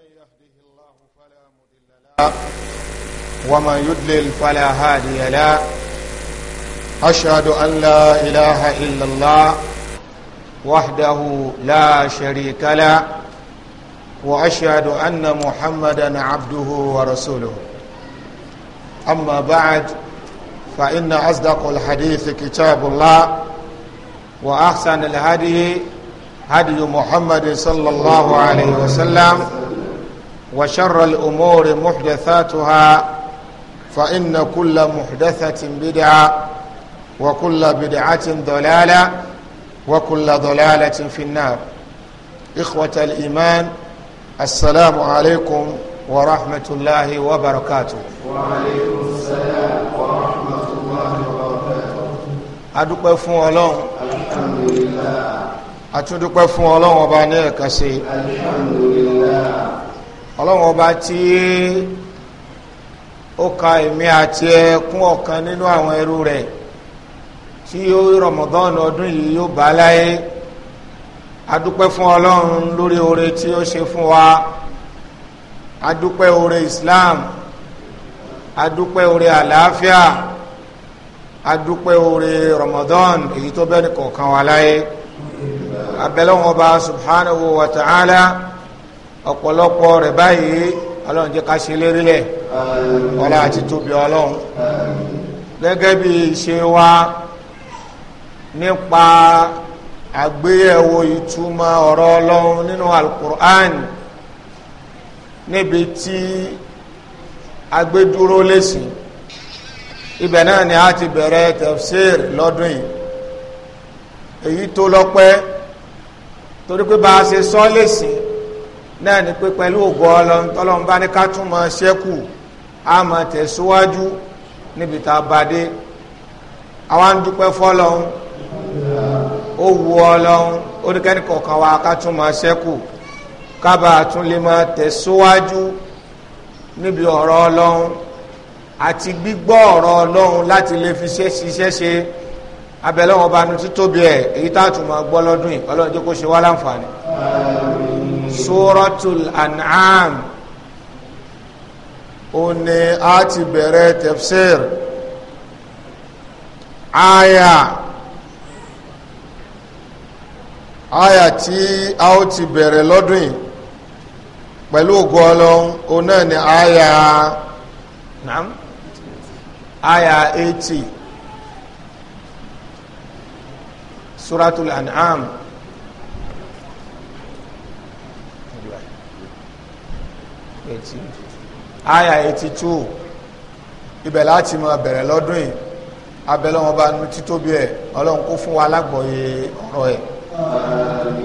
يهده الله فلا مضل له ومن يضلل فلا هادي له أشهد أن لا إله إلا الله وحده لا شريك له وأشهد أن محمدا عبده ورسوله أما بعد فإن أصدق الحديث كتاب الله وأحسن الهدي هدي محمد صلى الله عليه وسلم وشر الأمور محدثاتها فإن كل محدثة بدعة وكل بدعة ضلالة وكل ضلالة في النار إخوة الإيمان السلام عليكم ورحمة الله وبركاته وعليكم السلام ورحمة الله وبركاته أدوك فون الحمد لله أتدوك فون الله وبانيك الحمد لله ọlọ́run ọba tí ó ka èmi àti ẹ kún ọ̀kan nínú àwọn ẹrú rẹ̀ tí ó Ramadan ọdún yìí yóò bá láyé adúpẹ́ fún ọlọ́run lórí oore tí ó ṣe fún wa adúpẹ́ oore Islam adúpẹ́ oore àlàáfíà adúpẹ́ oore Ramadan èyí tó bẹ́ẹ̀ ni kọ̀ọ̀kan wa láyé abẹ́lẹ́wọ̀n ọba subhanahu wa ta'ala ọ̀pọ̀lọpọ̀ rẹ̀ báyìí ọlọ́run jẹ́ ká ṣe lérí lẹ̀ ọlá àti tóbi ọlọ́run gẹ́gẹ́ bí ìṣe wa nípa àgbéyẹ̀wò ìtumọ̀ ọ̀rọ̀ ọlọ́run nínú alukur'an níbi tí agbédúró lẹ́sìn ibẹ̀ náà ni a ti bẹ̀rẹ̀ tafsir lọ́dún yìí èyí tó lọ́pẹ́ torí pé bá a ṣe sọ lẹ́sìn náà ni pé pẹ̀lú ògo ọlọ́run tọ́lọ́run bá ní ká tún mọ ṣẹ́kù á mọ tẹ̀síwájú níbi tá a bá dé àwa ń dúpẹ́ fọ́lọ́run ó wu ọlọ́run ó ní kẹ́ni kọ̀ọ̀kan wa ká tún mọ ṣẹ́kù ká bá a tún lè mọ tẹ̀síwájú níbi ọ̀rọ̀ ọlọ́run àti gbígbọ́ ọ̀rọ̀ ọlọ́run láti lè fi ṣiṣẹ́ ṣe abẹ́lẹ́wọ̀n bá nu títóbi ẹ̀ èyí tá a tún gbọ́ lọ́dún yìí ọlọ́run jẹ́ kó ṣe wá láǹfààní suratul an'am ó ní a ti bẹ̀rẹ̀ tafsir aya aya tí a ó ti bẹ̀rẹ̀ lọ́dún yìí pẹ̀lú ògùn ọlọ́run ni aya naam aya eighty suratul an'am. eighty aya eighty two ibẹ̀ láti máa bẹ̀rẹ̀ lọ́dún yìí abẹ́lẹ́ wọn bá nu títóbi ẹ̀ ọlọ́run kó fún wa lágbọ̀ọ́yé ọ̀rọ̀ ẹ̀.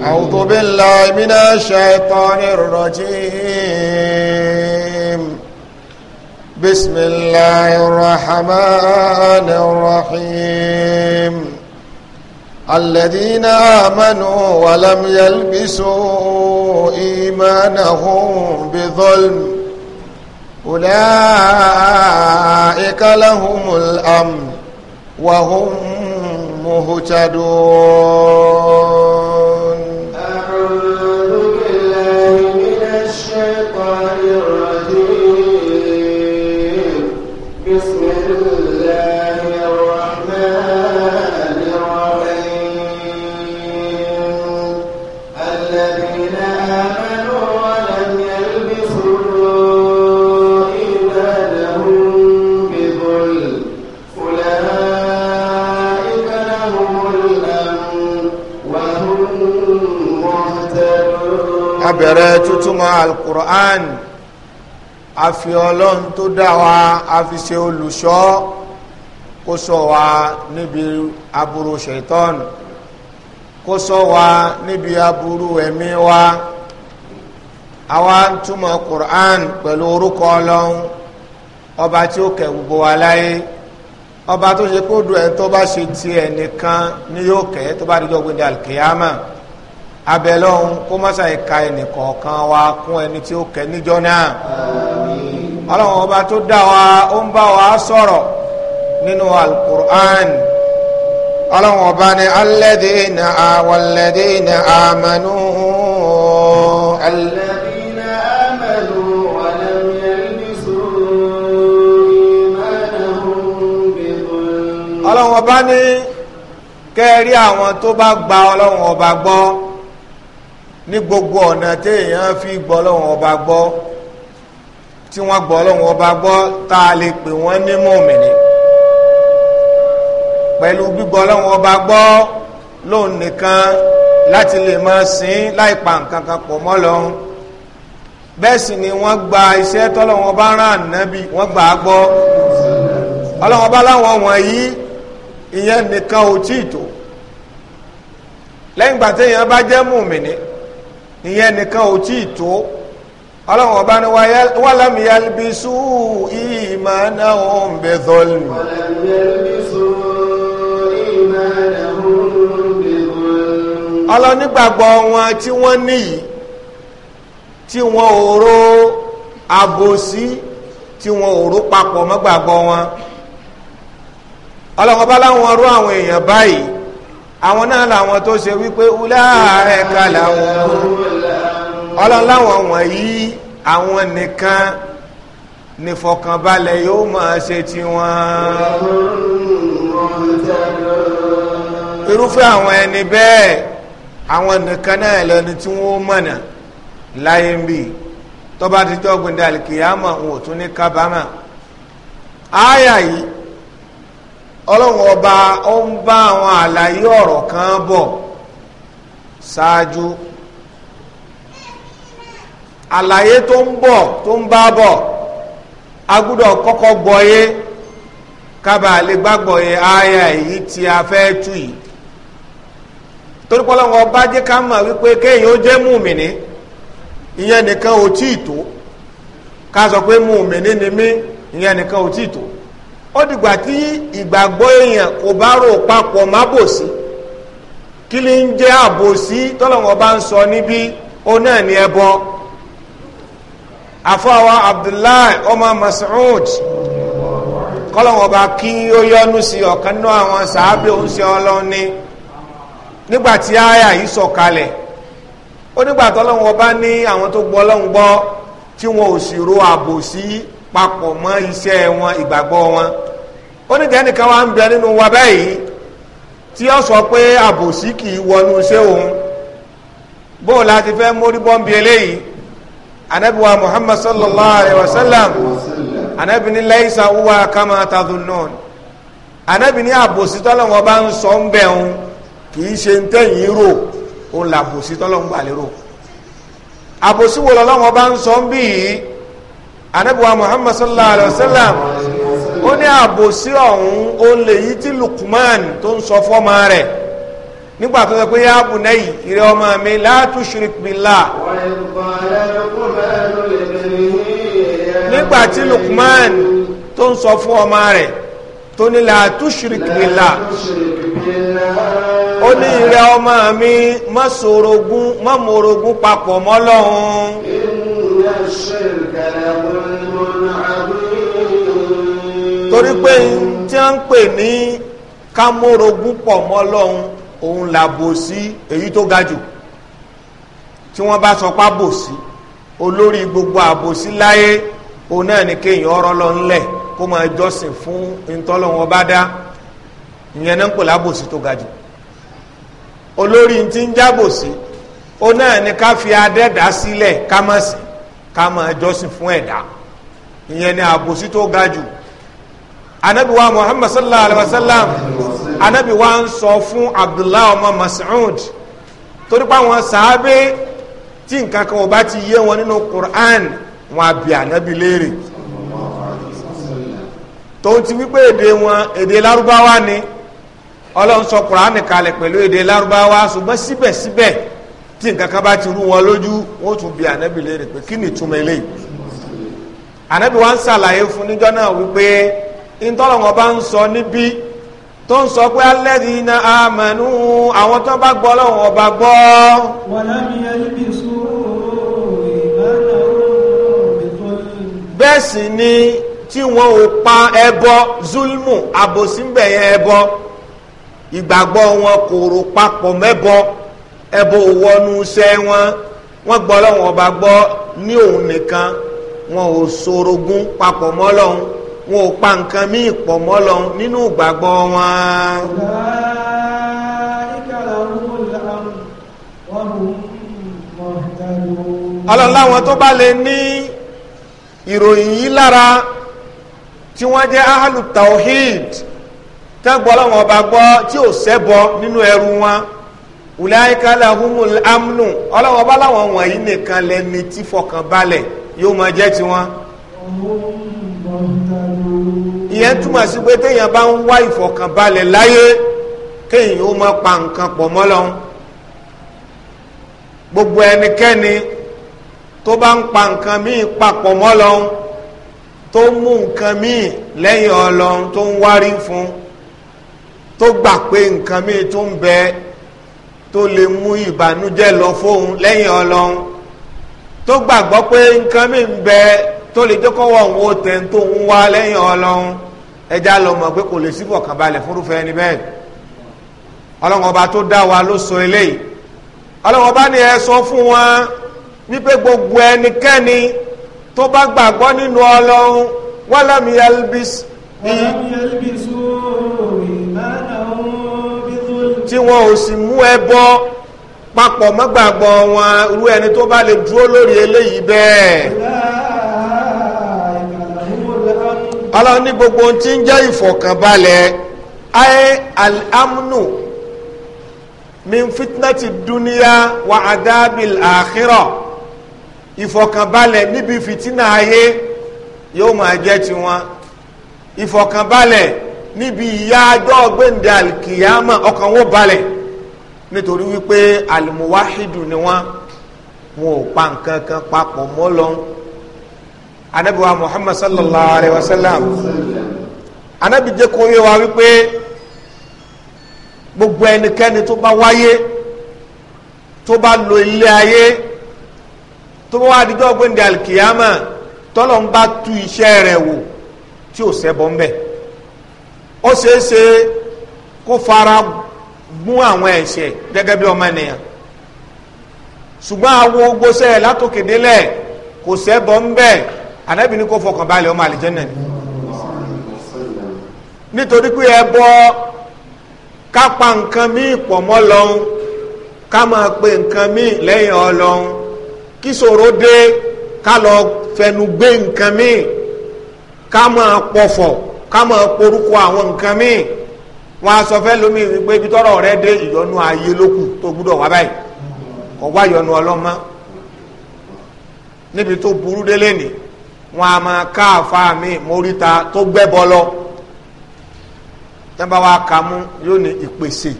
أعوذ بالله من الشيطان الرجيم بسم الله الرحمن الرحيم الذين آمنوا ولم يلبسوا أيمانهم بظلم أولئك لهم الأمن وهم مهتدون a bẹ̀rẹ̀ tútúmọ̀ alukur'an a fi ọlọ́run tó dá wa a fi ṣe olùṣọ́ kó ṣọ́ wa níbi aburú ṣètọ́nù kó ṣọ́ wa níbi aburú ẹ̀mí wa àwa ń túmọ̀ kur'an pẹ̀lú orúkọ ọlọ́run ọba tí ó kẹ́ gbogbo wa láyé ọba tó ṣe kó dùn ẹ̀ tó bá ṣe tiẹ̀ nìkan ni yóò kẹ́ tó bá dijọ́ gbé dàlùkìyàmà abẹ́lẹ́ ọ̀hún kó má ṣàì ka ẹnìkọ̀ọ̀kan wa kún ẹni tí ó kẹ́ níjọ́ náà ọlọ́run ọba tó dá wa ó ń bá wa sọ̀rọ̀ nínú alukur'an ọlọ́run ọba ní alladhina walladhina amanu. alladhina amanu ọlọ́run ọba ní kẹ́ẹ̀rí àwọn tó bá gba ọlọ́run ọba gbọ́ ní gbogbo ọ̀nà téèyàn fi gbọ́ lọ́wọ́n ọba gbọ́ tí wọ́n gbọ́ lọ́wọ́n ọba gbọ́ tá a lè pè wọ́n ní mọ̀mìnì pẹ̀lú gbígbọ́ lọ́wọ́n ọba gbọ́ lóun nìkan láti lè máa sìn láì pa nǹkan kan pọ̀ mọ́ lọ́hún bẹ́ẹ̀ sì ni wọ́n gba iṣẹ́ tọ́lọ́wọ́n ọba rán ànábì wọ́n gbà á gbọ́ ọlọ́wọ́n ọba láwọn wọ̀nyí ìyẹn nìkan ò tí ì tó lẹ́yìn gbà téèyàn bá jẹ́ mọ̀mìnì ìyẹn nìkan ò tí ì tó ọlọ́run ọba ni wàlámù yalbisu imanahum bi dhulm. wàlámù yalbisu imanahum bi dhulm. ọlọ́nígbàgbọ́ wọn tí wọ́n níyì tí wọn ò ro àbòsí tí wọn ò ro papọ̀ mọ́gbàgbọ́ wọn ọlọ́run ọba láwọn rú àwọn èèyàn báyìí àwọn náà làwọn tó ṣe wípé wúlá ẹ̀ka làwọn ọlọ́láwọn wọ̀nyí àwọn nìkan nífọ̀kànbalẹ̀ yóò máa ṣe tiwọn. irúfẹ́ àwọn ẹni bẹ́ẹ̀ àwọn nìkan náà lẹni tí wọ́n mọ̀nà láyé ń bì tọ́ba ti dọ́gbìn dàlí kìyàmọ̀ òun ò tún ní kábàámà. ááyà yìí ọlọ́run ọba ó ń bá àwọn àlàyé ọ̀rọ̀ kan bọ̀ ṣáájú àlàyé tó ń bọ̀ tó ń bá bọ̀ agbúdọ̀ kọ́kọ́ gbọ́yé kaba lè gbàgbọ́ yẹ aya èyí tí a fẹ́ tú yìí torí pọ́lọ́wọ́ bá jẹ́ ká mọ̀ wípé kéèyàn ó jẹ́ múmìnì ìyẹn nìkan ò tí ì tó ká sọ pé múmìnì ni mí ìyẹn nìkan ò tí ì tó ó dìgbà tí ìgbàgbọ́ èèyàn kò bá rò papọ̀ má bòsí kí ni ń jẹ́ àbòsí tọ́lọ́wọ́ bá ń sọ níbí ó náà ní ẹbọ. afọwọ́ abdullahi ọmọ masoud kọ́lọ̀wọ̀n bá kí ó yọ́nú sí ọ̀kan náà àwọn sàábẹ̀ òun sí ọlọ́run ní nígbàtí àyà yìí sọ̀kalẹ̀ ó nígbàtí ọlọ́run bá ní àwọn tó gbọ́ ọlọ́run gbọ́ tí wọn ò sì ro àbòsí papọ̀ mọ́ iṣẹ́ wọn ìgbàgbọ́ wọn ó ní kẹ́nìkan wá ń bẹ nínú wa báyìí tí ó sọ pé àbòsí kì í wọnú iṣẹ́ òun bóò láti fẹ́ mórí bọ́m̀bì eléyìí anabi wa muhammad sallallahu alayhi wa sallam anabi ni laisa huwa kama tadhunnun anabi ni àbòsí tọ́lọ́wọ́n bá ń sọ ń bẹ̀ ń kì í ṣe ń tẹ̀yìn rò ó ń la àbòsí tọ́lọ́wọ́n gbà lérò àbòsí wo lọ́lọ́wọ́n bá ń sọ ń bì í anabi muhammad sallallahu alayhi wa ó ní àbòsí ọ̀hún ó lè yí tí lukman tó ń sọ fọ́mọ rẹ̀ nígbà tó sọ pé yá bù náà yìí ìrẹ ọmọ mi la tushrik billah. nígbà tí Lukman tó ń sọ fún ọmọ rẹ̀ tó ní la tushrik billah. ó ní ìrẹ ọmọ mi má ṣorogún papọ̀ mọ́ Ọlọ́hun. torí pé tí wọ́n ń pè ní ká pọ̀ mọ́ Ọlọ́hun òun làbò sí èyí tó ga jù tí wọ́n bá sọ pa bò sí olórí gbogbo àbòsí láyé òun náà ni kéèyàn ọ̀rọ̀ lọ ńlẹ̀ kó máa jọ́sìn fún ntọ́lọ́wọ́n bá dá ìyẹn náà ń pè lábòsí tó ga jù olórí ti ń jábòsí ó náà ni ká fi adẹ́dá sílẹ̀ ká ká máa jọ́sìn fún ẹ̀dá ìyẹn ni àbòsí tó ga jù anabi wa muhammad sallallahu alaihi wa sallam anabi wa ń sọ fún abdullahi ọmọ mas'ud torí pé àwọn sàábé tí nǹkan kan ò ti yé wọn nínú quran wọn á bi anabi léèrè tòun ti wípé èdè wọn èdè lárúbáwá ni ọlọ́run sọ quran kalẹ̀ pẹ̀lú èdè lárúbáwá ṣùgbọ́n síbẹ̀síbẹ̀ tí nǹkan kan bá ti rú wọn lójú wọn tún bi anabi léèrè pé kí ni ìtumọ̀ eléyìí anabi wa ń ṣàlàyé fún níjọ́ náà wípé ìtọ́lọ̀wọ̀n bá ń sọ níbí tó ń sọ pé alladhina amanu àwọn tó bá gbọ́ lọ́wọ́n bá gbọ́. bẹ́ẹ̀ sì ni tí wọn ò pa ẹbọ zulmu àbòsínbẹ̀yẹ ẹbọ ìgbàgbọ́ wọn kò rò papọ̀ mẹ́bọ ẹbọ ò wọnú iṣẹ́ wọn wọ́n gbọ́ lọ́wọ́n bá gbọ́ ní òun nìkan wọn ò sorogún papọ̀ mọ́ lọ́hùn wọn ò pa nǹkan míì pọ̀ mọ́ lọ nínú ìgbàgbọ́ wọn. ọlọ́láwọn tó bá lè ní ìròyìn yìí lára tí wọ́n jẹ́ ahlu tawhid tẹ́gbọ́ ọba gbọ́ tí ò ṣẹbọ nínú ẹrú wọn ulaika amnu ọlọ́wọ́n ọba láwọn wọ̀nyí nìkan lẹni tí fọkànbalẹ̀ yóò máa jẹ́ tiwọn. ìyẹn túmọ̀ sí pé téèyàn bá ń wá ìfọ̀kànbalẹ̀ láyé kéèyàn ó máa pa nǹkan pọ̀ mọ́ lọ́hún gbogbo ẹnikẹ́ni tó bá ń pa nǹkan míì papọ̀ mọ́ lọ́hún tó mú nǹkan míì lẹ́yìn ọlọ́hun tó ń wárí fún tó gbà pé nǹkan míì tó ń bẹ tó lè mú ìbànújẹ́ lọ fóun lẹ́yìn ọlọ́hun tó gbàgbọ́ pé nǹkan míì ń bẹ tó lè jẹ́ kọ́wọ́ òun ó tẹ̀ ń tó ń wá lẹ́yìn ọlọ́run ẹja lọ mọ̀ pé kò lè síbọ̀ kan balẹ̀ fúnrúfẹ́ ẹni bẹ́ẹ̀ ọlọ́run ọba tó dá wa ló sọ eléyìí ọlọ́run ọba ni ẹ sọ fún wọn wípé gbogbo ẹnikẹ́ni tó bá gbàgbọ́ nínú ọlọ́run wàlámi yalbis tí wọn ò sì mú ẹbọ papọ̀ mọ́gbàgbọ́ wọn irú ẹni tó bá lè dúró lórí eléyìí bẹ́ẹ̀. ọlọ́run ní gbogbo ohun tí ń jẹ́ ìfọ̀kànbalẹ̀ ayé al-amnu min duniya wa adabil akhira ìfọ̀kànbalẹ̀ níbi fìtínà ayé yóò máa jẹ́ tiwọn ìfọ̀kànbalẹ̀ níbi ìyà ọjọ́ gbẹ̀ǹdẹ̀ alkiyama ọkàn wọn balẹ̀ nítorí wípé alimuwahidu ni wọn wọn ò pa nǹkan kan papọ̀ anabi wa muhammad sallallahu alayhi wa sallam anabi jẹ́ kó yé wa wípé gbogbo ẹnikẹ́ni tó bá wáyé tó bá lo ilé ayé tó bá wá dijọ́ gbẹ̀ndẹ̀ alikiyama tọ́lọ̀ ń bá tu iṣẹ́ rẹ̀ wò tí ò sẹ́ bọ́ ń ó ṣeé kó fara gún àwọn ẹ̀ṣẹ̀ gẹ́gẹ́ bí ọmọ ènìyàn ṣùgbọ́n àwọn ogbóṣẹ́ látòkèdélẹ̀ kò sẹ́ bọ́ ń ànábì ní kó fọkàn balẹ̀ ọmọ àlìjẹ́nà ni nítorí pé ẹbọ kápá nǹkan míì pọ̀ mọ́ lọ́hún ká máa pe nǹkan míì lẹ́yìn ọlọ́hún kí ṣòro dé ká lọ fẹnu gbé nǹkan míì ká máa pọ̀fọ̀ ká máa porúkọ àwọn nǹkan míì wọn a sọ fẹ́ lómi wípé ibi tọ́rọ̀ rẹ dé ìyọnu ayé lókù tó gbúdọ̀ wá báyìí kọ̀ wá ìyọnu ọlọ́mọ níbi tó burú délé nìí wọn a máa ká àfa mi móríta tó gbẹ́bọ lọ tẹ́nbà wa kà mú yóò ní ìpèsè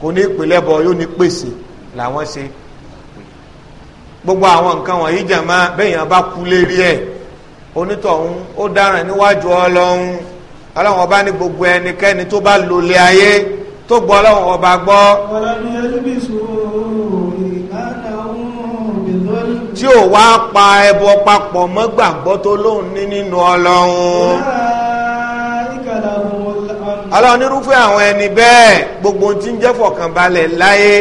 kò ní ìpìlẹ̀ bọ yóò ní pèsè làwọn ṣe gbogbo àwọn nǹkan wọ̀nyí jàmá bẹ́ẹ̀yàn bá kú lérí ẹ̀ onítọ̀hún ó dáràn níwájú ọlọ́run ọlọ́run ọba ní gbogbo ẹnikẹ́ni tó bá lòlẹ̀ ayé tó gbọ́ ọlọ́run ọba gbọ́. ọlọ́run yẹn ló bí sùúrù tí ò wá pa ẹbọ papọ̀ mọ́gbàgbọ́ tó lóun ní nínú ọlọ́run ọlọ́run nírúfẹ́ àwọn ẹni bẹ́ẹ̀ gbogbo tí ń jẹ́ fọ̀kànbalẹ̀ láyé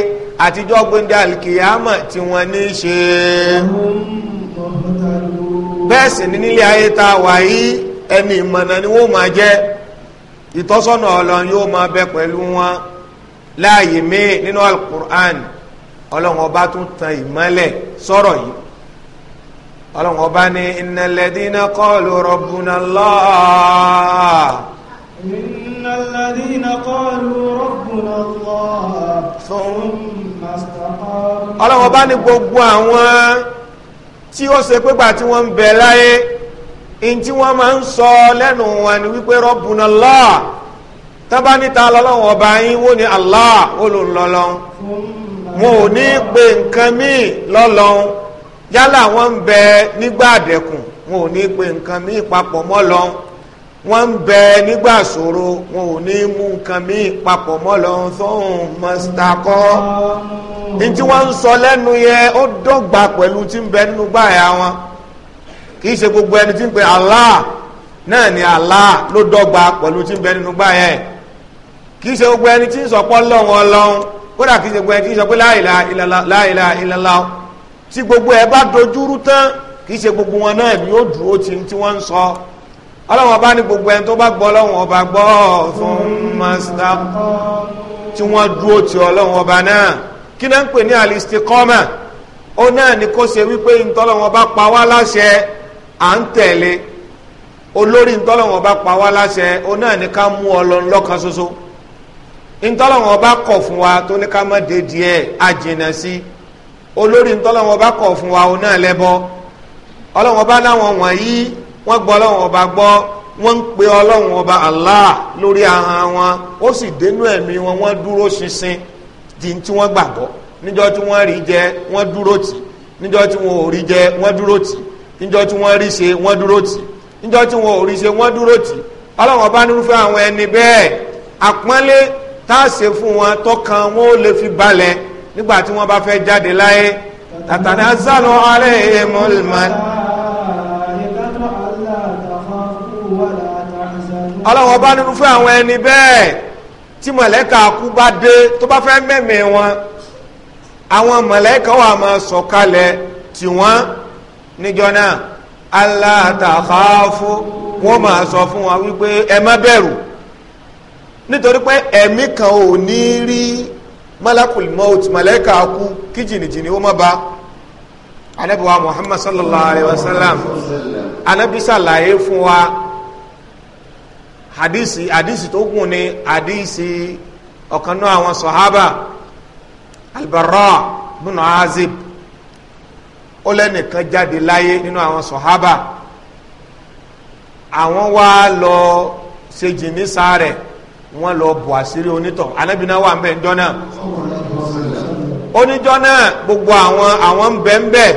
àtijọ́ gbéńdé alikiyama tí wọ́n ní ṣe bẹ́ẹ̀ sì ní nílé ayé tá wà yìí ẹni ìmọ̀nà ni wọ́n máa jẹ́ ìtọ́sọ́nà ọlọ́run yóò máa bẹ pẹ̀lú wọn láàyè míì nínú alukur'an. No ọlọ́run ọba tún tan ìmọ́lẹ̀ sọ̀rọ̀ yìí ọlọ́run ọba ní innal ladina qalu rabbuna Allah. innal ladina qalu rabbuna Allah. ọlọ́run ọba ní gbogbo àwọn tí ó ṣe pé gbà tí wọ́n ń bẹ láyé in tí wọ́n máa ń sọ lẹ́nu wọn ni wípé rabbuna Allah tábánítà lọ́lọ́run ọba yín wó ni Allah ó wọn ò ní gbé nǹkan míì lọ́lọ́run yálà wọ́n ń bẹ nígbà àdẹ̀kùn wọn ò ní gbé nǹkan míì papọ̀ mọ́ wọ́n ń bẹ nígbà ṣòro wọn ò ní mú nǹkan míì papọ̀ mọ́ sóhun mọ́sítákọ́ wọ́n ń lẹ́nu yẹn ó dọ́gba pẹ̀lú tí ń bẹ nínú wọn kì í ṣe gbogbo ẹni tí ń náà ni ló dọ́gba kódà kí ṣe gbogbo ẹ ti sọ pé la ilaha illallah la ilaha illallah tí gbogbo ẹ bá dojúrú tán kì í ṣe gbogbo wọn náà èmi yóò dúró tí tí wọ́n ń sọ ọlọ́wọ́n ọba ní gbogbo ẹni tó bá gbọ́ ọlọ́wọ́n ọba gbọ́ fún mọ́sítà tí wọ́n dúró ti ọlọ́wọ́n ọba náà kí náà ń pè ní alistikọ́mà ó náà ní kó ṣe wípé ntọ́lọ́wọ́n ọba pa wá láṣẹ à ń tẹ̀lé olórí ntọ́lọ́wọ́n ọba pa wá láṣẹ ó náà ní ká mú Ọlọ́run lọ́kan ṣoṣo ntọ́lọ́wọ́n bá kọ̀ fún wa tó ní ká má de díẹ̀ àjìnà sí olórí ntọ́lọ́wọ́n bá kọ̀ fún wa òun náà lẹ́bọ ọlọ́wọ́n bá láwọn wọ̀nyí wọ́n gbọ́ ọlọ́wọ́n bá gbọ́ wọ́n ń pe ọlọ́wọ́n ọba Allah lórí ahọ́n wọn ó sì dénú ẹ̀mí wọn wọ́n dúró ṣinṣin di tí wọ́n gbàgbọ́ níjọ́ tí wọ́n rí jẹ wọ́n dúró tì níjọ́ tí wọ́n ò rí jẹ wọ́n dúró tì níjọ́ tí wọ́n rí ṣe wọ́n dúró tì níjọ́ tí wọ́n ò rí ṣe wọ́n dúró tì ọlọ́wọ́n bá nírúfẹ́ àwọn ẹni bẹ́ẹ̀ àpọ́nlé tá a ṣe fún wọn tọkàn wọn ó lè fi balẹ̀ nígbà tí wọ́n bá fẹ́ jáde láyé tàtàdá sálọ alẹ́ ìmọ̀lẹ́mọ̀lẹ́. ọlọ́wọ́ bá nínú fún àwọn ẹni bẹ́ẹ̀ tí mọ̀lẹ́kà kú bá dé tó bá fẹ́ mẹ́mẹ́ wọn àwọn mọ̀lẹ́kà wà máa sọ̀kalẹ̀ tí wọ́n níjọ náà aláàtàkàáfó wọ́n máa sọ fún wọn wípé ẹ má bẹ̀rù nítorí pé ẹ̀mí kan ò ní rí malakul maut malaika kú kí jìnnìjìnnì ó má ba anabi muhammad sallallahu alayhi wa sallam anabisa ṣàlàyé fún wa hadisi hadisi tó gùn ni hadisi ọ̀kan náà àwọn sọ̀hábà albarra bin azib ó lẹ́nìkan jáde láyé nínú àwọn sọ̀hábà àwọn wá lọ ṣe jìnnì sáré wọ́n lọ bọ̀ àṣírí onítọ̀ anábì náà wà ń bẹ̀ ńjọ́ náà oníjọ́ náà gbogbo àwọn àwọn ń bẹ̀ ń bẹ̀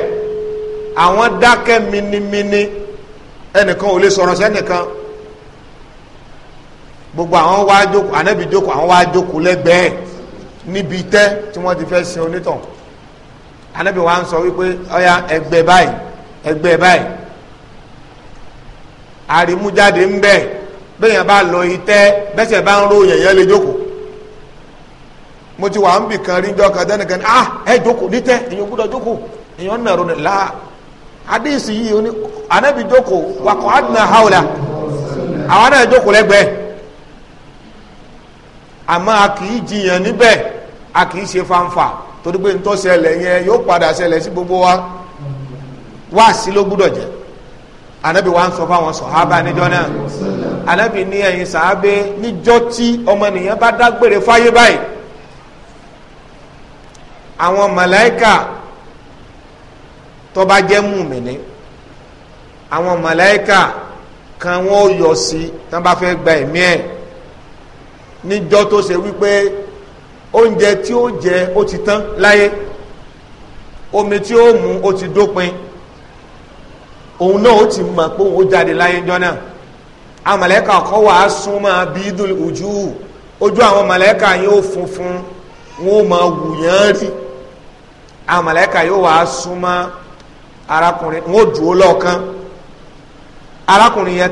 àwọn dákẹ́ minimini ẹnìkan ò lè sọ̀rọ̀ sẹ́nìkan gbogbo àwọn wá jókòó anábì jókòó àwọn wá jókòó lẹ́gbẹ̀ẹ́ níbi tẹ́ tí wọ́n ti fẹ́ sin onítọ̀ anábì wa ń sọ wípé ọ̀ya ẹgbẹ́ báyìí ẹgbẹ́ báyìí àrímújáde ń bẹ́ẹ̀ bẹ́yàn bá lọ itẹ́ bẹ́sẹ̀ bá ń ròyìn yẹn lè jókòó mo ti wà ń bì kan ríjọ kan dẹ́nìkan ní ah ẹ jókòó nítẹ́ èyàn gbúdọ̀ jókòó èyàn nàró ni láà adéèsì yìí oní anábì jókòó haula àwọn náà jókòó lẹ́gbẹ̀ẹ́ a kì í jiyàn níbẹ̀ a kì í fanfa torí pé yẹn yóò padà sí gbogbo wa wá sí ló gbúdọ̀ anábì wa ń sọ anabi ní ẹ̀yin sàábé níjọ́ tí ọmọnìyàn bá dágbére fáyé báyìí àwọn màláíkà tó bá jẹ́ mùmíní àwọn màláíkà kan wọn ò yọ sí tán bá fẹ́ gba ẹ̀mí ẹ̀ níjọ́ tó ṣe wípé oúnjẹ tí ó jẹ ó ti tán láyé omi tí ó mu ó ti dópin òun náà ó ti mọ̀ pé òun ó jáde láyé jọ náà àwọn mọ̀lẹ́kà kọ́ wà á súnmọ́ bídùn ojú ojú àwọn mọ̀lẹ́kà yóò funfun wọn ò máa wù yán rí àwọn mọ̀lẹ́kà yóò wà á súnmọ́ arákùnrin wọn ò dúró lọ́ọ̀kan arákùnrin yẹn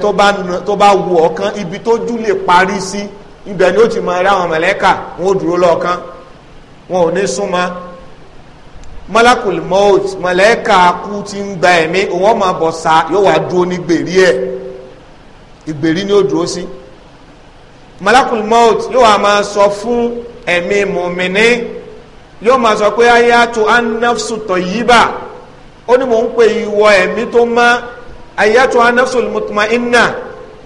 tó bá wù ọ̀kan ibi tó jù lè parí sí ibẹ̀ ni ó ti máa rí àwọn mọ̀lẹ́kà wọn ò dúró lọ́ọ̀kan wọn ò ní súnmọ́ malakul maut mọ̀lẹ́kà kú ti ń gba ẹ̀mí òun ọmọ bọ̀ sa yóò wá dúró ní gbèrí ẹ̀ ìgbèrí ni ó dúró sí malakul maut yóò wá máa sọ fún ẹ̀mí mùmíní yóò máa sọ pé ayatu anafsu tọyíba ó ní mò ń pè ìwọ ẹ̀mí tó mọ́ ayatu anafsu mutmainna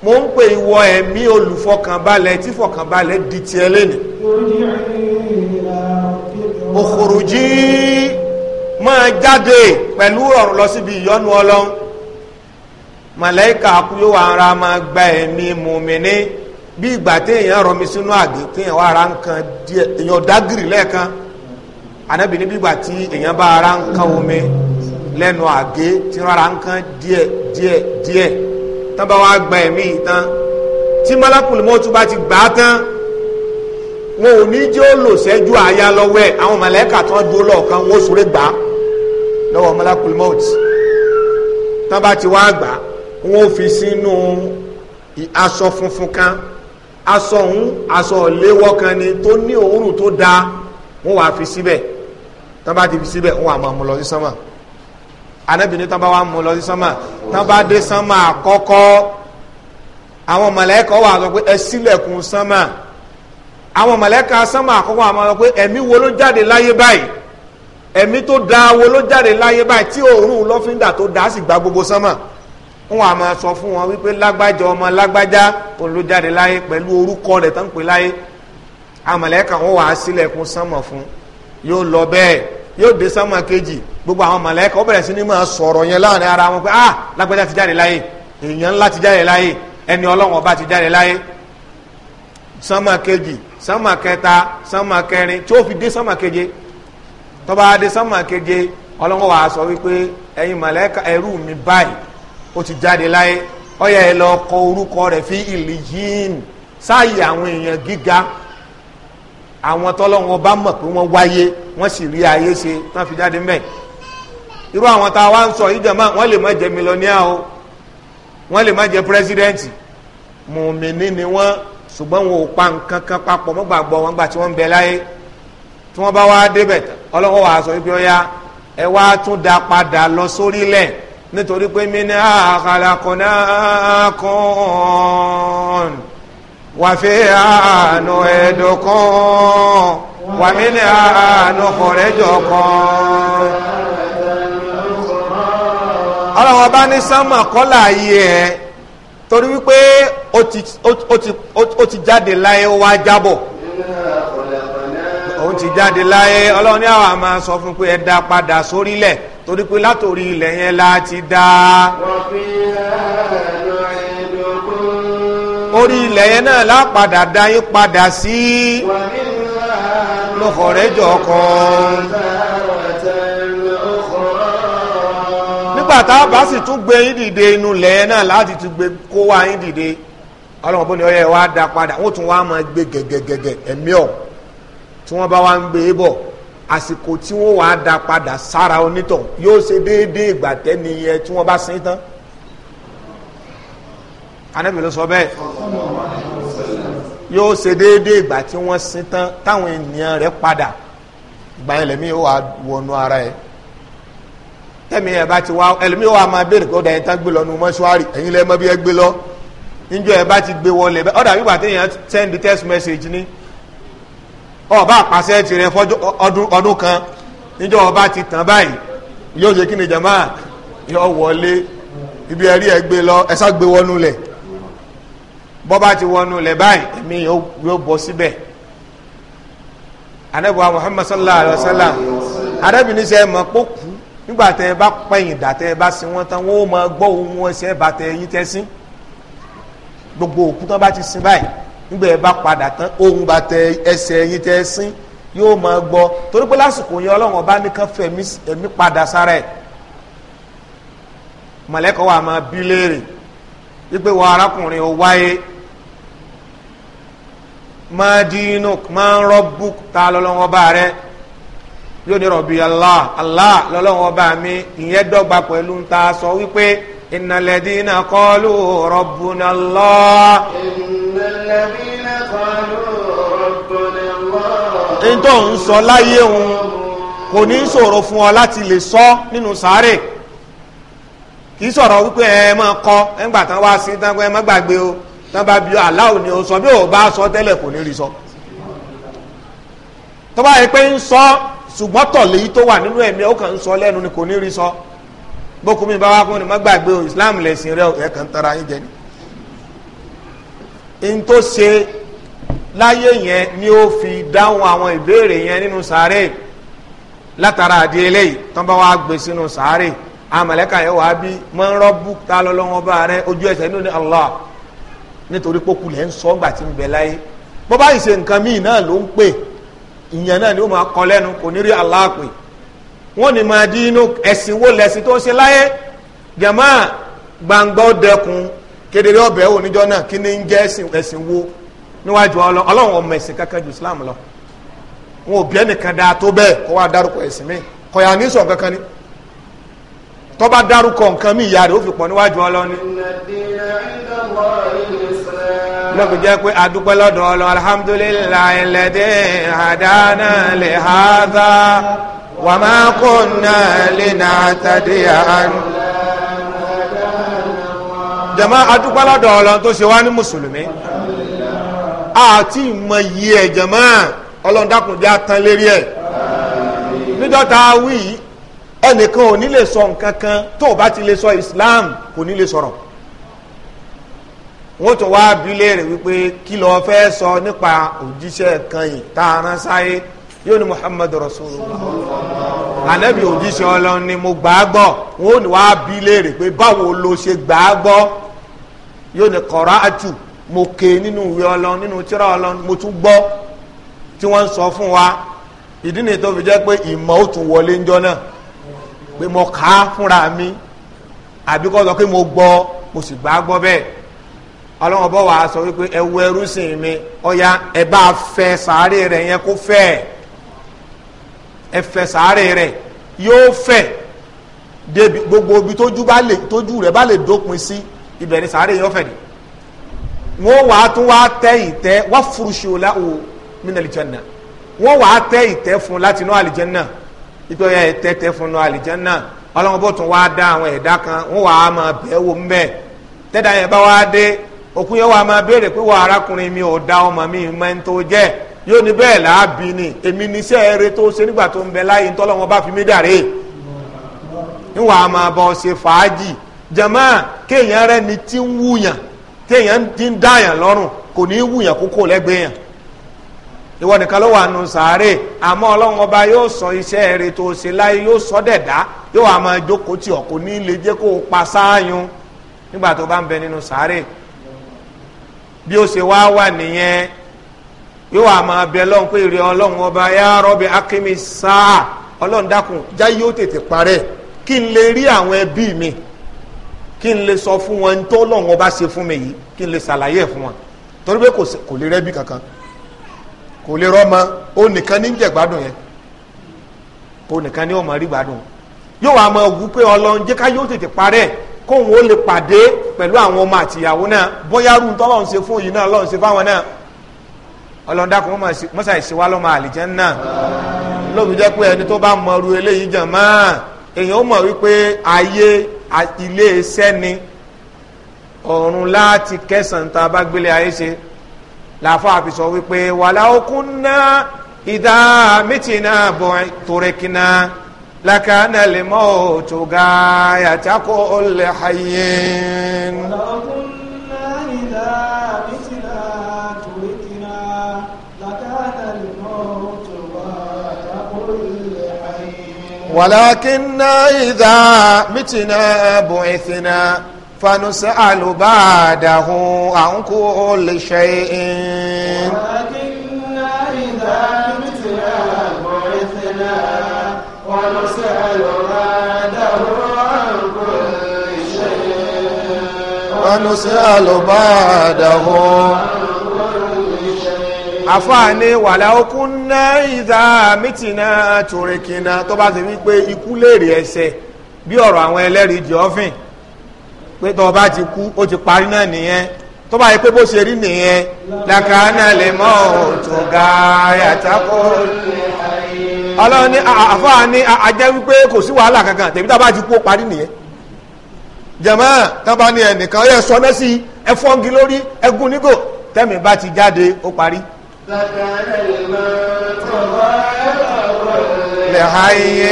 mo ń pè ìwọ ẹ̀mí olùfọkànbalẹ̀ tí fọkànbalẹ̀ di tiẹ̀ lẹ́nu. òkòròjì máa jáde pẹ̀lú ọ̀rùn lọ síbi ìyọnu ọlọ́run màláìka kú yóò wá ara máa gba ẹ̀mí mùmíní bí ìgbà téèyàn rọmi sínú àgé téèyàn wá ara nǹkan díẹ̀ èèyàn dágìrì lẹ́ẹ̀kan ànábì ní bí ìgbà tí èèyàn bá ara nǹkan omi lẹ́nu àgé tí wọ́n ara nǹkan díẹ̀ díẹ̀ díẹ̀ tán bá wá gba ẹ̀mí tán tí mọ́lákùlù mọ́tò bá ti gbà á tán wọn ò ní jẹ́ ó lò sẹ́jú àyà lọ́wọ́ ẹ̀ àwọn mọ̀lẹ́kà tán dúró lọ́ọ̀kan wọn ó sòrè gbà á lọ́wọ́ malakul maut tán bá ti wá gbà á wọ́n fi sínú aṣọ funfun kan aṣọ òun aṣọ léwọ́ kan ni tó ní òórùn tó dáa wọ́n wàá fi síbẹ̀ tán bá ti fi síbẹ̀ wọ́n wàá máa mú lọ sí sánmà anábìnrin tán bá wàá mú lọ sí sánmà tán bá dé sánmà àkọ́kọ́ àwọn mọ̀lẹ́kọ̀ wà sọ pé ẹ sílẹ̀kùn sánmà àwọn mọ̀lẹ́kà sánmà àkọ́kọ́ àmọ́ sọ pé ẹ̀mí wo ló jáde láyé báyìí ẹ̀mí tó dáa wo ló jáde láyé báyìí tí òórùn lọ́fíńdà tó dáa sì gba gbogbo sánmà wọn wà máa sọ fún wọn wípé lágbájá ọmọ lágbájá olùjáde láyé pẹ̀lú orúkọ rẹ̀ tó ń pè láyé àmọ̀lẹ́kà wọn wà á sílẹ̀kùn sánmọ̀ fún yóò lọ bẹ́ẹ̀ yóò dé sánmọ̀ kejì gbogbo àwọn mọ̀lẹ́kà ó bẹ̀rẹ̀ sí ní máa sọ̀rọ̀ yẹn láàrin ara wọn pé ah lágbájá ti jáde láyé èèyàn ńlá ti jáde láyé ẹni ọlọ́wọ́n ọba ti jáde láyé sánmọ̀ kejì sánmọ̀ kẹta sánmọ̀ kẹrin tí ó fi dé sánmọ̀ keje tó bá dé sánmọ̀ keje ọlọ́wọ́n wà á sọ wípé ẹ̀yin mọ̀lẹ́kà ẹrú mi báyìí ó ti jáde láyé ó yẹ ẹ lọ kọ orúkọ rẹ̀ fi ìlíyìn sáàyè àwọn èèyàn gíga àwọn tọ́lọ́wọ́n bá mọ̀ pé wọ́n wáyé wọ́n sì rí ayé ṣe wọ́n fi jáde mẹ́ irú àwọn tá a wá ń sọ yìí jẹ́mọ́ wọ́n lè má jẹ́ mílíọ̀nìyà o wọ́n lè má jẹ́ pírẹ́sídẹ́ǹtì mùmíní ni wọ́n ṣùgbọ́n wọn ò pa nǹkan kan papọ̀ mọ́ gbàgbọ́ wọn gbà tí wọ́n ń bẹ láyé tí wọ́n bá wá débẹ̀ ọlọ́wọ́ wàá sọ wípé ọ̀ya ẹ wá tún da padà lọ sórílẹ̀ nítorí pé mínà àkàlàkùnàkùn wàfẹ́ àánú ẹ̀dọ̀kan wàmínà àánú kọ̀rẹ́jọ̀kan. ọlọ́wọ́n bá ní sánmà kọ́là yìí ẹ̀ torí wípé ó ti jáde láyé ó wá jábọ̀ òun ti jáde láyé ọlọ́run ní àwọn àmà sọ fún pé ẹ dá padà sórílẹ̀ torí pé látòrí ilẹ̀ yẹn la ti dá orí ilẹ̀ yẹn náà lápadà dá yín padà sí lọ́kọ̀ọ́rẹ́jọ kan nígbà tá a bá sì tún gbé yín dìde inú ilẹ̀ yẹn náà láti tún gbé kó wá yín dìde ọlọ́run bó ni ọyẹ wa dá padà wọ́n tún wá máa gbé gẹ́gẹ́gẹ́gẹ́ ẹ̀mí ọ̀ tí wọ́n bá wá ń gbé bọ̀ àsìkò tí wọ́n wàá da padà sára onítọ̀ yóò ṣe déédéé ìgbà tẹ́ni yẹn tí wọ́n bá sin tán Ànábì ló sọ bẹ́ẹ̀ yóò ṣe déédéé ìgbà tí wọ́n sin tán táwọn ènìyàn rẹ̀ padà ìgbà yẹn lẹ́mí yóò wá wọnú ara ẹ̀ tẹ́mi ẹ̀ bá ti wá ẹlẹ́mí yóò wá máa béèrè kó dàyẹ̀ tán gbé lọ nu mọ́ṣúárì ẹ̀yin lẹ́mọ́ bí ẹ gbé lọ níjọ́ ẹ bá ti gbé wọlé ọ̀dà bí gbà téèyàn send text message ni ọba àpàṣẹ tirẹ̀ fọ́dún ọdún kan níjọ́ ọba ti tàn báyìí yóò ṣe kí ni jama yóò wọlé ibi ẹ̀rí ẹ̀ lọ ẹ̀sà gbé wọnú lẹ̀ ti wọnú lẹ̀ báyìí èmi yóò bọ́ síbẹ̀ muhammad sallallahu wa sallam arabinrin sẹ kpoku nígbà gbogbo bá ti sin nígbà ẹ bá padà tán ohun bá tẹ ẹsẹ̀ ẹyin tẹ sín yóò máa gbọ́ torí pé lásìkò yẹn ọlọ́run ọba nìkan fẹ́ ẹ̀mí padà sára ẹ̀ mọ̀lẹ́kọ̀ wa máa bí léèrè wípé wọ arákùnrin ò wáyé máa dínú máa ń rọ́bù ta lọ́lọ́run ọba rẹ yóò ní rọ̀bì Allah Allah lọ́lọ́run ọba mi ìyẹn dọ́gba pẹ̀lú ta sọ wípé innal ladina qalu rabbuna Allah ẹni tó ń sọ láyé òun kò ní ṣòro fún ọ láti lè sọ nínú sáré kì í sọ̀rọ̀ wípé ẹ máa kọ ẹgbà tán wá sí tán ẹ má gbàgbé o tán bá bí aláwo ni o sọ bí o bá sọ tẹ́lẹ̀ kò ní rí sọ. tó bá yẹ pé ń sọ ṣùgbọ́n tọ̀lé yìí tó wà nínú ẹ̀mí ó kàn ń sọ lẹ́nu ni kò ní rí sọ. bókun mi bá wá fún ni má gbàgbé o Islam lẹ̀sìn rẹ ẹ̀kan tara yín jẹ ni n tó ṣe láyé yẹn ni ó fi dáhùn àwọn ìbéèrè yẹn nínú sáré látara àdé eléyìí tán bá wàá gbé sínú sáré àmàlẹ́kà yẹn wàá bí mọ́ ń rọ́bù ta lọ́lọ́wọ́ bá rẹ ojú ẹsẹ̀ nínú Allah nítorí pókù lẹ́ ń sọ ọ́gbà tí ń bẹ láyé bọ́ báyìí ṣe nǹkan míì náà ló ń pè ìyẹn náà ni ó máa kọ lẹ́nu kò ní rí Allah pè wọ́n ní máa dín inú ẹ̀sìn wo lẹ̀sìn tó ń ṣe láyé jàmáà gbàngbọ́ dẹkùn kedere ọbẹ̀ wò níjọ́ náà kí ni ń jẹ́ ẹ̀sìn wo níwájú ọlọ́run ọmọ ẹ̀sìn kankan ju islam lọ wọn ò bí ẹnìkan dáa tó bẹ́ẹ̀ kó wá dárúkọ ẹ̀sìn mi kọ̀yà ní sọ̀ kankan ni tó bá dárúkọ nǹkan mi ìyá rẹ̀ ó fi pọ̀ níwájú ọlọ́run ni. lọ́kùn jẹ́ pé adúpẹ́ lọ́dọ̀ ọlọ́run alhamdulillahi alladhi hadana li hadha wa ma kunna linahtadiya jama adúpálọ́dọ̀ ọlọ́run tó ṣe wá ní mùsùlùmí àti ìmọ̀yí ẹ̀ jama ọlọ́run dákun bí a tán lérí ẹ̀ níjọ́ta wí ẹnìkan ò ní lè sọ nǹkan kan tó o bá ti lè sọ Islam kò ní lè sọ̀rọ̀ wọ́n tún wáá bí léèrè wípé kí ló fẹ́ sọ nípa òjíṣẹ́ kan yìí tá a rán sáyé yóò ní Muhammad Rasulullah ànábì òjíṣẹ́ Ọlọ́run ni mo gbà á gbọ́ wọ́n ní wáá bí léèrè pé báwo lo ṣe gbà yóò ní kọ̀ọ̀rọ̀ àjù mo ké nínú ìwé ọlọ́run nínú tíra ọlọ́run mo tún gbọ́ tí wọ́n ń sọ fún wa ìdí nìyí tó fi jẹ́ pé ìmọ̀ ó tún wọlé ńjọ́ náà pé mo kà á fúnra mi àbí kọ́ sọ pé mo gbọ́ mo sì gbà á gbọ́ bẹ́ẹ̀ ọlọ́run ọbọ̀ wàá sọ wípé ẹ wo ẹrú sìn mi ọ̀ya ẹ bá fẹ́ sàárè rẹ̀ yẹn kó fẹ́ ẹ fẹ́ sàárè rẹ̀ yóò fẹ́ gbogbo ibi tójú rẹ̀ bá lè dópin sí. Si ibẹ̀ ni sàárè yẹn ọ̀fẹ́ wọ́n wà á tún ìtẹ́ wá furuṣu la o min wọ́n wà á tẹ ìtẹ́ fún láti alijanna fún alijanna bó tún dá àwọn ẹ̀dá kan wọ́n wà á máa bẹ́ẹ̀ wò ń tẹ́dá yẹn bá wá dé òkú yẹn wà á máa béèrè mi ò dá ọmọ mi tó jẹ́ yóò ní bẹ́ẹ̀ ni èmi ní tó ṣe nígbà tó ń bẹ láyé ńtọ́lọ́wọ́n bá fi jamaa kéèyàn rẹ ni ti ń wúyàn ti ń dáyàn lọ́rùn kò ní í wúyàn kókó lẹ́gbẹ̀ẹ́ ìwọ nìkan ló wà nù sàárè àmọ́ ọlọ́run ọba yóò sọ iṣẹ rẹ tó ṣe láyé yóò sọ dẹ̀dá yóò wà máa jókòó tí ọkọ ní lè jẹ́ kó o pa sáàyùn nígbà tó bá ń bẹ nínú sàárè bí ó ṣe wá wà nìyẹn yóò wà pé ìrẹ ọba akínmi sáà kí n lè sọ fún wọn tó lọ́wọ́ bá ṣe fún mi yìí kí n lè ṣàlàyé ẹ̀ fún wọn torí pé kò lè rẹ́bí kankan kò lè rọ́mọ ó nìkan ní jẹ̀gbádùn yẹn ó nìkan ní rí gbádùn yóò wá pé ọlọ́run yóò tètè parẹ́ ó lè pàdé pẹ̀lú àwọn ọmọ àtìyàwó náà bóyá rú ń tọ́lọ́run ṣe fún yìí náà ṣe fáwọn náà ru eléyìí jàn máa èèyàn ó mọ̀ ilé iṣẹ́ ni ọ̀run láti kẹsàn-án tá a bá gbélé ayé ṣe làáfà àfi sọ wípé wàlá okun náà ìdá mítìnà bọ̀ torekina lakana lè mọ́ òtò ga yàtàkọ́ ọ̀lẹ̀ ayé. wàlá okun náà ìdá mítìnà. ولكننا إذا متنا بعثنا فنسأل بعده عن كل شيء ولكننا إذا متنا بعثنا ونسأل بعده عن كل شيء ونسأل بعده afọ wàlá ni náà ìdá mítìnà tòrìkìnà tó bá ti wí pé ikú léèrè ẹsẹ̀ bí ọ̀rọ̀ àwọn ẹlẹ́rìí ọfìn pé tó bá ti kú ó ti parí náà nìyẹn tó bá yẹ pé bó ṣe rí nìyẹn làkàánà lè mọ òtún gàáyà tako ọlọ́run ní àfáà ajẹ́ wípé kò sí wàhálà kankan tèmi tá bá ti kú ó parí nìyẹn jẹ̀mọ́ tán ẹnìkan ẹ sọ náà sí ẹ fọ́ngi lórí ẹ gún nígò tẹ́mi bá ti jáde ó parí ذكر الموت لحي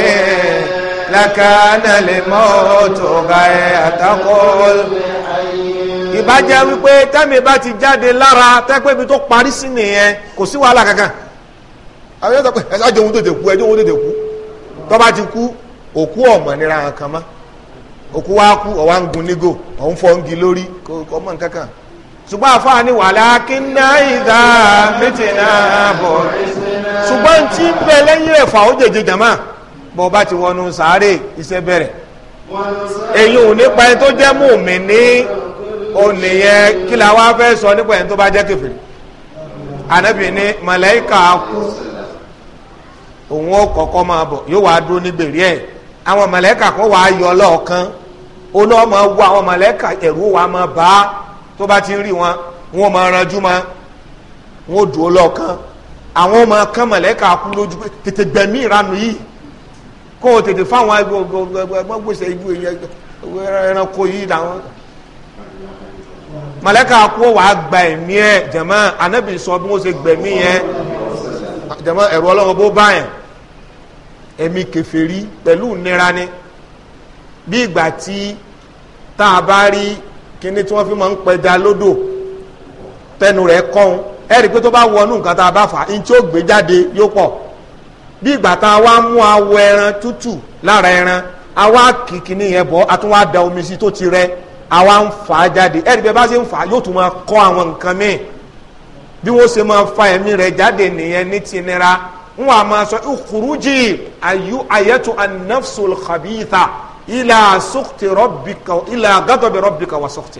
لكان الموت غير تقول ìbá jẹ́ wípé tẹ́mi bá ti jáde lára tẹ́pẹ́ ibi tó parí sí nìyẹn kò sí wàhálà kankan àwọn yóò sọ pé òun òun ti kú òkú ṣùgbọ́n àfáà ní wàlákínná ìdá mítìnà bọ̀ ṣùgbọ́n tí ń bẹ lẹ́yìn ẹ̀fà ó jèjì jàmá bọ̀ bá ti wọnú sàárè iṣẹ́ bẹ̀rẹ̀ èyí ò nípa ẹni tó jẹ́ mùmí ní ònìyẹn kí la wá fẹ́ sọ nípa ẹni tó bá jẹ́ kẹfìrì ànábì ní màláíkà kú òun ó kọ́kọ́ máa bọ̀ yóò wá dúró ní gbèrí ẹ̀ àwọn màláíkà kan wàá yọ ọlọ́ọ̀kan olóòmọ wo àwọn màláíkà ẹ̀rú wàá máa bá a tó bá ti rí wọn wọn máa ranjú ma wọn ò dúró lọ́ọ̀kan àwọn ọmọ kan mọ̀lẹ́ka kú lójú pé tètè gbẹ̀mí ìranu yìí kó o tètè fáwọn ẹgbọ́n gbèsè ibú ẹranko yìí làwọn mọ̀lẹ́ka kú wàá gba ẹ̀mí ẹ̀ jẹ̀mọ́ anábì sọ bí wọ́n ṣe gbẹ̀mí yẹn jẹ̀mọ́ ẹ̀rọ ọlọ́run bó bá yẹn ẹ̀mí kèfèrí pẹ̀lú nira ni bí ìgbà tí tá a bá rí kíní tí wọ́n fi máa ń pẹja lódò tẹnu rẹ̀ kọ́hún ẹ rí i pé tó bá wọnú nǹkan tá a bá fà á ní tí ó gbé jáde yóò pọ̀ bí ìgbà tá a wá mú awọ ẹran tútù lára ẹran a wá kì kíní bọ́ a tún wá da omi sí tó ti rẹ a wá ń fà á jáde ẹ rí i pé bá ṣe ń fà á yóò tún máa kọ́ àwọn nǹkan míì bí wọ́n ṣe máa fa ẹ̀mí rẹ̀ jáde nìyẹn ní tinira ń wà máa sọ ìkùrújì ayẹ́tù an-nafsul khabitha ilà sukti rọbìkà ilà gàdọ̀bì rọbìkà wà sukti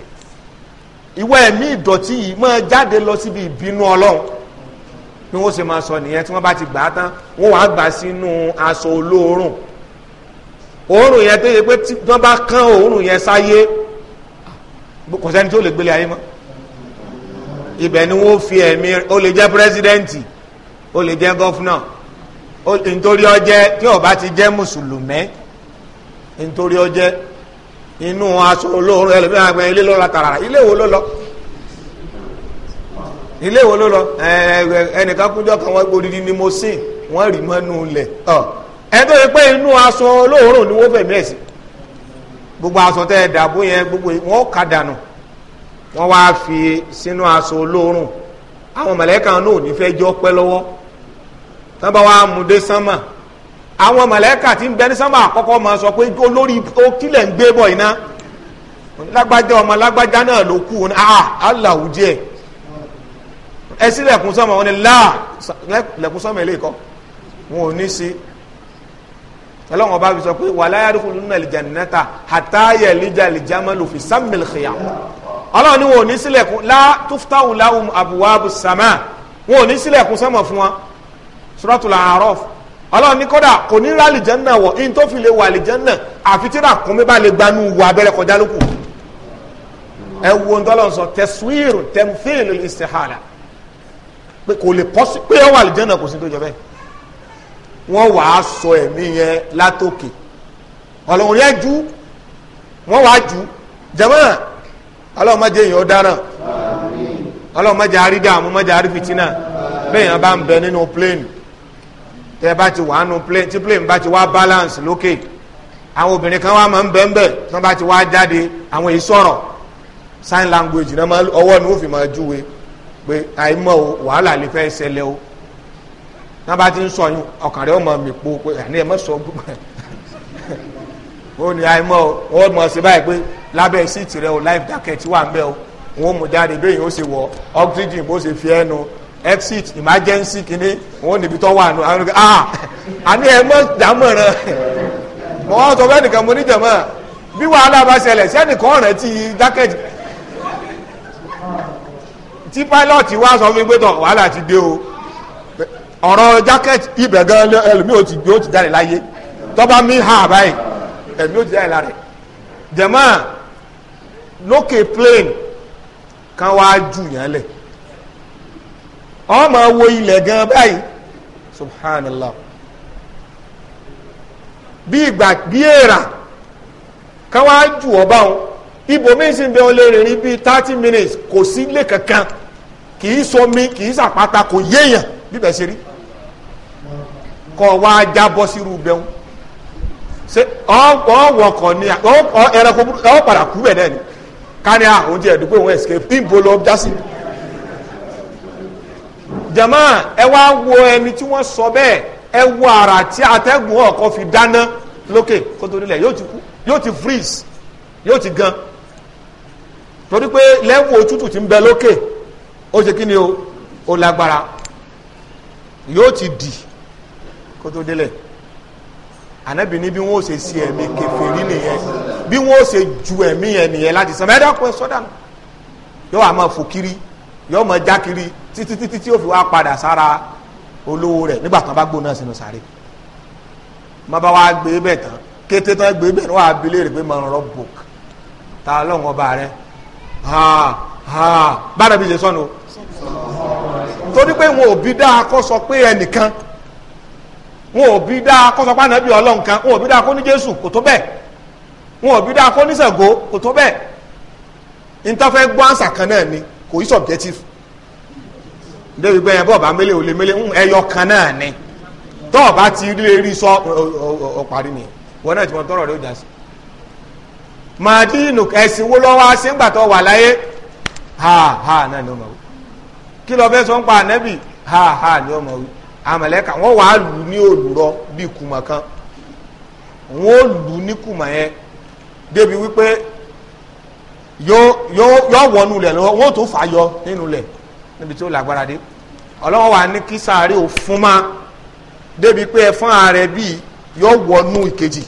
ìwọ ẹ̀mí ìdọ̀tí yìí máa jáde lọ síbi ìbínú ọlọ́run bí wọ́n ṣe máa sọ nìyẹn tí wọ́n bá ti gbà á tán wọ́n wàá gbà sínú aṣọ olóòórùn òórùn yẹn tó yẹ pé tí wọ́n bá kán òórùn yẹn sáyé kò sẹ́ni tó lè gbélé ayé mọ́ ibẹ̀ ni wọ́n fi ẹ̀mí ó lè jẹ́ pírẹ́sidẹ́ǹtì ó lè jẹ́ gọ́fúnà nítorí ọjẹ́ tí ó ti jẹ́ mùsùlùmẹ́ nítorí ọjẹ́ inú aṣọ olóhùn ẹlẹ́mí àgbẹ̀ ilé lọ́la tààrà ilé wo ló lọ ilé wo ló lọ ẹnìkan kújọ kan wọ́n gbòdìdì ni mo sìn wọ́n rì mọ́nú lẹ̀ ẹni tó yẹ pé inú aṣọ olóhùn ni wọ́n fẹ̀mí ẹ̀sìn gbogbo aṣọ tẹ́ ẹ dàbó yẹn gbogbo wọn kà dànù wọ́n wá fi sínú aṣọ olóhùn àwọn mọ̀lẹ́kà náà ò ní fẹ́ jọ́ pẹ́ lọ́wọ́ tán bá wá mú dé sánmà àwọn mọ̀lẹ́kà tí ń bẹ ní sánmà àkọ́kọ́ máa sọ pé olórí tó kílẹ̀ ń gbé bọ̀ iná lágbájá ọmọ lágbájá náà ló kú ní àà aláwùjẹ ẹ sí lẹ̀kùn sánmà wọn ni láà lẹ̀kùn sánmà ilé ìkọ́ wọn ò ní sí ọlọ́wọ́n bá fi sọ pé wàlá yàdúkú lúnà ìjànẹ́ta àtàyè ìlíjà ìlíjà máa lò fi sàmìlì xìyà ọlọ́wọ́n ni wọn ò ní sílẹ̀kùn lá túftáwù láwùm àbúwábù sàmà wọn ò ní sílẹ̀kùn sánmà fún wọn suratul A'raf ọlọ́run ní kódà kò ní rà àlìjẹ́nà wọ̀ in tó fi lè wà àlìjẹ́nà àfi tí ràkúnmí bá lè gbanú wọ abẹ́rẹ́ kọjá lókù ẹ wo ń tọ́lọ́ sọ tẹ̀síwìrì tẹ̀mfíìlì ìsìhàlà pé kò lè pọ́sí pé ó wà àlìjẹ́nà kò sí tó jọ bẹ́ẹ̀ wọ́n wàá sọ ẹ̀mí yẹn látòkè ọlọ́run yẹn ju wọ́n wàá ju jẹ́mọ́ ọlọ́run má jẹ́ èèyàn dáràn ọlọ́run má jẹ́ àrídààmú má jẹ́ àrífìtínà bẹ́ẹ̀ yẹn bá ń bẹ nínú pléènì tẹ bá ti wà nù plane tí plane bá ti wá balance lókè àwọn obìnrin kan wà máa ń bẹ́ńbẹ́ tí wọ́n bá ti wá jáde àwọn èyí sọ̀rọ̀ sign language náà ọwọ́ ni ó fi máa júwe pé àìmọ̀ o wàhálà lè fẹ́ ṣẹlẹ̀ o náà bá ti ń sọ yín ọkàn rẹ̀ ó máa mì pé àní ẹ̀ mọ̀ sọ ó ní àìmọ̀ o wọ́n mọ̀ sí báyìí pé lábẹ́ síìtì rẹ o life jacket wà ń bẹ́ o wọ́n mú jáde bẹ́ẹ̀ yìí ó ṣe wọ̀ exit emergency kìíní wọn níbi tó wà nù àwọn ah àní ẹ mọ̀ dámọ̀ràn mọ̀ wọ́n sọ fẹ́ nìkan mo ní jẹ̀mọ́ bí wàhálà bá ṣẹlẹ̀ sẹ́nìkan ọ̀rẹ́ ti dákẹ́jì tí pilọ̀tì wá sọ fún mi pé tọ̀ wàhálà ti dé o ọ̀rọ̀ jákẹ́tì ibẹ̀ gan ẹlòmíì ò ti gbé ó ti jáde láyé tọ́ba mi hà báyìí ẹ̀mí ò ti jáde lára jẹ̀mọ́ lókè plane kan wá jù yẹn lẹ̀ ọ máa wo ilẹ̀ gan báyìí subhanallah bí ìgbà bí èèrà kan wá jù ọ báwọn ibò míì sì ń bẹ ọ lè rìnrìn bíi thirty minutes kò sí ilé kankan kì í sọmi kì í sàpáta kò yéèyàn bíbẹ̀ ṣe rí kọ wá jábọ́ sírú bẹ́hùn ṣe ọwọ́ kọ ní ẹranko ọ padà kú bẹ̀ náà ni ká àwọn oúnjẹ ẹ̀dùnkú òun escape níbo lọ jásí jama ẹ wá wo ẹni tí wọ́n sọ bẹ́ẹ̀ ẹ wo ara tí atẹ́gùn ọkọ̀ fi dáná lókè kó tó nílẹ̀ yóò ti kú yóò ti freeze yóò ti gan torí pé lẹ́wọ̀n òtútù ti ń bẹ lókè ó ṣe kí ni o ó lágbára yóò ti dì kó tó délẹ̀ ànábì ní bí wọ́n ó ṣe sí ẹ̀mí kèfèrí nìyẹn bí wọ́n ó ṣe ju ẹ̀mí yẹn nìyẹn láti sàn mẹ́ẹ́dọ́kùn sọ́dà yóò wá máa fò kiri yóò mọ jákiri títí títí tí ó fi wá padà sára olówó rẹ̀ nígbà tán bá gbóná sínú sáré má bá wá gbé bẹ̀ tán kété tán gbé bẹ̀ ní wàá bilé rẹ̀ pé mọ̀ràn bòk ta lọ́wọ́n ọba rẹ̀ ha ha bára bí ṣe sọnù torí pé wọn ò bí dáa kó sọ pé ẹnìkan wọn ò bí dáa kó sọ pé ànábì ọlọ́run kan wọn ò bí dáa kó ní jésù kò tó bẹ́ẹ̀ wọn ò bí dáa kó ní ṣàngó kò tó bẹ́ẹ̀ ntọ́fẹ́ gbọ́ àǹsà kan náà ni kò í subjective débi gbẹ́ yẹn bọ́ọ̀bà mélé ò lè mélé ẹyọ kan náà ni tọ́ọ̀bá ti lè rí sọ ọ̀parí ni wọn náà ti mọ tọrọ rẹ ó jà sí. màdínù ẹ̀sìn wo lọ́wọ́ aṣẹ́gbà tó wà láyé ha ha náà ni ó mọ̀ wí kí lọ́ọ́ fẹ́ sọ ń pa ànẹ́bì ha ha ni ó mọ̀ wí àmọ̀lẹ́kà wọ́n wàá lù ní òlùrọ̀ bíi kùmọ̀ kan wọ́n lù ní kùmọ̀ yẹn débi wípé yóò wọnú lẹ̀ lọ́wọ́ wọ́n tó fà yọ nínú lẹ̀ níbi tí ó lágbára dé ọlọ́wọ́ wa ní kí sáré ò fún ma débi pé ẹfọ́n ààrẹ bíi yóò wọnú ìkejì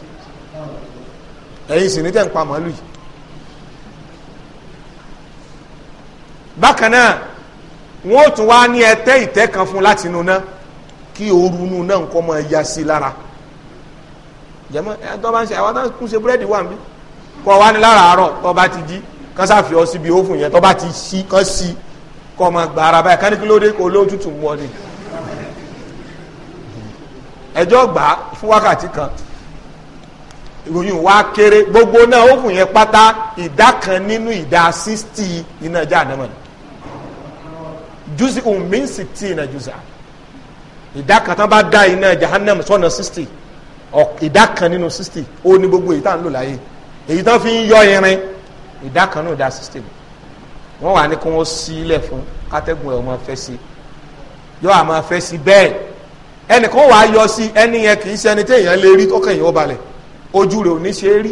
ẹ̀yin sì ní tẹ̀ ń pa màálù yìí bákan náà wọ́n tún wá ní ẹtẹ́ ìtẹ́ kan fún láti inú náà kí ooru inú náà nǹkan máa ya sí i lára jẹ́mọ́ ẹ̀ tó bá ń ṣe àwọn tó ń ṣe búrẹ́dì wà ń bí kọ́ wa ní lára àárọ̀ tó ti jí kán sáfi ọ síbi òfun yẹn tó bá ti sí kán sí kọ́ ọmọ gba ara báyìí káníkì lóde kò lójútùú mú ọ ni ẹjọ́ gbà á fún wákàtí kan ìròyìn wa kéré gbogbo náà òfun yẹn pátá ìdá kan nínú ìdá sixty iná ẹja àdámọ̀ ni jùsí òun mí sixty iná jùsà ìdá kan tán bá dá iná jahannam sọ́nà sixty ìdá kan nínú sixty ó ní gbogbo èyí tá à ń lò láyé èyí tán fi ń yọ irin ìdá kan náà ìdá sixty ni wọ́n wà ní kí wọ́n sílẹ̀ fún kátẹ́gùn ẹ̀ ọmọ fẹ́ sí yọ àmọ́ fẹ́ sí bẹ́ẹ̀ ẹnìkan wàá yọ sí ẹni yẹn kì í ṣe ẹni téèyàn lè rí tọ́kàn yẹn ó balẹ̀ ojú rẹ̀ ò ní ṣe é rí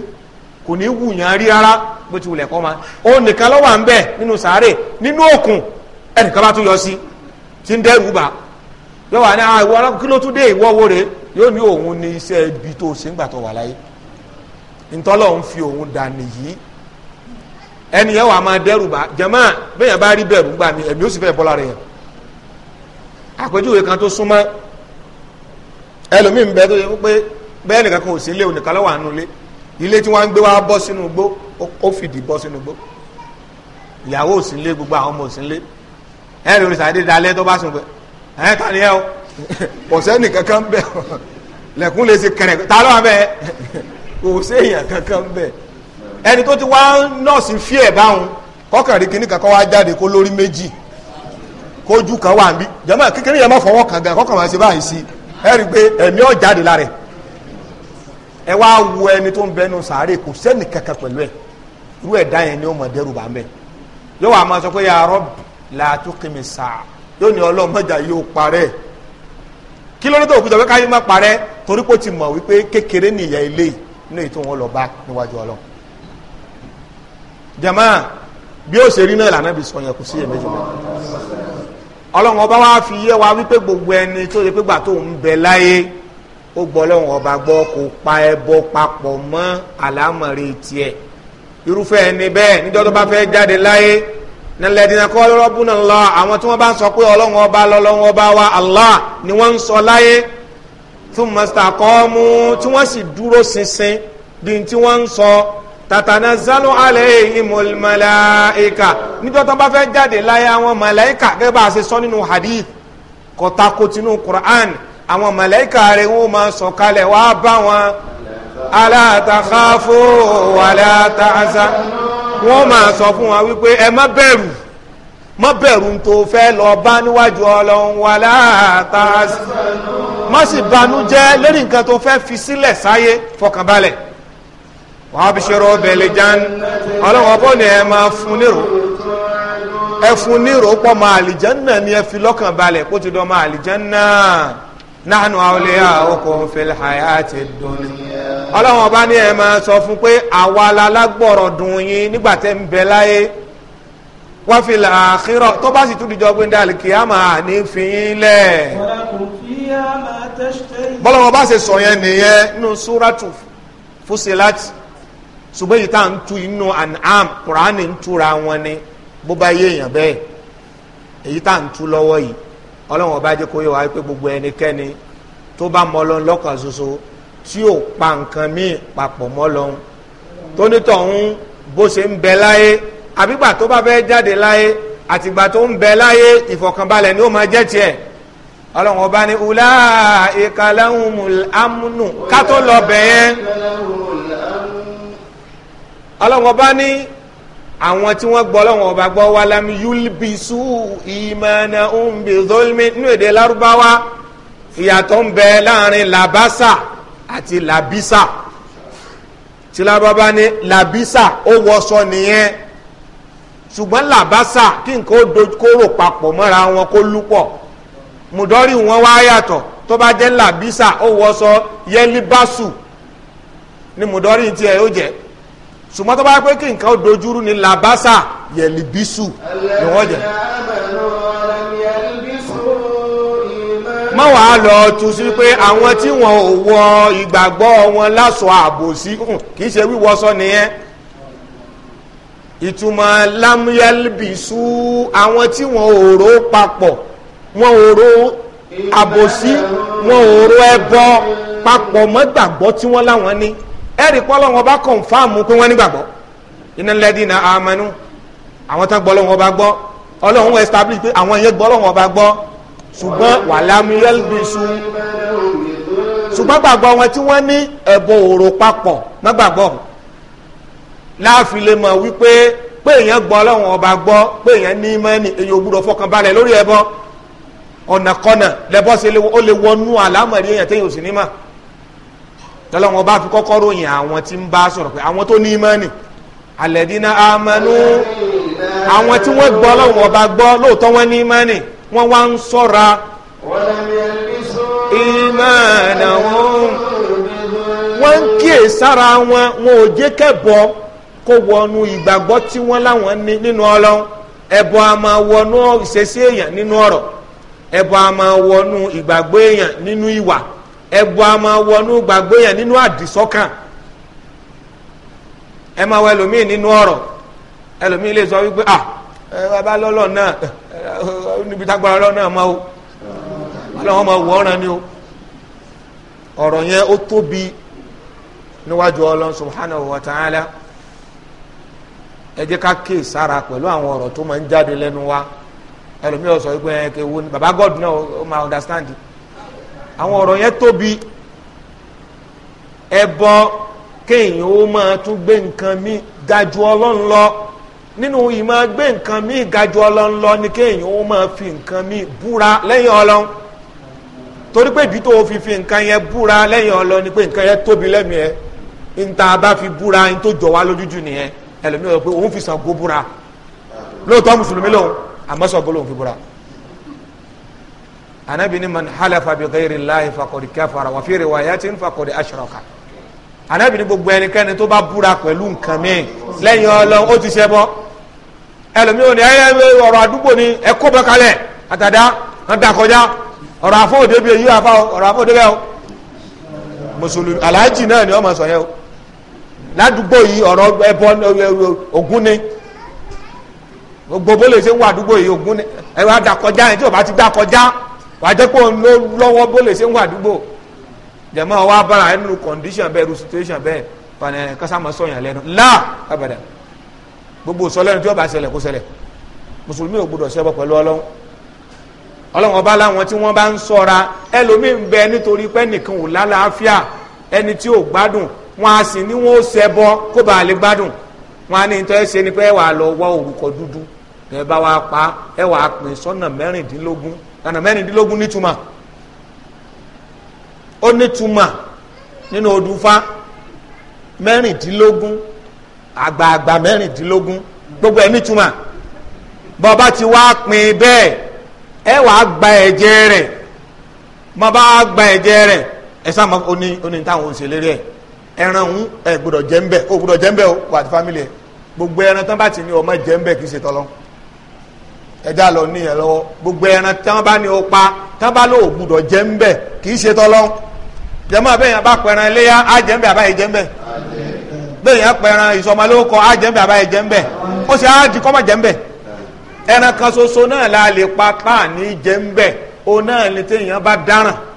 kò ní wù yàn rí rárá bó ti wulẹ̀ kọ́ ma ó nìkan lọ́wọ́ à ń bẹ̀ nínú sàárè nínú òkun ẹnìkan bá tún yọ sí ti ń dẹ́rù bà yọ wà ní àwọn ah, ọlọ́kùn kí ló tún dé ìwọ́ wo yóò ní òun ní iṣẹ́ ibi tó ṣe ń gbà wà láyé ntọ́lọ́ ń fi òun dà nìyí ẹni yẹn wà máa dẹ́rù bá jama bẹ́yàn bá rí bẹ̀rù gbà mí ẹ̀mí ó sì fẹ́ bọ́lá rẹ̀ yẹn àpèjúwe kan tó súnmọ́ ẹlòmíín bẹ́ẹ̀ tó yẹ pé bẹ́ẹ̀ nìkan kan ò sí ilé òníkan lọ́wọ́ àánú ilé ilé tí wọ́n ń gbé wá bọ́ sínú igbó ó fìdí bọ́ sínú igbó ìyàwó ò sí ilé gbogbo àwọn ọmọ ò sí ilé ẹ̀rì oríṣà dé dalẹ́ tó bá sùn pé ẹ̀ ta ni ẹ o ọ̀sẹ́ nìkan kan bẹ̀ lẹ̀kún lè ṣe kẹrẹ̀ ta ló wà bẹ́ẹ̀ kò séèyàn kankan bẹ́ẹ̀ ẹni tó ti wá nọ́ọ̀sì fí ẹ̀ báwọn kọkànrí kìíní kan kọ́ wá jáde kó lórí méjì kójú kan wà níbí jẹ́mọ́ kékeré yẹn má fọwọ́ kan gan kọ́kàn máa ṣe báyìí sí ẹ rí i pé ẹ̀mí ọ̀ jáde lára ẹ̀ ẹ wá wo ẹni tó ń bẹnu sàárè kò sẹ́ni kankan pẹ̀lú ẹ̀ irú ẹ̀dá yẹn ni ó mọ̀ dẹ́rù bá ń yóò wá máa sọ pé ya Rabb la tuqimi saa yóò ní ọlọ́mọdé yóò parẹ́ kí ló dé tó òkúta pé káyé má parẹ́ torí pé ó ti mọ̀ wípé kékeré nìyẹn ilé inú ètò wọn lọ bá níwájú ọlọ́run jama bí ó ṣe rí náà lànà bí sọyàn kò sí ẹ̀mẹ́jọ mọ́ ọlọ́run ọba wa fi yé wa wípé gbogbo ẹni tó ṣe pé gbà tó ń bẹ láyé ó gbọ́ ọlọ́run ọba gbọ́ kó pa ẹbọ papọ̀ mọ́ àlámọ̀rẹ́ tiẹ̀ irúfẹ́ ẹni bẹ́ẹ̀ níjọ́ tó bá fẹ́ jáde láyé nílẹ̀dínà kọ́ lọ́rọ́bùnà lọ àwọn tí wọ́n bá ń sọ pé ọlọ́run ọba lọ́lọ́run ọba wa Allah ni wọ́n ń sọ láyé tún mọ́sítà kọ́ mú tí wọ́n sì dúró ṣinṣin bí tí wọ́n ń sọ tatanazzalu alayhimul malaika níjọ́ tó bá fẹ́ jáde láyé àwọn malaika gẹ́gẹ́ bá a ṣe sọ nínú hadith kọ́tàkó tinú Qur'an àwọn malaika rẹ̀ wọ́n máa sọ̀ kalẹ̀ wá bá wọn ala takhafu wala tahzan wọ́n máa sọ fún wa wípé ẹ má bẹ̀rù má bẹ̀rù tó fẹ́ lọ bá níwájú ọlọ́run wala má sì banújẹ́ lórí nǹkan tó fẹ́ fi sílẹ̀ sáyé fọkànbalẹ̀. ọ bẹ̀lẹ̀ jan ni ẹ máa fún nírò ẹ fún nírò pọ̀ máa àlìjánná ni ẹ fi lọ́kàn balẹ̀ kó ti dọ̀ máa àlìjánná nahnu awliya'ukum fil hayati dunya bá ní ẹ máa sọ fún pé àwa dùn yín nígbà tẹ́ ń bẹ láyé tó bá sì tún dàlí á máa ní fi yín lẹ̀ sọ yẹn nìyẹn nínú súrátù ṣùgbọ́n yìí tá à ń tu inú an'am kùránì ń tura wọn ni bó bá yé èèyàn bẹ́ẹ̀ èyí tá à ń tu lọ́wọ́ yìí ọlọ́run ọba jẹ́ kó yẹ wá pé gbogbo ẹnikẹ́ni tó bá mọ lọ́n lọ́kàn ṣoṣo tí ò pa nǹkan míì papọ̀ mọ́ lọ́n tónítọ̀hún bó ṣe ń bẹ láyé àbígbà tó bá fẹ́ jáde láyé àtìgbà tó ń bẹ láyé ìfọ̀kànbalẹ̀ ni ó máa jẹ́ tiẹ̀ ọlọ́run ọba ní ulaika lahumul amnu ká lọ bẹ̀ yẹn ọlọ́run ọba ní àwọn tí wọ́n gbọ́ ọlọ́run ọba gbọ́ wa lam yulbisu ìmọ̀nà òǹbẹ̀ zolmi nínú èdè lárúbáwá ìyàtọ̀ ń bẹ láàrin làbásà àti làbísà tí lárúbáwá ní làbísà ó wọṣọ nìyẹn ṣùgbọ́n làbásà kí nǹkan ó dojúkóró papọ̀ mọ́ra wọn kó lúpọ̀ mùdọ́rì wọn wá yàtọ̀ tó bá jẹ́ làbísà ó wọṣọ yẹlíbásù ni mùdọ́rì tiẹ̀ yóò jẹ́ ṣùgbọ́n tó bá pé kí nǹkan ó dojúrú ni labasa yẹlibisu ni wọ́n jẹ. má lọ tu sí pé àwọn tí wọn ò wọ ìgbàgbọ́ wọn láṣọ àbòsí kì í ṣe wíwọṣọ nìyẹn ìtumọ̀ lamyelbisu àwọn tí wọn ò rò papọ̀ wọn ò rò àbòsí wọn ò rò ẹbọ papọ̀ mọ́ gbàgbọ́ tí wọ́n láwọn ní ẹ̀rí pọ́lọ́ wọn bá kọ̀nfàmù pé wọ́n nígbàgbọ́ innal ladina amanu àwọn tán gbọ́lọ́ wọn bá gbọ́ ọlọ́run establish pé àwọn yẹn gbọ́lọ́ wọn bá gbọ́ ṣùgbọ́n walam yalbisu ṣùgbọ́n gbàgbọ́ wọn tí wọ́n ní ẹ̀bọ òrò papọ̀ mọ́gbàgbọ́ láàfin lè mọ̀ wípé pé èèyàn gbọ́ ọlọ́run ọba gbọ́ pé èèyàn ní mẹ́ni èèyàn ògbúdọ̀ fọkàn balẹ̀ lórí ẹbọ ọ̀nà kọ́nà ó lè wọnú àlámọ̀rí èèyàn téèyàn ò sì ní mọ̀ tọ́lọ́wọ́n bá fi kọ́kọ́ ròyìn àwọn tí ń bá sọ̀rọ̀ pé àwọn tó ní ìmánì alẹ́dínà amánú àwọn tí wọ́n gbọ́ lọ́wọ́ bá gbọ́ lóòótọ́ wọn ní ìmánì wọ́n wá ń wọn wọ́n ń kíyè sára wọn wọn ò jẹ́ kẹ́bọ kó wọnú ìgbàgbọ́ tí wọ́n láwọn ní nínú ọlọ́run a máa wọnú ìṣesí èèyàn nínú ọ̀rọ̀ a máa ẹbọ a máa wọnú gbàgbé yẹn nínú àdìsọ́kàn ẹ máa wọ ẹlòmíì nínú ọ̀rọ̀ ẹlòmíì lè sọ wípé à bàbá lọ́lọ́ náà níbi tágbára lọ́lọ́ náà máa o ọlọ́wọ́n máa wọ ni o ọ̀rọ̀ yẹn ó tóbi níwájú ọlọ́run subhanahu wa ta'ala ẹ jẹ́ ká kíì sára pẹ̀lú àwọn ọ̀rọ̀ tó máa ń jáde lẹ́nu wa ẹlòmíì ó wípé ẹ bàbá god náà ó máa understand àwọn ọ̀rọ̀ yẹn tóbi ẹbọ kéèyàn ó máa tún gbé nǹkan mí ga ju Ọlọ́run lọ nínú ìmọ̀ gbé nǹkan mí ga ju Ọlọ́run lọ ni kéèyàn ó máa fi nǹkan mí búra lẹ́yìn Ọlọ́run torí pé ibi tó o fi fi nǹkan yẹn búra lẹ́yìn Ọlọ́run ni pé nǹkan yẹn tóbi lẹ́mìí ẹ níta bá fi búra ní tó jọ wá lójújú nìyẹn ẹlòmíràn pé òun fi Ṣàngó búra lóòótọ́ mùsùlùmí lòun àmọ́ Ṣàngó lòun fi búra. anabi ni man halafa bi ghayri llahi fakodi kafara wa fi riwayatin fakodi ashraka anabi ni gbogbo ẹnikẹ́ni tó bá búra nǹkan mi ó ti ṣe ẹlòmíì ni ẹ kó bọ́ kalẹ̀ àtàdá wọn dà kọjá ọ̀rọ̀ àfọwọ́dé bíi èyí àfa ni o ládùúgbò yìí wàjẹ́ pé òun ló lọ́wọ́ bó lè ṣe ń wà àdúgbò jẹ̀mọ́ wa bára ẹnu condition bẹ́ẹ̀ ru situation bẹ́ẹ̀ fana kásámọ́ sọ̀yàn lẹ́nu la abàdà gbogbo sọlẹ́nu tí ó bá ṣẹlẹ̀ kó ṣẹlẹ̀ mùsùlùmí ò gbọdọ̀ ṣẹbọ pẹ̀lú ọlọ́run ọlọ́run ọba láwọn tí wọ́n bá ń sọ́ra ẹlòmíín bẹ nítorí pé nìkan ò lálàáfíà ẹni tí ò gbádùn wọn a sì ní wọn ó ṣẹbọ kó bá a lè gbádùn wọn a ní nítorí ẹ ṣe ni pé ẹ wà lọ wá orúkọ dúdú ẹ bá wa pa ẹ wà pín sọ́nà mẹ́rìndínlógún ọ̀nà mẹ́rìndínlógún nítumọ̀ ó nítumọ̀ nínú odùfá mẹ́rìndínlógún àgbààgbà mẹ́rìndínlógún gbogbo ẹ̀ nítumọ̀ bọ́ba ti wá pin bẹ́ẹ̀ ẹ wàá gba ẹ̀jẹ̀ rẹ̀ mọ bá gba ẹ̀jẹ̀ rẹ̀ ẹ sáàmù oní oní táwọn ò ń ṣe lérí ẹ̀ ẹran ń ẹ gbọ́dọ̀ jẹ́ ń bẹ̀ ó gbọ́dọ̀ jẹ́ ń bẹ̀ ó wà á ti fámìlì ẹ̀ gbogbo ẹran tán bá ti ní ọmọ jẹ́ ń bẹ̀ kì í ṣe tọ́lọ́ ẹ̀dá lọ ní yẹn gbogbo ẹran tí wọ́n bá ní o pa tí wọ́n bá lò ó gbúdọ̀ ń bẹ̀ kì í ṣe bá pẹran iléyà á jẹ́ ń àbáyé ń á ń ẹran kan la lè pa ń o náà téèyàn bá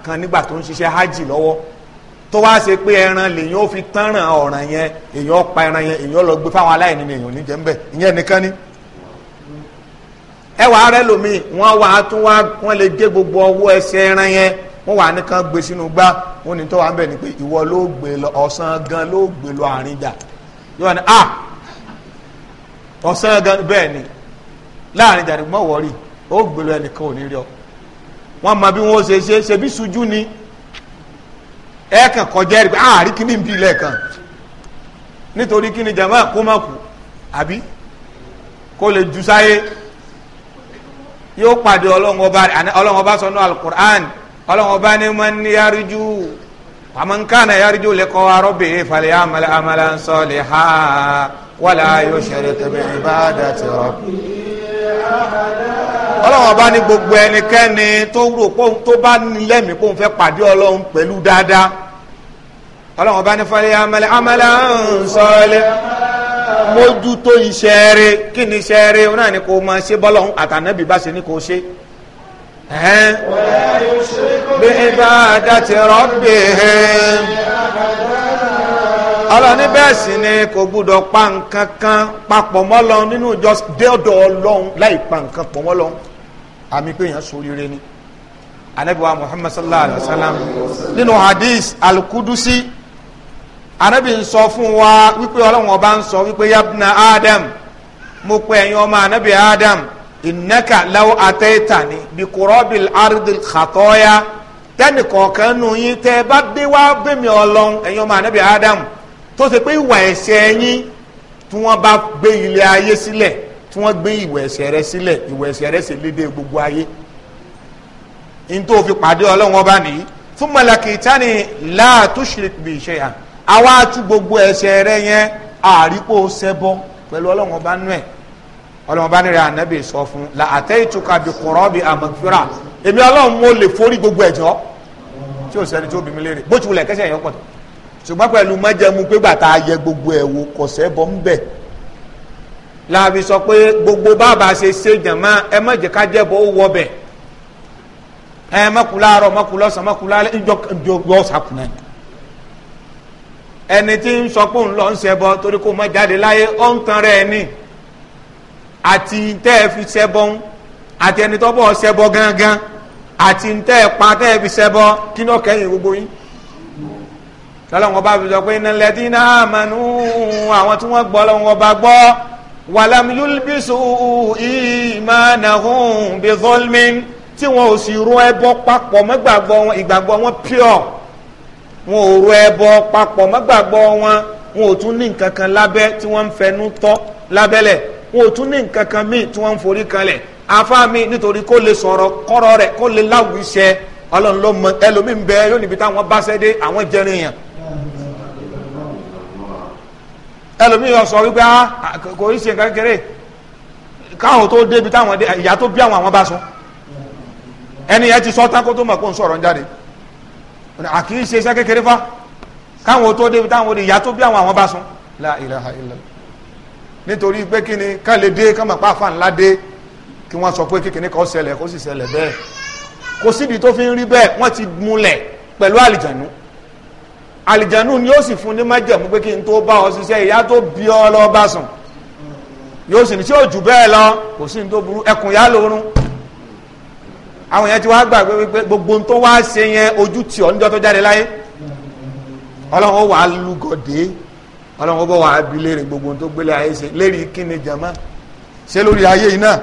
kan nígbà tó hajj lọwọ tó ṣe ẹran lèyàn ó fi yẹn èèyàn pa ẹran yẹn èèyàn lọ gbé ni èèyàn ní ni. ẹwà rẹ lomi wọn wà á tún wá wọn lè gé gbogbo ọwọ́ ẹsẹ̀ ẹran yẹn wọn wà nìkan gbé sínú gbá wọn ní tó wà ń bẹ ni pé ìwọ ló gbé lọ ọ̀sán gan ló gbé lọ àárín jà yóò wà ní ah, ọ̀sán gan bẹ́ẹ̀ ni láàrin jà ni mọ̀ wọ́ọ̀rì ó gbé lọ ẹnìkan ò ní rí ọ wọn mọ bí wọn ó ṣe ṣe ṣe bí sujú ni ẹ kàn kọjá ah, rí pé a rí kíní bí lẹ́ẹ̀kan nítorí kíni jàmbá kó má kú àbí kó lè ju sáyé yóò pàdé ọlọ́run ọba ọlọ́run ọba sọnù alukur'an ọlọ́run ọba ni man yarju pàmòǹkànà yarju lẹ́kọ̀ọ́ arọ́bì falẹ̀ amala amala sọ̀lẹ̀ ha wala yushrik bi ibadati rabbi. ọlọ́run ọba ni gbogbo ẹnikẹ́ni tó rò pé tó bá lẹ́mìí pé òun fẹ́ pàdé ọlọ́run pẹ̀lú dáadáa ọlọ́run ọba ní falẹ̀ amala amala sọ̀lẹ̀ ha mójútó iṣẹ́ rẹ kí ni iṣẹ́ rẹ ó náà ni kò máa ṣe bọ́lọ̀ àtànẹ́bí bá ṣe ni kò ṣe. bí ibadati rabbihim ọlọ́ni bẹ́ẹ̀ sì ni kò gbúdọ̀ pa nǹkan kan papọ̀ mọ́ nínú ìjọ déọ̀dọ̀ Ọlọ́hun láì pa nǹkan pọ̀ mọ́ àmì pé èèyàn ṣoríire ni anabiwa Muhammad sallallahu alaihi wa sallam nínú hadith al-Qudusi anabi ń sọ fún wa wípé ọlọ́run ọba ń sọ wípé yabna adam mo pe ẹ̀yin ọmọ anabi adam ìnẹ́kà láwọ́ àtẹ́ta ni bìkúrọ́bì àrídì xatọ́ya tẹ́nì kọ̀ọ̀kan nù yín tẹ́ bá dé wá bẹ́mi ọlọ́run ẹ̀yin ọmọ anabi adam tó ṣe pé ìwà ẹ̀ṣẹ̀ yín tí wọ́n bá gbé ilé ayé sílẹ̀ tí wọ́n gbé ìwà ẹ̀ṣẹ̀ rẹ sílẹ̀ ìwà ẹ̀ṣẹ̀ rẹ sì lédè gbogbo ayé ní tó fi pàdé ọlọ́run ọba nìyí fún mọ̀lẹ́kì àwa tú gbogbo ẹ̀ṣẹ̀ rẹ yẹn àríkó ṣẹbọ pẹ̀lú ọlọ́run ọba nú ẹ̀ ọlọ́run ọba nírẹ̀ ànábì sọ fún la àtẹ́ ìtukà bí kọ̀rọ̀ bí àmọ̀fíra èmi ọlọ́run mo lè forí gbogbo ẹ̀jọ́ tí ò sẹ́ni tó bí mi léèrè bó ti wulẹ̀ kẹ́sẹ̀ yẹn pọ̀tọ̀ ṣùgbọ́n pẹ̀lú májẹ̀mú pé bàtà ayẹ gbogbo ẹ̀ wò kọ̀sẹ́ bọ́ ń bẹ̀ láàbí sọ pé gbogbo bàbá ṣe ṣe jàmá ẹ má jẹ́ ká jẹ́bọ̀ ó wọ bẹ̀ ẹ mọ̀kú láàárọ̀ mọ̀kú lọ́sàn mọ̀kú lálẹ́ ìjọ ìjọ ọ̀sàkùnrin ẹni tí ń sọ pé òun lọ ń ṣẹbọ torí kó má jáde láyé ó ń tan rẹ̀ ni àti tẹ́ ẹ fi ṣẹbọ ń àti ẹni tó bọ̀ ṣẹbọ gangan àti tẹ́ ẹ pa tẹ́ ẹ fi ṣẹbọ kí ni ọkẹyìn gbogbo yín lọ́la wọn bá fi sọ pé iná lẹ́tí náà mẹ́nu àwọn tí wọ́n gbọ́ lọ́wọ́ wọn bá gbọ́ wàlámúlùbíṣù ìmánahùn bí zolmin tí wọn ò sì ro ẹbọ papọ̀ mọ́gbàgbọ́ ìgbàgbọ́ wọn pure wọn ò ro ẹbọ papọ̀ mọ́gbàgbọ́ wọn wọn ò tún ní nǹkan kan lábẹ́ tí wọ́n ń fẹnu tọ́ lábẹ́lẹ̀ wọn ò tún ní nǹkan kan míì tí wọ́n ń forí kanlẹ̀ afá mi nítorí kó lè sọ̀rọ̀ kọ́rọ̀ rẹ̀ kó lè láwùíṣẹ́ ọlọ́run ló mọ ẹlòmíín bẹ yóò níbi táwọn bá ṣẹ́ dé àwọn jẹrin yàn ẹlòmíín yọ sọ wípé ah, kò í ṣe nǹkan kékeré káwọn tó débi táwọn ìyá tó bí àwọn àwọn bá sùn ẹni yẹn ti sọ tán kó tó mọ̀ kó ń sọ̀rọ̀ ń jáde a àkì í ṣe iṣẹ́ kékeré fá káwọn tó débi táwọn òde ìyá tó bí àwọn àwọn bá sun la ilaha illa nítorí pé kí ni ká lè dé ká mọ̀ pé àfa ńlá dé kí wọ́n sọ pé kékeré kan ṣẹlẹ̀ kó sì ṣẹlẹ̀ bẹ́ẹ̀ kò síbi tó fi ń rí bẹ́ẹ̀ wọ́n ti múlẹ̀ pẹ̀lú àlìjànú àlìjànú ni yóò sì fún ní májẹ̀mú pé kí n tó bá ọ ṣiṣẹ́ ìyá tó bí ọ lọ bá sùn yóò sì ní tí ò jù bẹ́ẹ̀ lọ kò sí ní tó burú ẹkùn yá àwọn yẹn ti wá gbàgbé wípé gbogbo tó wá ṣe yẹn ojú tì ọ́ níjọ́ tó jáde láyé ọlọ́run ó wàá lúgọ̀dé ọlọ́run ó bọ̀ wàá bi léèrè gbogbo tó gbélé ayé ṣe léèrè kíni jàmá ṣé lórí ayé yìí náà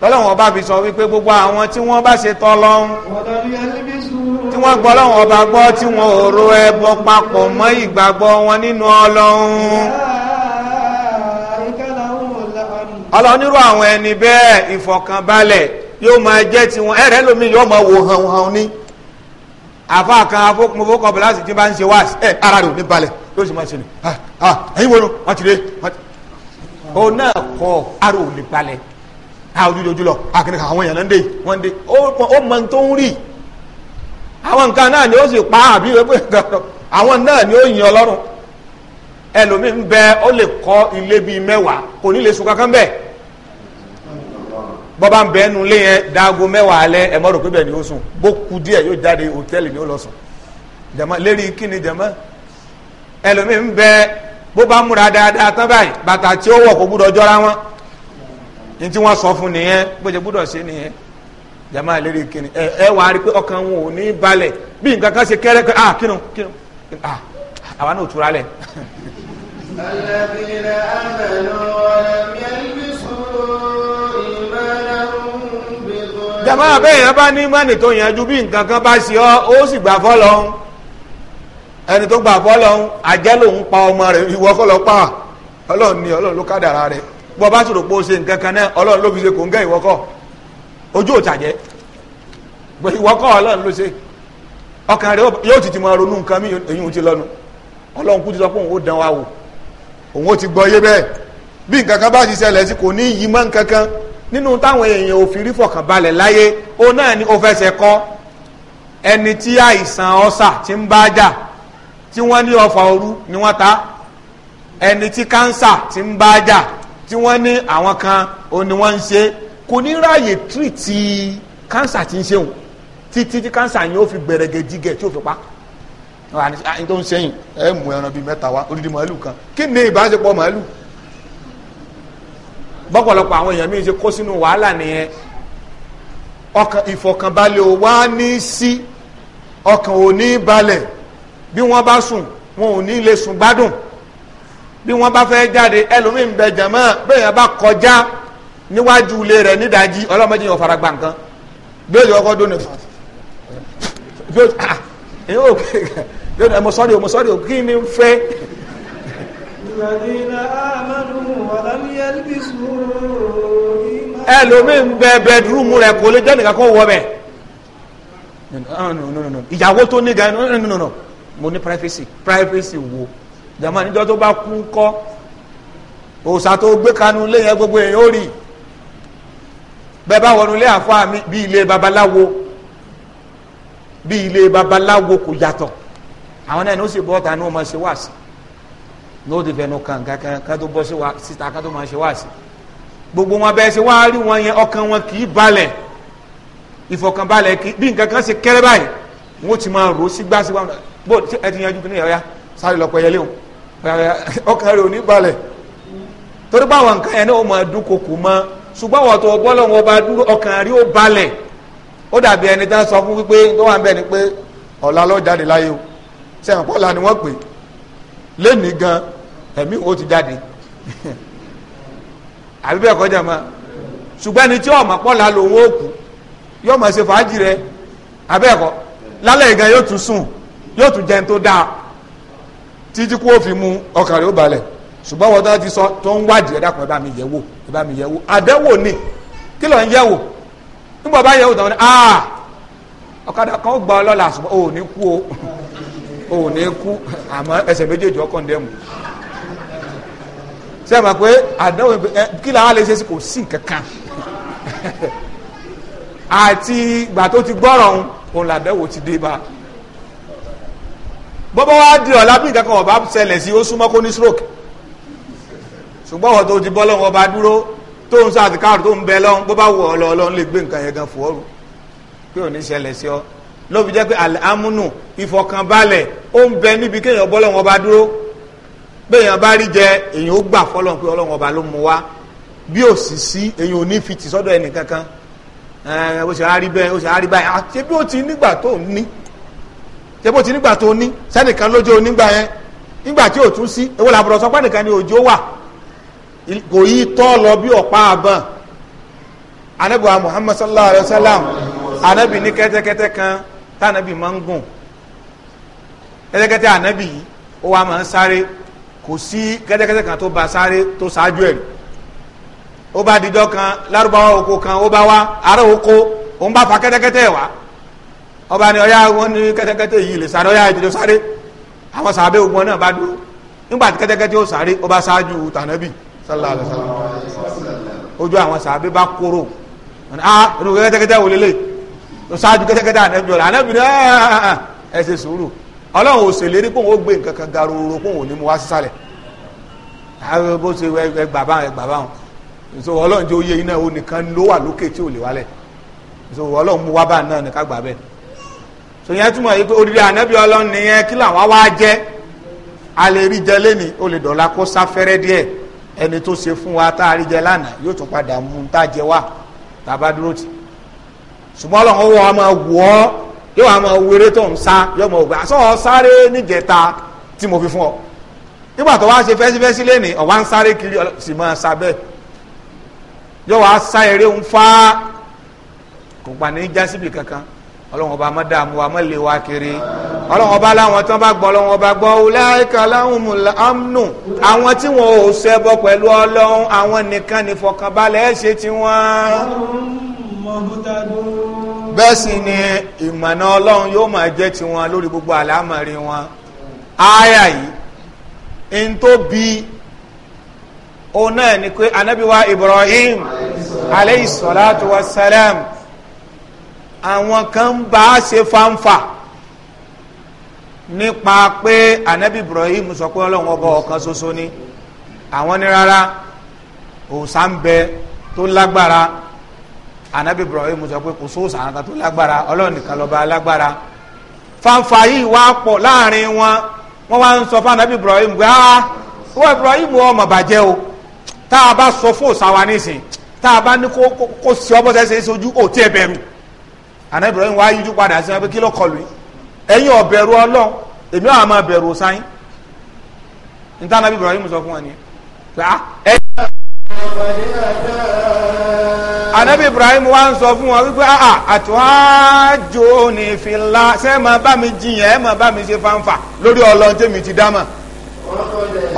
lọ́lọ́run ọba fi sọ wípé gbogbo àwọn tí wọ́n bá ṣe tọ́ lọ́hún tí wọ́n gbọ́ lọ́run ọba gbọ́ tí wọ́n ò ro ẹbọ papọ̀ mọ́ ìgbàgbọ́ wọn nínú ọlọ́run ọlọ́run nírú àwọn ẹni bẹ́ẹ̀ ìfọ̀kànbalẹ̀ yóò máa jẹ́ tiwọn ẹ̀rẹ́ lómi yóò máa wò hàn hàn ní àfa kan afọkùnmọ́fọ́kàn bọ̀lá sì ti bá ń ṣe wá ara rẹ̀ ò ní balẹ̀ yóò sì máa ṣe ni ha ah, ah, wọnú wọ́n ti ha òun náà kọ ara ò ní balẹ̀ àwùjọjọ lọ àkìnnìkan àwọn èèyàn dé wọ́n dé ó mọ tó ń rí àwọn nǹkan náà ni ó sì pa àbí ìwé àwọn náà ni ó yin Ọlọ́run ẹlòmíín bẹ ó lè kọ́ ilé bíi mẹ́wàá kò ní lè sùn kankan bẹ́ẹ̀ bọ́bá ń bẹ́ nu lé yẹn dáago mẹ́wàá alẹ́ ẹ mọ́ rò pé bẹ́ẹ̀ ni ó sùn bó ku díẹ̀ yóò jáde hòtẹ́ẹ̀lì ni ó lọ sùn jama lérí kí ni jama ẹlòmíín bẹ bó bá múra dáadáa tán báyìí bàtà tí ó wọ̀ kó gbúdọ̀ jọra wọn ní tí wọ́n sọ fún nìyẹn gbúdọ̀ ṣe nìyẹn jama lérí kí ni ẹ ẹ wà rí pé ọkàn wọn ò ní balẹ̀ bí nǹkan kan ṣe kẹ́rẹ́ kẹ́ ah kírun kírun ah àwa náà bí jàmá abẹ́yẹn bá ní mọ́nì tó yanjú bí nǹkan kan bá ṣe ọ́ ó sì gbà fọ́lọ́hún ẹni tó gbà fọ́lọ́hún àjẹ́ lòun pa ọmọ rẹ̀ ìwọ kọ́ lọ pa ọlọ́run ni ọlọ́run ló kádàrá rẹ̀ bọ́ bá sọ̀rọ̀ pé ó ṣe nǹkan kan náà ọlọ́run ló fi ṣe kò ń gẹ́ ìwọ kọ́ ojú ò tàjẹ́ pé ìwọ kọ́ ọlọ́run ló ṣe ọkàn rẹ̀ yóò ti ti máa ronú nǹkan mí èyí ò ti lọ́nu ọlọ́run kú ti sọ pé òun ó dán wa wò òun ó ti gbọ́ yé bẹ́ẹ̀ bí nǹkan kan bá ti ṣẹlẹ̀ kò ní yí mọ́ nǹkan kan nínú táwọn èèyàn ò fi rí fọkànbalẹ̀ láyé ó náà ni ó fẹsẹ̀ kọ́ ẹni tí àìsàn ọ̀sà ti ń bá jà tí wọ́n ní ọfà òru ni wọ́n ta ẹni tí kánsà ti ń bá jà tí wọ́n ní àwọn kan ò ní wọ́n ń ṣe kò ní ráàyè tírìtì kánsà ti ń ṣeun títí tí kánsà yẹn ó fi gbẹrẹgẹ jígẹ tí ó fi pa àwọn tó ń ṣẹyìn ẹ mú ẹran bíi mẹ́ta wá odidi màálù kan kí ni ìbáṣepọ̀ màálù bọ́pọ̀lọpọ̀ àwọn èèyàn míì ṣe kó sínú wàhálà nìyẹn ọkàn ìfọ̀kànbalẹ̀ ò wá ní sí ọkàn ò ní balẹ̀ bí wọ́n bá sùn wọn ò ní lè sùn gbádùn bí wọ́n bá fẹ́ jáde ẹlòmíín bẹ jàmọ́ bẹ́ẹ̀ bá kọjá níwájú ilé rẹ̀ nídàájí ọlọ́mọdé yẹn ò fara gbà nǹkan bí èyí ọkọ dóni fún un bí ó ah èyí ò kí ẹ eh, mo sọ́ọ́rì o mo sọ́ọ́rì o kí ni fẹ́ الذين آمنوا ولم يلبسوا ẹlòmíì ń bẹ bẹdúrúmù rẹ kò lè jẹ́nìkan kó wọ bẹ̀ ah, ìyàwó tó ní gan mo ní privacy privacy wo jama níjọ́ tó bá kú kọ́ òòsà tó gbé kanu lé yẹn gbogbo èèyàn ó rí bẹ́ẹ̀ bá wọnú ilé àfáà mi bí ilé babaláwo bí ilé babaláwo kò yàtọ̀ àwọn náà ní ó sì bọ́ ta ní ó máa ṣe wáàsí n'o de fẹnu kan kankan kátó bọ́ sí wa síta kátó máa ṣe wá sí gbogbo wọn bẹ́ẹ̀ ṣe wáá rí wọn yẹn ọkàn wọn kì í balẹ̀ ìfọkànbalẹ̀ kì í bí nǹkan kan ṣe kẹ́rẹ́ báyìí wọn ti máa rò ó sí gbá wa bó ẹ ti yanjú kí ni ẹ̀rọ sáré lọ́pọ̀ yẹlé o ọkàn rẹ̀ ò ba balẹ̀ torí báwọn nǹkan yẹn ní o máa dún koko mọ́ ṣùgbọ́n wọ́n tó bọ́ lọ́wọ́ bá dúró ọkàn rẹ̀ ó balẹ̀ ó dàbí ẹni tán sọ fún wípé tó wà ń ni pé ọ̀la ló jáde láyé o sẹ́yìn ẹ̀mí wo ti jáde àbí bẹ́ẹ̀ kọjá ma ṣùgbọ́n ẹni tí ọmọ pọ́ lálẹ́ owó òkú yóò máa ṣe fàájì rẹ abẹ́ẹ̀kọ́ lálẹ́ ìgbà yóò tún sùn yóò tún jẹun tó dáa títí kó o fi mu ọkàn rẹ ó balẹ̀ ṣùgbọ́n wọn tó ti sọ tó ń wádìí ẹ dákun ẹ bá mi yẹ̀ wò ẹ bá mi yẹ̀ wò àdẹ́wò ni kí ló ń yẹ̀ wò nígbà bá yẹ̀ wò tán ni ọ̀kadà kan ó ọ lọ́la ṣùgbọ́n ò ní kú o ò ní kú àmọ́ ẹsẹ̀ méjèèjì ọkàn dẹ́mu ṣé ẹ mọ̀ pé àdánwò kí làwọn lè ṣe sí kò sí nǹkan kan àti ìgbà tó ti gbọ́rọ̀ òun òun làdánwò ti dé bá bọ́bọ́ wá di ọ̀la bí nǹkan kan ọ̀bá ṣẹlẹ̀ sí ó súnmọ́ kó ní stroke ṣùgbọ́n ọ̀tọ̀ tó ti bọ́ lọ́wọ́ ọba dúró tó ń sáà ti káàrò tó ń bẹ lọ́wọ́ bó bá ọ́ lọ́wọ́ lọ́wọ́ lè gbé nǹkan yẹn gan fò pé ò ní ṣẹlẹ̀ sí ọ lóbi jẹ́ pé àmúnù ìfọ̀kànbalẹ̀ ó ń bẹ níbi kéèyàn bọ́ lọ́wọ́ ọba dúró bẹ́ẹ̀yàn bá rí jẹ èyàn ó gbà fọlọ́n pé ọlọ́run ọba ló mú wa bí onifiti sì sí èyàn ò kankan ó ṣe àárí bẹ́ẹ̀ ó ṣe àárí báyìí àti bí ó ti nígbà tó ní ṣe bó ti nígbà tó ní sẹ́nìkan lójó onígbà yẹn nígbà tí ò tún sí ewu làbúrò nìkan ni òjò wà kò yí tọ́ lọ bí ọ̀pá àbọ̀n anabiwa sallallahu wa sallam anabi ní kẹ́tẹ́kẹ́tẹ́ kan tànàbì anabi yìí ó wà kò sí kẹ́tẹ́kẹ́tẹ́ kan tó ba sáré tó ṣáájú ẹ̀ ó bá didọ́ kan lárúbáwá oko kan ó bá wá ará oko òun bá fa kẹ́tẹ́kẹ́tẹ́ wá ọba ni ọyá wọn ní kẹ́tẹ́kẹ́tẹ́ yìí lè sáré ọyá ìdílé sáré àwọn sàbẹ̀ ogun náà bá dúró nígbà tí kẹ́tẹ́kẹ́tẹ́ ó sáré ó bá ṣáájú tànàbì sallallahu alaihi wasallam ojú àwọn sàbẹ̀ bá kóró ah inú kẹ́tẹ́kẹ́tẹ́ wò lélẹ̀ ṣáájú kẹ́tẹ́kẹ́tẹ́ ànẹ́bí ọ̀la ànẹ́bí ni ẹ̀ ah, ah, ah, ẹ̀ ṣe sùúrù ọlọ́run ò ṣèlérí pé òun ó gbé nǹkan kan garoro pé òun ò ní mu wá sísàlẹ̀ bó ṣe ẹ gbà ẹ ọlọ́run jẹ́ iná ò nìkan ló wà lókè tí ò lè wálẹ̀ ọlọ́run wá bá náà nìkan gbà bẹ́ẹ̀ so yẹn túmọ̀ yìí pé odidi ọlọ́run nìyẹn kí làwọn wá jẹ́ rí jẹ lẹ́ni lè dọ̀la kó wa tá a rí jẹ lánàá yóò yóò wá máa wéré tó ń sá yóò máa gbà sọ sáré níjẹta tí mo fi fún ọ nígbà tó wá ṣe fẹsifẹsi lẹni ọwá ń sáré kiri sì máa sá bẹ́ẹ̀ yóò wá sá eré ń fa kò gbà ní jásíbì kankan ọlọ́run ọba má dààmú wa má lé wa kiri ọlọ́run ọba láwọn tí wọ́n bá gbọ́ ọlọ́run ọba gbọ́ ọláìka láwọn mùlá amnù àwọn tí wọn ò ṣẹbọ pẹ̀lú ọlọ́run àwọn nìkan nìfọ̀kànbalẹ̀ ẹ̀ ṣe tiwọn. ọlọ́run mọ̀ bó ta dúró bẹ́ẹ̀ sì ni ìmọ̀nà ọlọ́run yóò máa jẹ́ tiwọn lórí gbogbo àlámọ̀rí wọn ááyà yìí n tó bi òun náà ni pé anábíwá Ibrahim aleyhi salatu wa salam àwọn kan ń bá a ṣe fanfa nípa pé anábí Ibrahim sọ pé ọlọ́run ọba ọ̀kan ṣoṣo ni àwọn ní rárá òòṣà bẹ tó lágbára anabi ibrahim sọ pé kò sóòsàn àrùn kan tó lágbára ọlọ́run nìkan lọ́ba lágbára fanfa yìí wá pọ̀ láàrin wọn wọ́n wá ń sọ fún anabi ibrahim pé ah wọ́n ibrahim ọmọ bàjẹ́ o tá a bá sọ fún òsàwà nísìn tá a bá ní kó kó sí ọ bọ́sẹ̀ ṣe é sojú ò tí bẹ̀rù anabi ibrahim wá yíjú padà sí wọn pé kí ló kọlù ẹ̀yin ò ọlọ́run èmi àwọn máa bẹ̀rù òsàn yín anabi ibrahim sọ fún wọn ni pé ah ẹ̀yin anabi ibrahim wa ń sọ fún wọn wípé ah àtúwájú ní ìfìlà ṣé máa bá mi jiyàn ẹ máa bá mi ṣe fanfa lórí ọlọ́run tèmi ti dámà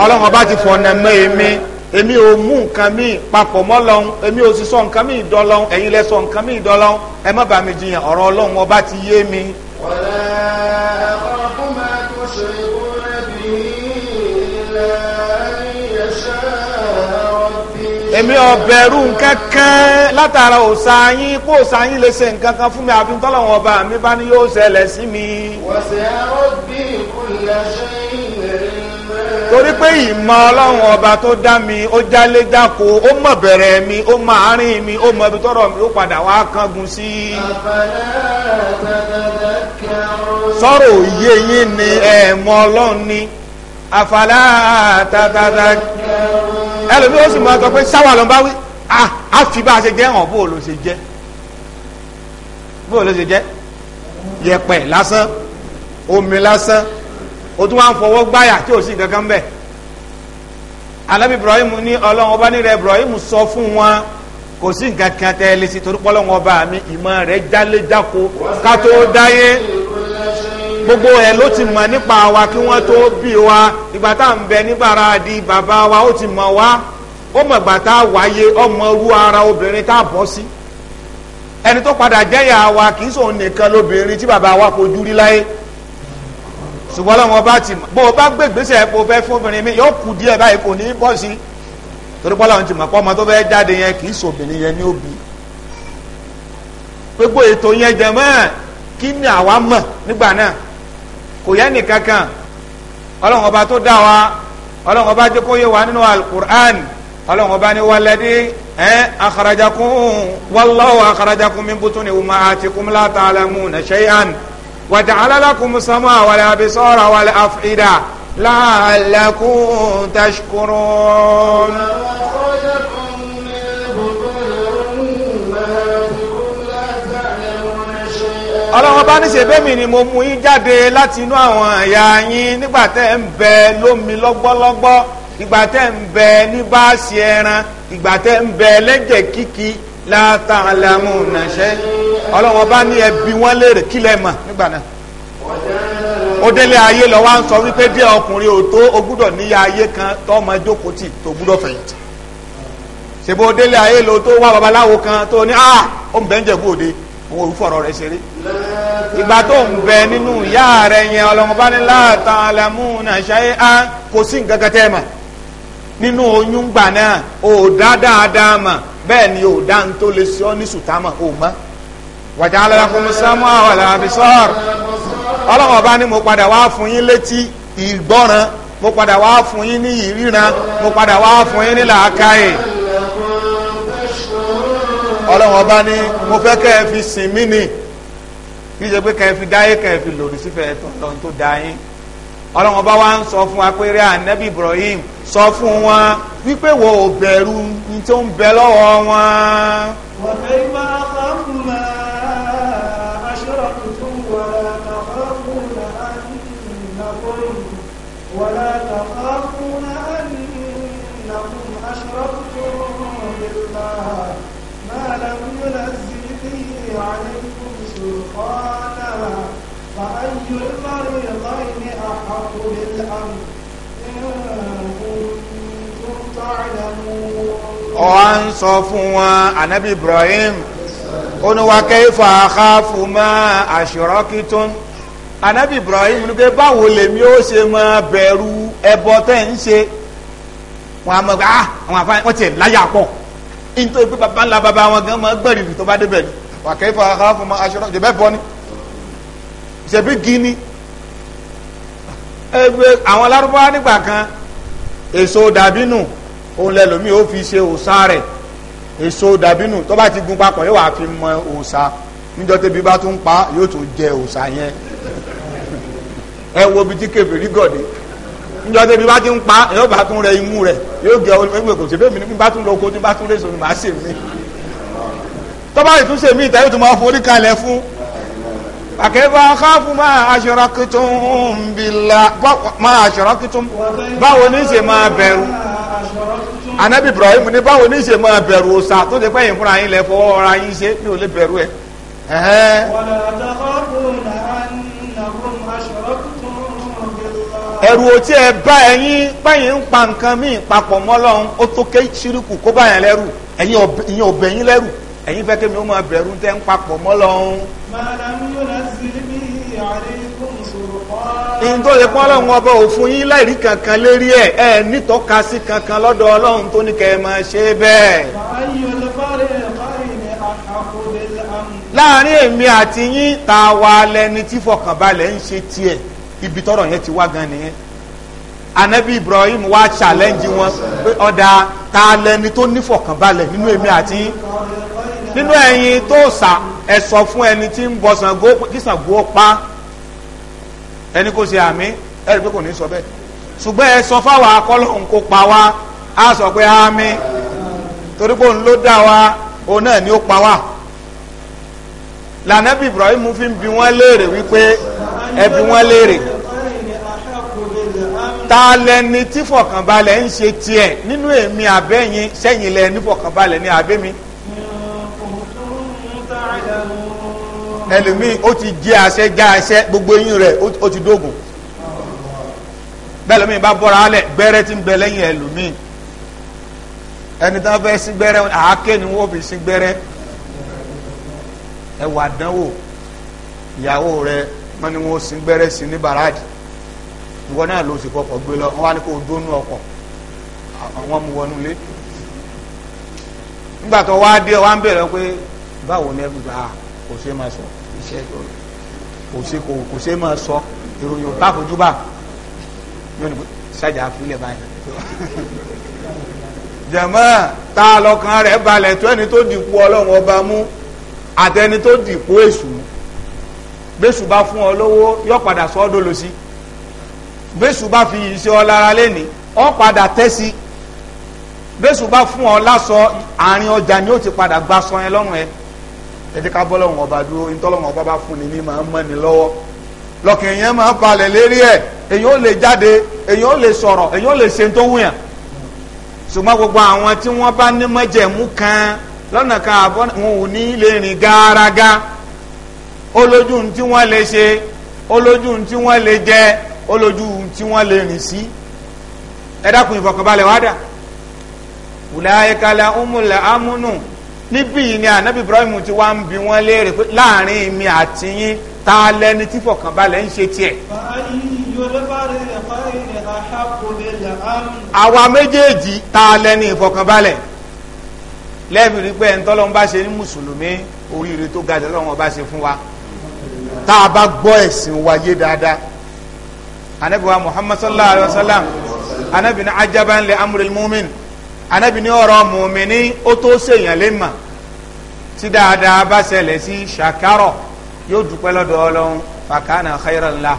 ọlọ́run ọba ti fọ̀nà mọ́ èmi èmi ò mú nǹkan mi papọ̀ mọ́ lọ́hún èmi ò sì sọ nǹkan mi ìdọ́lọ́hún ẹ̀yin lẹ sọ nǹkan mi ìdọ́lọ́hún ẹ má bá mi jiyàn ọ̀rọ̀ ọlọ́run ọba ti yé mi. èmi ọ̀bẹ̀rù nǹkan kan látara òòṣà yín kó òòṣà yín lè ṣe nǹkan kan fún mi àfi tọ́lọ́wọ́n ọba mi bá ní yóò ṣẹlẹ̀ sí mi. wọ́sẹ̀ torí pé ìmọ̀ ọlọ́run ọba tó dá mi ó jálé ó mọ̀ bẹ̀rẹ̀ mi ó mọ̀ àárín mi ó mọ̀ ibi tọ́rọ̀ mi ó padà wá kángun sí i. sọ̀rọ̀ òye yín ni ẹ̀ẹ̀mọ ọlọ́run ni àfàlà tàtàtà ẹlòmí ó sì máa sọ pé ṣáwà ló ń bá wí á fi bá a ṣe jẹ́ hàn bó ló ṣe jẹ́ bó ló ṣe jẹ́ yẹ̀pẹ̀ lásán omi lásán o tún wá ń fọwọ́ gbáyà tí ò sí kankan bẹ́ẹ̀ anabi ibrahim ní ọlọ́run ọba nílẹ̀ ibrahim sọ fún wọn kò sí nǹkan kan tẹ́ ẹ lè ṣe torí pọ́lọ́run ọba mi ìmọ̀ rẹ̀ jálé jáko ká tó dáyé gbogbo ẹ̀ ló ti mọ̀ nípa wa kí wọ́n tó bí wa ìgbà tá à ń bẹ nígbàrá di bàbá wa ó ti mọ̀ wá ó mọ̀ ìgbà tá a wáyé ọmọ ru ara obìnrin tá a bọ́ sí ẹni tó padà jẹ́yà wa kì í sòun nìkan lóbìnrin tí bàbá wa kò júrí láyé ṣùgbọ́n lọ́wọ́ bá ti mọ̀ bó o bá gbé ìgbésẹ̀ bó fẹ́ fún obìnrin mi yóò kù díẹ̀ báyìí kò ní í bọ́ sí i torí pọ́lá ohun ti mọ̀ pọ́ ọmọ tó fẹ́ jáde yẹn kì í sòbìnrin yẹn ní òbí gbogbo ètò yẹn jẹ mọ́ kí ni àwa mọ̀ nígbà náà kò yẹ nìkan kan ọlọ́run ọba tó dá wa ọlọ́run ọba jẹ́ kó yé wa nínú alukur'an ọlọ́run ọba ní waladi ẹ akhrajakum wallahu akhrajakum min butuni ummahatikum la ta'lamuna shay'an wa ja'ala lakum samaa wal absara wal af'ida la'allakum tashkurun. ọlọ́run bá níṣe bẹ́mi ni mo mú yín jáde láti inú àwọn àyà yín nígbà tẹ́ ń bẹ lómi lọ́gbọ́lọ́gbọ́ ìgbà tẹ́ ń bẹ ní báàsì ẹran ìgbà tẹ́ ń bẹ lẹ́jẹ̀ kíkì látàlámù nàṣẹ́ ọlọ́run bá ní ẹbí wọn léèrè kí lẹ́ mọ̀ nígbà náà ó délé ayé lọ wá ń sọ wípé díẹ̀ ọkùnrin ò tó o gbúdọ̀ níyà ayé kan tọ́mọ jókòó tì tó gbúdọ̀ fẹ̀yìntì ṣèbó délé ayé lọ tó wá babaláwo kan tó ní ah ó ń bẹ́ńjẹ̀ bóde òun òun fọ̀rọ̀ rẹ̀ ṣeré ìgbà tó ń bẹ nínú ìyá rẹ̀ yẹn ọlọ́mọba ní láàtàn alamúnà ṣáyé á kò sí nǹkan kan tẹ́ mà nínú oyún gbà náà ò dá dáadáa mà bẹ́ẹ̀ ni ò dá ń tó lè ṣe ọ́ ní sùtámà ò mọ́ wàjà alárakùnrin sámú àwọn àbísọ́ọ̀rù ọlọ́mọba ní mo padà wá fún yín létí ìgbọ́ràn mo padà wá fún yín ní ìríran mo padà wá fún yín ní làákàyè ọlọ́run ọba ní mo fẹ́ kẹ́ ẹ fi sìn mí ni kí ṣe pé kẹ́ ẹ fi dáyé kẹ́ ẹ fi lòdì sífẹ̀ẹ́ tọ̀tọ̀n tó dá yín ọlọ́run ọba wa ń sọ fún wa pé rí anabi Ibrahim sọ fún wọn wípé wo ò bẹ̀rù ní tó ń bẹ lọ́wọ́ wọn. wọ́n fẹ́ máa bá ọ̀hà ń sọ fún wọn anabi ibrahim oníwàkẹ́ ifá àkáfù mọ́ àṣìrọ́kítún anabi ibrahim ní pé báwo lèmi ó ṣe máa bẹ̀rù ẹbọ tẹ́ ń ṣe wọn a mọ̀ pé ah àwọn afáyín wọ́n ti láyà pọ̀ nítorí pé baba ńlá baba wọn gan máa gbẹ̀rì tó bá débẹ̀ ni wàkẹ́ ifá àkáfù mọ́ àṣìrọ́kítún jẹ́ bọ́ ni ṣebí gini ẹgbẹ́ àwọn lárúbáwá nígbà kan èso dàbínù òun lẹ́lòmíì ó fi ṣe òòṣà rẹ̀ èso dàbínù tó bá ti gun papọ̀ yóò wá fi mọ òòṣà níjọ́ tẹ́bi bá tún pa yóò tún jẹ òòṣà yẹn ẹ wo bi tí kébìrì gọ̀dẹ̀ níjọ́ tẹ́bi bá ti ń pa yóò bá tún rẹ imú rẹ̀ yóò gẹ ẹgbẹ́ kò sí bẹ́ẹ̀ mi ní bá tún lọ oko ní bá tún rẹ̀ sọ̀rọ̀ màá sè mí tọ́ba yìí tún ṣe mí ìtàyè tó máa forí kalẹ̀ fún àkẹ́bà káfù máa aṣọ́ra kìtùn máa aṣọ́ra kìtùn báwo ní ṣe máa bẹ̀rù anabi ibrahim ní báwo ní ṣe máa bẹ̀rù òòṣà tó ṣe pé yín fúnra yín lẹ fọwọ́ ara yín ṣe mi ò lè bẹ̀rù ẹ̀. ẹ̀rù òtí ẹ̀ bá ẹ̀yin báyìí ń pa nǹkan míì papọ̀ mọ́ ó tó ké ṣírùkù kó bá yẹn lẹ́rù ẹ̀yin ò bẹ̀yìn lẹ́rù ẹ̀yin fẹ́ kémi ó máa bẹ̀rù tẹ́ ń papọ̀ mọ́ màdàmú yóò lọ sí ibi àárẹ̀ ní tó lè pọ́n ọlọ́run ọba òfin yín láìrí kankan lérí ẹ̀ ẹ̀ nítọ́ka sí kankan lọ́dọ̀ ọlọ́run tó ní kẹ́ ẹ máa ṣe bẹ́ẹ̀. láàrin èmi àti yín tá a wà lẹni tí fọkànbalẹ̀ ń ṣe tiẹ̀ ibi tọrọ yẹn ti wá gan nìyẹn anabi ibrahim wa challenge wọn pé ọ̀dà ta lẹni tó nífọ̀kànbalẹ̀ nínú èmi àti yín nínú ẹ̀yin tó sà ẹ̀ sọ fún ẹni tí ń bọ̀ Ṣàngó kí pa ẹni kò ṣe àmì ẹni pé kò ní sọ bẹ́ẹ̀ ṣùgbọ́n ẹ sọ fáwọn akọ́lọ́hún kó pa wá á sọ pé àmì torí pé òun ló dá wa òun náà ni ó pa wá lànàbí Ibrahim fi ń bi wọ́n léèrè wípé ẹ bi wọ́n léèrè ta lẹni tí fọkànbalẹ̀ ń ṣe tiẹ̀ nínú èmi àbẹ́yìn sẹ́yìn lẹni fọkànbalẹ̀ ní àbẹ́mi. ẹlòmíì ó ti jẹ àṣẹ já gbogbo eyín rẹ̀ ó ti dógùn bẹ́ẹ̀ bá bọ́ra ti ń bẹ lẹ́yìn ẹlòmíì ẹni tó fẹ́ sí gbẹ́rẹ́ àáké ni wọ́n fi sí dánwò ìyàwó sí sí ní bàrádì ìwọ o dónú àwọn wọnú nígbà tó wá dé ń pé báwo ni ṣiṣẹ́ kò ṣe kò kò ṣe máa sọ ìròyìn ò táfojú bá yóò ní ṣàjà àfilẹ̀ báyìí. jẹ̀mọ́ tá a lọ́kàn rẹ̀ balẹ̀ tó ẹni tó dìpọ̀ ọlọ́run ọba mú àtẹni tó dìpọ̀ èṣù gbèsù bá fún ọ lówó yọ padà sọ ọ́ dolo sí gbèsù bá fi yìí ṣe ọ lára lẹ́ni ọ padà tẹ́ sí gbèsù bá fún ọ lásọ àárín ọjà ni ó ti padà gbà yẹn lọ́rùn ẹ̀ ẹ jẹ́ ká bọ́lọ̀ wọn ọba dúró ntọ́lọ̀ ọba bá fún ni ní máa mọ́ ni lọ́wọ́ lọ́kàn èèyàn máa eyi balẹ̀ lérí ẹ̀ eyi o lè jáde èèyàn ò lè sọ̀rọ̀ gbogbo àwọn tí wọ́n bá ní mọ́jẹ̀mú kan lọ́nà kan àbọ̀ wọn ò ní lè rìn gáárágá olójú tí wọ́n lè ṣe olójú tí wọ́n lè jẹ olójú tí wọ́n lè rìn sí ẹ dákun wùlẹ̀ níbí yìí ni ànábì Ibrahim ti wá ń bi wọ́n léèrè pé láàrin mi àti yín ta lẹni tí fọkànbalẹ̀ ń ṣe tiẹ̀. àwa méjèèjì ta lẹni ìfọkànbalẹ̀ lẹ́bi rí pé ẹni tọ́lọ́run bá ṣe ní mùsùlùmí oríire tó ga jẹ́ lọ́wọ́n bá ṣe fún wa tá a bá gbọ́ ẹ̀sìn wa yé dáadáa anabi wa Muhammad sallallahu alaihi wa sallam anabi ni ajaban li amril mu'min anábì ní ọ̀rọ̀ mùmíní ó tó ṣèyàn lè mà tí dáadáa bá ṣẹlẹ̀ sí ṣàkárọ̀ yóò dúpẹ́ lọ́dọ̀ ọlọ́run fàkànà khairan la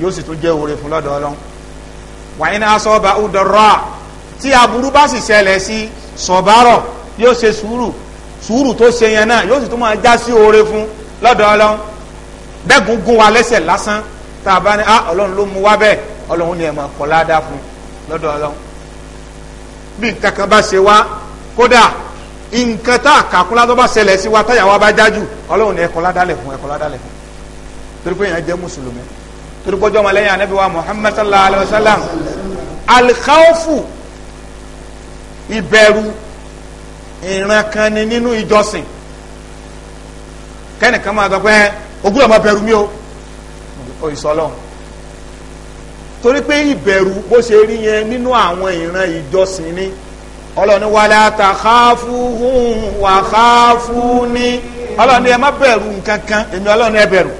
yóò sì tún jẹ́ oore fún lọ́dọ̀ ọlọ́run wàyí náà sọ́ba ọ̀dọ̀rọ̀ tí aburú bá sì ṣẹlẹ̀ sí sọ̀bárọ̀ yóò ṣe sùúrù sùúrù tó ṣe yẹn náà yóò sì tún máa já sí oore fún lọ́dọ̀ ọlọ́run bẹ́ẹ̀gùn gún wa lẹ́sẹ̀ lásán tá a bá ní ah ọlọ́run ló mú wa bẹ́ẹ̀ ọlọ́run ni ẹ̀ máa kọ́ ládàá fún lọ́dọ̀ ọlọ́run bí nǹkan kan bá ṣe wá kódà nǹkan tá a kà kúnlá tó bá ṣẹlẹ̀ sí wa táyà wa bá jájú ọlọ́run ní ẹ̀kọ́ ládàlẹ̀ fún ẹ̀kọ́ ládàlẹ̀ fún torí pé èèyàn jẹ́ mùsùlùmí torí pé ọjọ́ ọmọlẹ́yìn anabi wa muhammad sallallahu alayhi wa sallam alikawfu ìbẹ̀rù ìran kan ni nínú ìjọsìn kẹ́nìkan máa sọ pé ogúnlọ́mọ bẹ̀rù mi o òyìnbó ọlọ́run torí pé ìbẹ̀rù bó ṣe rí yẹn nínú àwọn ìran ìjọsìn ni ọlọ́ni wàlá takhafuhum wa khafuni ọlọ́ni ẹ má bẹ̀rù nǹkan kan èmi ọlọ́ni ẹ bẹ̀rù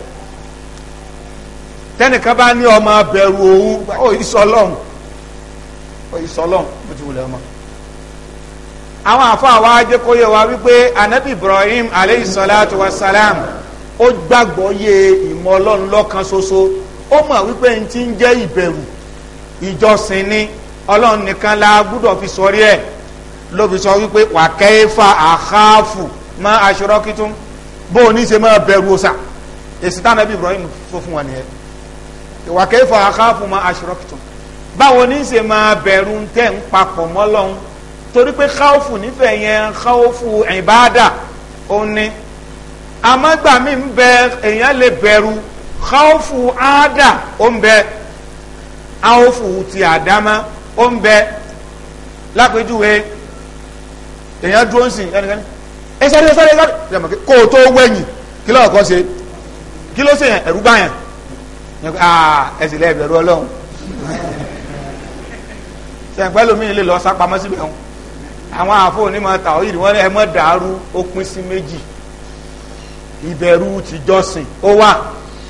tẹnìkan bá ní ọmọ bẹ̀rù òun ó ìsọlọ́hún ó ìsọlọ́hún bó ti wùlẹ̀ ọmọ. àwọn àfáà wa jẹ́ kó yé wa wípé anabi Ibrahim aleyhi salatu wa salam ó gbàgbọ́ yé ìmọ̀ ọlọ́run lọ́kan ṣoṣo ó mọ̀ wípé n ti ń jẹ́ ìbẹ̀rù ìjọsìn ni ọlọ́run nìkan la gbúdọ̀ fi sọrí ẹ̀ ló fi sọ wípé wà kẹ́ẹ́fà àkáàfù má aṣọ́rọ́kítún bó o ní ṣe máa bẹ̀rù ọ̀sà èsì táwọn ẹbí Ibrahim sọ fún wa nìyẹn wà kẹ́ẹ́fà àkáàfù má aṣọ́rọ́kítún báwo ní ṣe máa bẹ̀rù tẹ̀ ń papọ̀ mọ́ Ọlọ́hun torí pé káwọ́fù nífẹ̀ẹ́ yẹn káwọ́fù ìbáàdà òun ni àmọ́gbà mi ń bẹ èèyàn lè bẹ̀rù khawfu ada ó ń bẹ awufu ti àdámá ó ń bẹ lápẹjúwe èèyàn dúró ń sìn ẹnikẹ́ni ẹ sáré sáré sáré kó o tó wẹ̀yìn kí ló kọ́ ṣe kí ló ṣe yẹn ẹ̀rú bá yẹn ẹ ah, sì lẹ́ẹ̀ bẹ̀rù ọlọ́run sẹ̀ǹpẹ́ lómi lè lọ sápamọ́ síbẹ̀ wọn àwọn àfọ onímọ̀ tàwọn yìí ẹ mọ̀ dàrú ó pín sí méjì ìbẹ̀rù tìjọ́sìn ó wà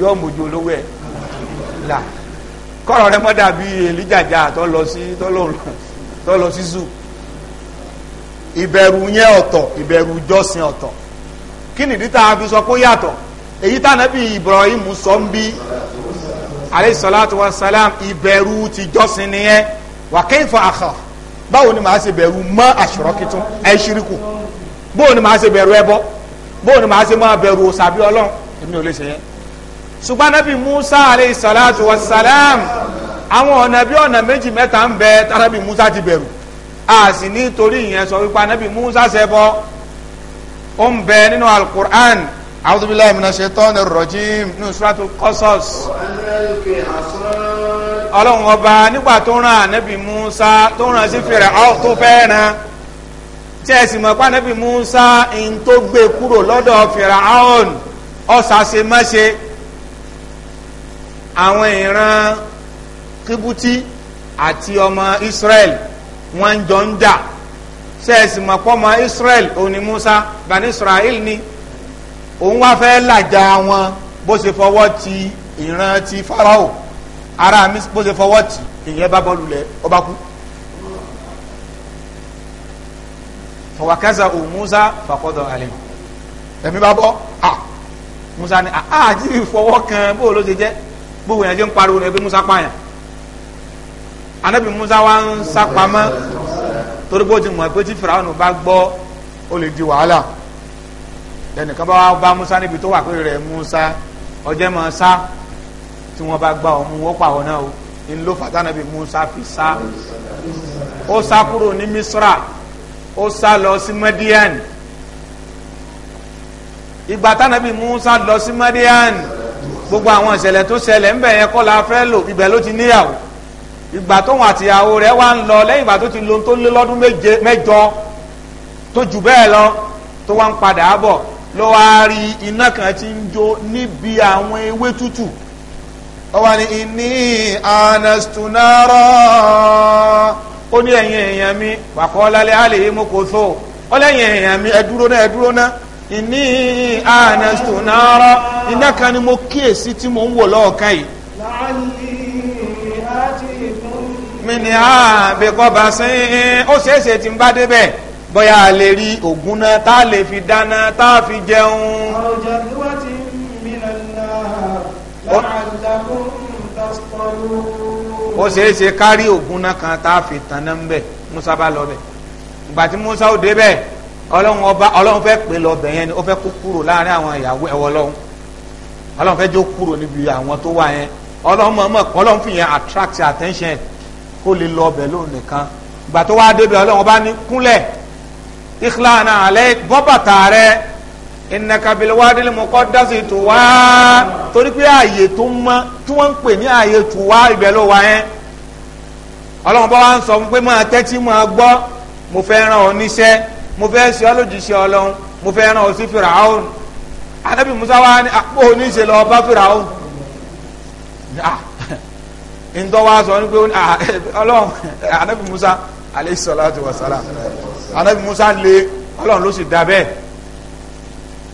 yóò mójú olówó ẹ̀ là kọ́rọ̀ rẹ mọ́ dàbí èlíjàjà tó lọ sí tó lọ sí zoo ìbẹ̀rù yẹn ọ̀tọ̀ ìbẹ̀rù jọ́sìn ọ̀tọ̀ kí nìdí tá a fi sọ pé yàtọ̀ èyí tá nàbí Ibrahim sọ ń bí aleyhisalatu wasalam ìbẹ̀rù ti jọ́sìn nìyẹn wà kẹ́yìnfà àkà báwo ni màá ṣe bẹ̀rù mọ́ àṣùrọ́kìtún ẹ̀ṣirikù báwo ni màá ṣe bẹ̀rù ẹbọ báwo ni màá ṣe máa bẹ̀rù òsàbí Ọlọ́run èmi ò lè ṣe yẹn ṣùgbọ́n nàbí musa aleyhi salatu wa salam àwọn ọ̀nà bí ọ̀nà méjì mẹ́ta ń bẹ tàbí musa ti bẹ̀rù a sì ní torí ìyẹn sọ wípé nàbí musa ṣẹbọ ó ń bẹ nínú alukur'an a'udhu billahi minash shaitani rrajim nínú suratul qasas ọlọ́run ọba nígbà tó rán ànábì musa tó rán sí Fáráò tó fẹ́ rán tí ẹ sì mọ̀ pé ànábì musa ń tó gbé kúrò lọ́dọ̀ Fáráò ọ̀sàṣe mọ́ṣe àwọn ìran Kibuti àti ọmọ Israel wọ́n ń jọ ń jà sẹ́ẹ̀sì mọ̀pọ̀ ọmọ Israel òní Musa bani Israel ni òun wá fẹ́ làjà wọn bó ṣe fọwọ́ ti ìran ti Farao ara mi bó ṣe fọwọ́ ti ìyẹn bá bọ́ lulẹ̀ ọba kú. fọwọ́kẹ́sà ò Musa fàkọ́dọ̀ àlẹ́ ẹ̀mí bá bọ́ ah Musa ni ah ah jíbi fọwọ́ kan bó ló ṣe jẹ́ gbogbo yẹn ti ń pariwo rẹ pé musa pààyàn anabi musa wa ń sápamọ́ torí pé ó ti mọ̀ pé tí fìràwọ̀nù bá gbọ́ ó lè di wàhálà ẹnìkan bá wá bá musa níbi tó wà pé rẹ musa ọjọ́ mọ̀ sá tí wọ́n bá gbá ọmú wọ́n pàwọ́ náà o ń lo fatanabi musa fi sá ó sá kúrò ní misra ó sá lọ sí madian ìgbà tanabi musa lọ sí madian gbogbo àwọn ìṣẹ̀lẹ̀ tó ṣẹlẹ̀ ńbẹ̀ yẹn kọ́ la fẹ́ lò ibẹ̀ ló ti níyàwó ìgbà tóun àtìyàwó rẹ̀ wá ń lọ lẹ́yìn ìgbà tó ti lo tó lé lọ́dún mẹ́jọ tó jù bẹ́ẹ̀ lọ tó wá ń padà bọ̀ ló wá rí iná kan ti ń jó níbi àwọn ewé tútù ó wá ní inni anastunara ó ní ẹ̀yin èèyàn mi wàkọ́ lálẹ́ àlè é mo kò so ó lẹ́yìn èèyàn mi ẹ náà ẹ náà ìní ànàstò náà rọ iná kan ni mo kíyèsí tí mo ń wò lọ́ọ̀kan yìí mi ni a bẹ kọ́ bá sí ó ṣeéṣe tí n bá débẹ̀ bóyá a lè rí ògùn náà tá a lè fi dáná tá a fi jẹun. ó ṣeéṣe kárí ògùn náà kan tá a fi tànná ń bẹ̀ Musa bá lọ bẹ̀ ìgbà tí Musa ó débẹ̀ ọlọ́run ọba ọlọ́run fẹ́ pè lọ bẹ̀yẹn ni ó fẹ́ kó kúrò láàrin àwọn ìyàwó ẹ̀wọ̀ ọlọ́run ọlọ́run fẹ́ jó kúrò níbi àwọn tó wà yẹn ọlọ́run mọ̀ọ́mọ̀ ọlọ́run fi yẹn attract attention kó lè lọ ọbẹ̀ lóun nìkan ìgbà tó wá débẹ̀ ọlọ́run ọba ní kúnlẹ̀ ìkìlànà alẹ́ bọ́ bàtà rẹ ìnàkàbìlẹ̀ wádìí mú kọ́ dásì tó wá torí pé ààyè tó mọ́ tí wọ́n ń pè ní ààyè tó wá ibẹ̀ ló wá yẹn ọlọ́run bá wá ń sọ fún pé máa tẹ́tí máa gbọ́ mo fẹ́ ràn ọ́ níṣẹ́ mo fẹ́ ṣe ọ́ lójúṣe ọlọ́run mo fẹ́ rán ọ sí firaun anabi musa wa ni àpò oníṣe lọ bá firaun ntọ́ wa sọ ni pé ah, ọlọ́run anabi musa aleyhi salatu wa salam anabi musa le ọlọ́run ló sì da bẹ́ẹ̀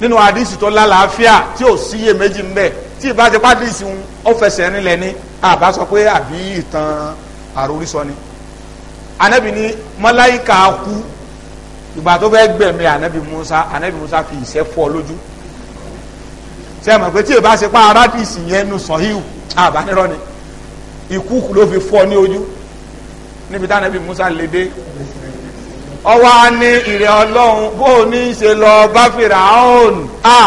nínú àdìsí tó lálàáfíà tí ò síyè méjì ń bẹ tí ìbá ti pàdísì ń ó fẹsẹ̀ rinlẹ̀ ni àbá sọ pé àbí ìtàn àròrí sọ ni anabi ni màláíkà kú ìgbà tó fẹ́ gbẹ̀mí anabi musa anabi musa fi ìṣẹ́ fọ́ lójú sẹ́mi pé tí èbá ṣe pa arábìsì yẹn nu sọ̀híù àbánirọ́ ni ikú ló fi fọ́ ní ojú níbi tí anabi musa lè dé ọwọ́ á ní ìrẹ̀ ọlọ́run bó o ní í ṣe lọ bá fèrè àwọn à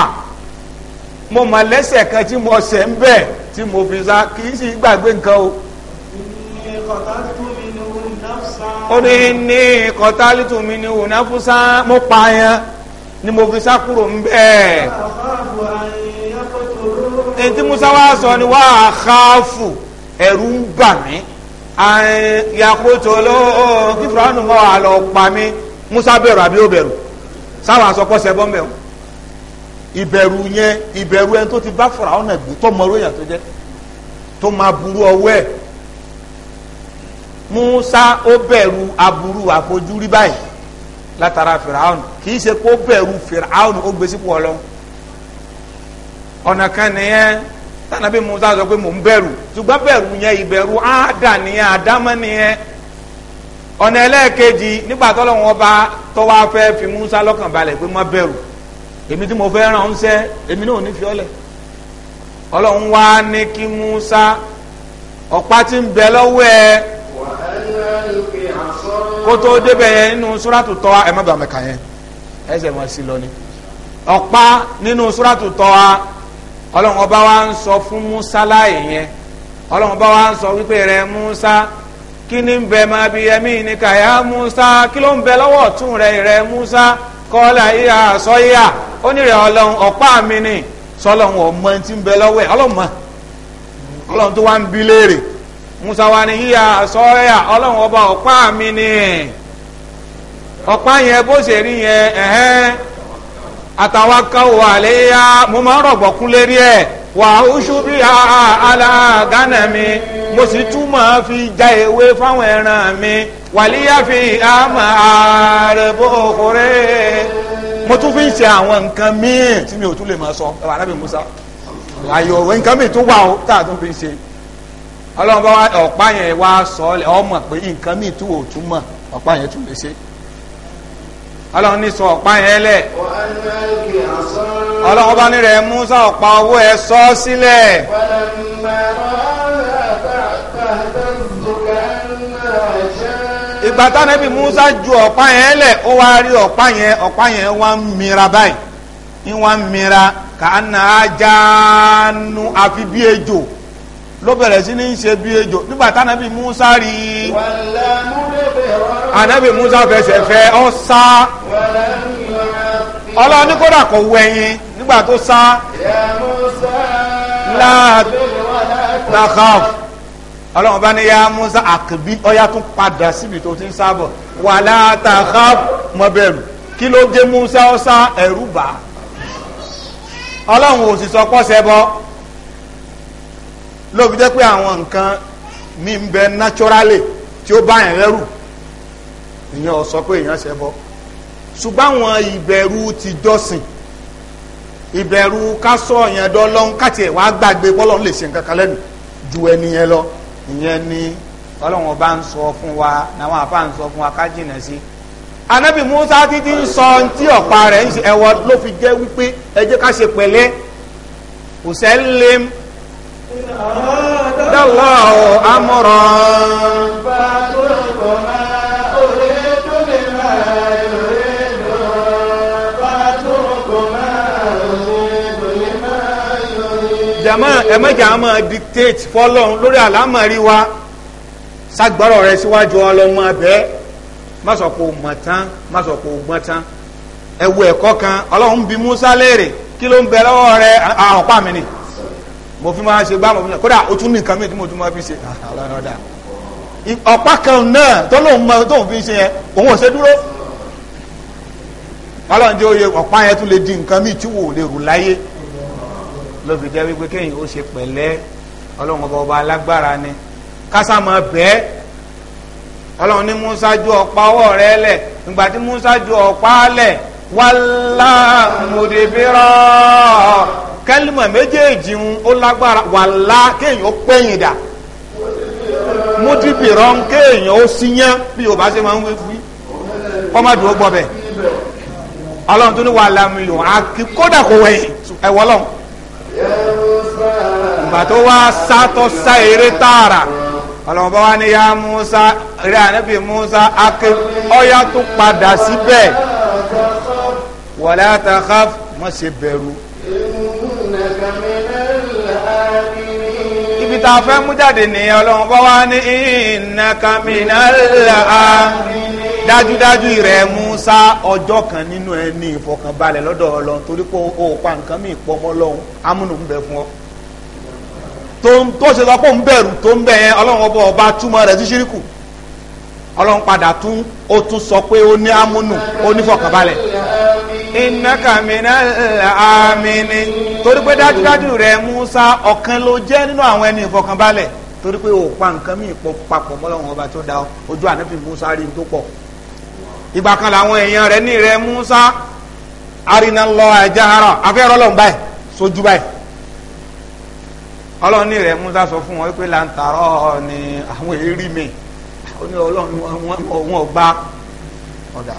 mo mọ̀ lẹ́sẹ̀ kan tí mo ṣẹ̀ ń bẹ̀ tí mo fi sa kì í sì gbàgbé nǹkan o. ní kọ̀tà ti ó ní ní kọ́tálítù mi ní òun náfúsá mo pa yẹn ni mo fi sá kúrò ń bẹ́ẹ̀. èyí tí musa wá sọ ni wà á káfù ẹ̀rù ń bà mí yàkótó ló kí fúlàánù mọ́ wà lọ pa mí musa bẹ̀rù àbí ó bẹ̀rù sáwọn àsọkọ́sẹ̀ bọ́ mẹ́wọ́ ìbẹ̀rù yẹn ìbẹ̀rù ẹni tó ti bá fúlàánù ẹ̀gbọ́n tó mọ orí èèyàn tó tó máa burú ọwọ́ ẹ̀ musa ó bẹ̀rù aburú àfojúrí báyìí látara firaun kì í ṣe kó bẹ̀rù firaun ó ọlọ ọ̀nà kan nìyẹn musa sọ pé mò ń bẹ̀rù ṣùgbọ́n bẹ̀rù yẹn ìbẹ̀rù nìyẹn àdámọ́ nìyẹn ọ̀nà ẹlẹ́ẹ̀kejì nígbà tó fi musa lọ́kàn balẹ̀ pé má bẹ̀rù èmi tí mo fẹ́ ràn ọ́n sẹ́ èmi náà ò ní musa ọ̀pá ti ń bẹ kó tó débẹ̀ yẹn nínú suratu tọ́ ẹ má bàa mẹ́ka yẹn ẹsẹ̀ wọn sí lọ ni ọ̀pá nínú suratu tọ́ a ọlọ́run ọba wa ń sọ fún Musa láàyè yẹn ọlọ́run ọba wa ń sọ wípé rẹ Musa kí ni ń bẹ máa bí ẹmí ni kàyà Musa kí ló ń bẹ lọ́wọ́ ọ̀tún rẹ rẹ Musa kọ́lá ìhà sọ́yà ó ní rẹ ọlọ́run ọ̀pá mi ni sọlọ́run ọmọ ti ń bẹ lọ́wọ́ ẹ̀ ọlọ́mọ ọlọ́run tó wá ń bi léèrè musa wa ni yíya sọ́ọ́yà ọlọ́run ọba ọ̀pá mi ni ọ̀pá yẹn bó ṣe rí yẹn àtàwọn mo máa ń leri lérí ẹ̀ wà oṣù bí mi mo sì fi já ewé fáwọn ẹran mi wàlíyà fi àmà àrèbó òkúrẹ́ mo tún fi ń àwọn nǹkan míì tí mi ò tún lè máa ọlọ́run bá ọ̀pá yẹn wá sọ ọ́ lẹ̀ ọmọ pé nǹkan míì tún ò tún mọ̀ ọ̀pá yẹn tún lè ṣe ọlọ́run ní sọ ọ̀pá yẹn lẹ̀ ọlọ́run bá ní rẹ̀ mú ọ̀pá owó ẹ sọ ọ́ sílẹ̀. ìgbà Musa ju ọ̀pá yẹn lẹ̀ ó wá rí ọ̀pá yẹn ọ̀pá yẹn wá ń mira báyìí ń wá ń mira ló bẹ̀rẹ̀ sí ní ṣe bí ejò nígbà tánábì musa rí i ànábì musa fẹsẹ̀ fẹ ọ sá ọlọ́ni kódà kò wẹ̀yìn nígbà tó sá látàkàf ọlọ́run bá ní ya musa àkàbí ọyá tún padà síbi tó ti ń sábọ̀ wà látàkàf mọ́bẹ̀rù kí ló dé musa ọ sá ẹ̀rú bá ọlọ́run ò sì sọ pọ́ sẹ́bọ̀. lóbi jẹ́ pé àwọn nǹkan mi ń bẹ naturally tí ó bá yẹn ìyẹn ò sọ pé èèyàn ṣe bọ́ ṣùgbọ́n àwọn ìbẹ̀rù ti jọ́sìn ìbẹ̀rù kásọ̀ yẹn dọ́lọ́hún káti ẹ̀ wá gbàgbé lè ṣe nǹkan kan ju ẹni yẹn ni ọlọ́run bá ń sọ fún wa làwọn àfa ń sọ fún wa ká jìnà anabi musa titi ń sọ nti ọ̀pá rẹ̀ ń ṣe ẹ̀wọ̀ ló fi jẹ́ wípé ẹ jẹ́ ká dàlọ́ amúrọ̀. jama ẹ má máa dictate fọlọ́n lórí àlámọ̀rí wa sagbọ́rọ̀ rẹ síwájú ọlọ́mọ abẹ́ má sọ pé o mọ̀ tán má sọ pé o gbọ́n tán ẹ wo ẹ̀kọ́ kan ọlọ́run bí Musa léèrè kí ló ń bẹ lọ́wọ́ rẹ àwọn ọ̀pá mi nìyí mo fi máa ṣe báwọn fún yàn kódà o tún ní nǹkan mìíràn tí mo tún máa fi ṣe ọlọ́dà ọ̀pá kan náà tó lóun mọ tóun fi ṣe yẹn òun ò ṣe dúró kálọ̀ ní oyè ọ̀pá yẹn tún lè di nǹkan mìíràn tí wò lè rù láyé ló fi jẹ́ wípé kéyìn ó ṣe pẹ̀lẹ́ ọlọ́run ọba ọba alágbára ni kásá máa bẹ́ẹ̀ ọlọ́run ní musa ju ọ̀pá ọwọ́ rẹ lẹ̀ ìgbà tí musa ju ọ̀pá lẹ̀ wàlá mùdìbíràn kẹ́límà méjèèjì ń ó lágbára wàlá kéèyàn ó pẹ́yìn dà múdìbìrọ̀ ń kéèyàn ó síyán bí yorùbá ṣe máa ń wí kọ́mọdù ó gbọ́ bẹ̀ ọlọ́run tó ní wàhálà mi kódà kò wẹ̀yìn ẹ̀wọ́ lọ́hùn ìgbà tó wá sátọ́ sá eré tààrà ọlọ́run bá wá ní ya Musa eré ànábì Musa àkí ọ̀yá tó padà síbẹ̀ wala takhaf má ṣe bẹ̀rù. ibi tá a fẹ́ mú jáde nìyẹn ọlọ́run bọ́ wá ní ìnàkàmìnàlá dájúdájú rẹ̀ Musa ọjọ́ kan nínú ẹ ní ìfọkànbalẹ̀ lọ́dọ̀ ọlọ́run torí pé o pa nǹkan mí ìpọ́nmọ́ lọ́hún amúnú ń bẹ fún ọ tó ń tó ṣe sọ pé òun bẹ̀rù tó ń bẹ̀ yẹn ọlọ́run ọba túmọ̀ rẹ̀ sí ṣíríkù ọlọ́run padà tún ó tún sọ pé ó ní amúnù ó ní fọkànbalẹ̀. innaka minal aminin torí pé dájúdájú Musa ọ̀kan ló jẹ́ nínú àwọn ẹni ìfọkànbalẹ̀ torí pé pa nǹkan míì papọ̀ mọ́lọ́run ọba tó da ojú Musa rí tó kan làwọn èèyàn ní Musa afẹ́rọ́ sojú báyìí ọlọ́run ní Musa sọ fún wọn pé làǹtàrọ́ ni àwọn oní ọlọ́run wọn ò gbá ọ̀dà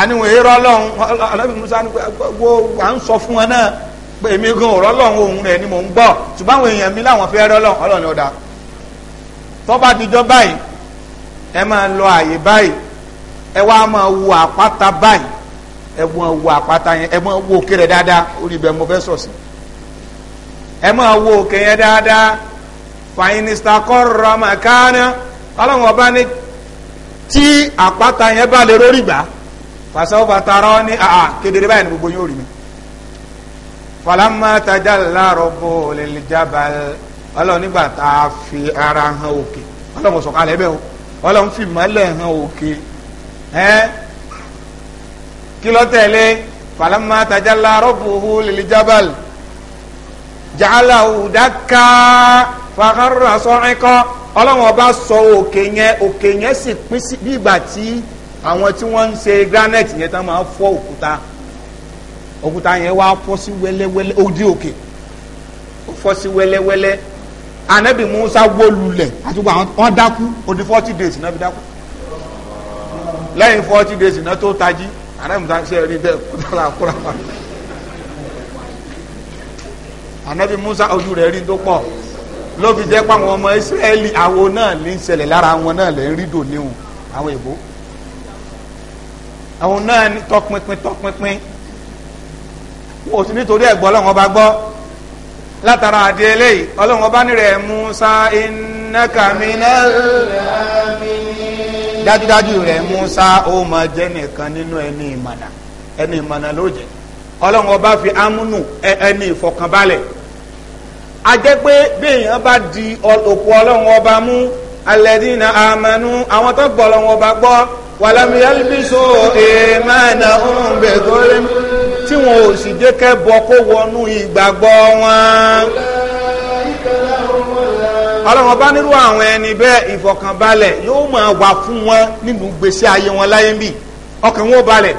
àníwọ̀n èrò ọlọ́run alábì musa ni wo ń sọ fún wọn náà pé èmi gan ọ̀rọ̀ ọlọ́run òun rẹ̀ ni mò ń gbọ́ ṣùgbọ́n àwọn èèyàn mi láwọn rẹ́ ọlọ́run lọ àyè báyìí ẹ wá máa wo àpáta báyìí ẹ máa wo àpáta yẹn ẹ máa wo òkè dáadáa orí ibẹ̀ mo fẹ́ ẹ máa wo òkè yẹn dáadáa ọlọ́run ọba ní tí àpáta yẹn bá lè rórí gbà fàṣọ bàtàrà ní àà kedere báyìí ní gbogbo yóò rí mi. falama tajalla rabbu lil jabal ọlọ́run nígbà tá a fi ara hàn òkè ọlọ́run sọ̀kalẹ̀ bẹ́ẹ̀ o ọlọ́run fi mọ́lẹ̀ hàn òkè ẹ́ kí ló tẹ̀lé falama tajalla rabbuhu lil jabal ja'alahu ọlọ́run ọba sọ òkè yẹn òkè yẹn sì pín sí bí ìgbà tí àwọn tí wọ́n ń ṣe granite yẹn tán máa fọ́ òkúta òkúta yẹn wá fọ́ sí wẹ́lẹ́wẹ́lẹ́ odi òkè ó fọ́ sí wẹ́lẹ́wẹ́lẹ́ anabi musa wó lulẹ̀ àtúgbò àwọn wọn dákú odi forty days náà fi dákú lẹ́yìn forty days náà tó tají anabi musa ṣe rí bẹ́ẹ̀ kúta la kúra anabi musa ojú rẹ̀ rí tó pọ̀ ló fi jẹ́ pàwọn ọmọ Ísírẹ́lì àwo náà lè ń ṣẹlẹ̀ lára wọn náà lè ń rí dòní àwọn èbó àwọn náà ní tọpinpin tọpinpin wọn ò nítorí ẹ̀gbọ́n ọlọ́run ọba gbọ́ látara àdé eléyìí ọlọ́run ọba nírẹ̀ Musa inákàmínà dájúdájú rẹ̀ Musa ó máa jẹ́ nínú ẹni ìmọ̀nà ẹni ìmọ̀nà ló jẹ́ ọlọ́run ọba fi amúnù ẹni ìfọkànbalẹ̀ a jẹ́ pé béèyàn bá di òkú ọlọ́run ọba mú alẹ́dínà àmánú àwọn tó gbọ́ ọlọ́run ọba gbọ́ wàlámiyálbíso èèmánà òun bẹ̀tọ́lẹ́ tí wọn ò sì jẹ́ kẹ́bọ kó wọnú ìgbàgbọ́ wọn. ọlọ́run ọba nírú àwọn ẹni bẹ́ẹ̀ ìfọ̀kànbalẹ̀ yóò máa wà fún wọn nínú gbèsè ayé wọn láyé bì ọkàn wọn ò balẹ̀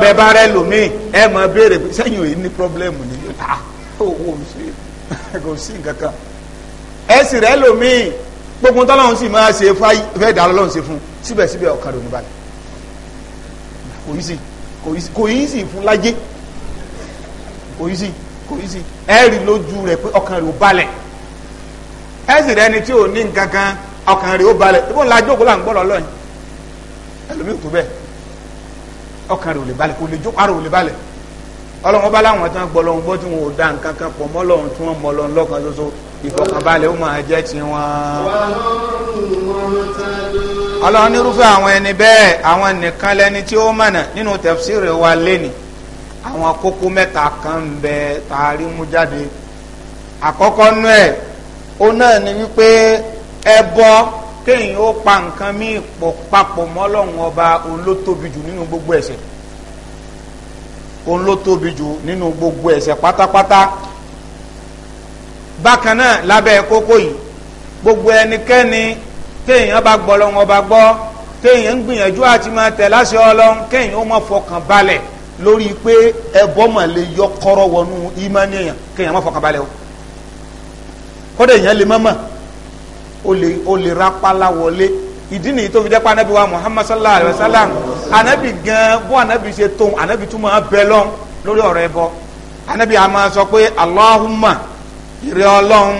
bẹ́ẹ̀ bá rẹ lòmíì ẹ máa béèrè sẹ́yìn òye ní pírọ́blẹ́mù ni yóò ah, ta owó mi sí i. kò sí nǹkan kan ẹ̀sìn rẹ̀ lòmíì gbogbo tọ́lọ́run sì máa ṣe fẹ́ dà lọ́lọ́run ṣe fún síbẹ̀síbẹ̀ ọ̀kan rẹ̀ oníbalẹ̀ kò yí sí kò yí sí fún lájẹ́ kò yí sí kò yí sí ẹ̀rí lójú rẹ̀ pé ọkàn rẹ̀ ó balẹ̀ ẹ̀sìn rẹ̀ ni tí ò ní nǹkan kan ọkàn rẹ̀ ó balẹ̀ ibò ńlá jókòó là ń gbọ́ lọ́lọ́yìn ẹlòmíì tó bẹ́ẹ̀ ọkàn rẹ̀ ò lè balẹ̀ kò lè jókòó ara ò lè balẹ̀ ọlọ́run bá láwọn tán gbọ́ lọ́hún bó tí wọn ò da nǹkan kan pọ̀ mọ́ lọ́hún tí wọ́n mọ́ lọ́hún lọ́kàn ṣoṣo ìfọ̀kànbalẹ̀ ó máa jẹ́ ti wọn. ọlọ́run nírúfẹ́ àwọn ẹni bẹ́ẹ̀ àwọn nìkan lẹni tí ó mọ̀nà nínú tẹ̀fsíìrì wa lẹ́nì àwọn kókó mẹ́ta kan bẹ tààrí mú jáde àkọ́kọ́ nú ẹ̀ ó náà ni wípé ẹbọ kéèyàn ó pa nǹkan míì pọ̀ papọ̀ mọ́ lọ́hún ọba olótóbi jù nínú gbogbo ẹ̀ṣẹ̀ òun ló tóbi jù nínú gbogbo ẹ̀ṣẹ̀ pátápátá bákan náà lábẹ́ kókó yìí gbogbo ẹnikẹ́ni téèyàn bá gbọ́ lọ́wọ́ bá gbọ́ téèyàn ń gbìyànjú àti máa tẹ̀ láṣẹ ọlọ́run kéèyàn ó má fọkàn balẹ̀ lórí pé ẹbọ mà lè yọ kọ́rọ́ wọnú ìmánì èèyàn kéèyàn má fọkàn balẹ̀ o kódà èèyàn lè mọ́mọ́ o lè o lè rápálá wọlé ìdí nìyí tó fi dẹ́pá anábìwá Muhammad sallallahu alayhi wa sallam anabi gan bó anabi ṣe tóun anabi tún máa bẹ lọ́n lórí ọ̀rọ̀ bọ anabi a máa sọ pé alahuma ìrẹ́ ọlọ́run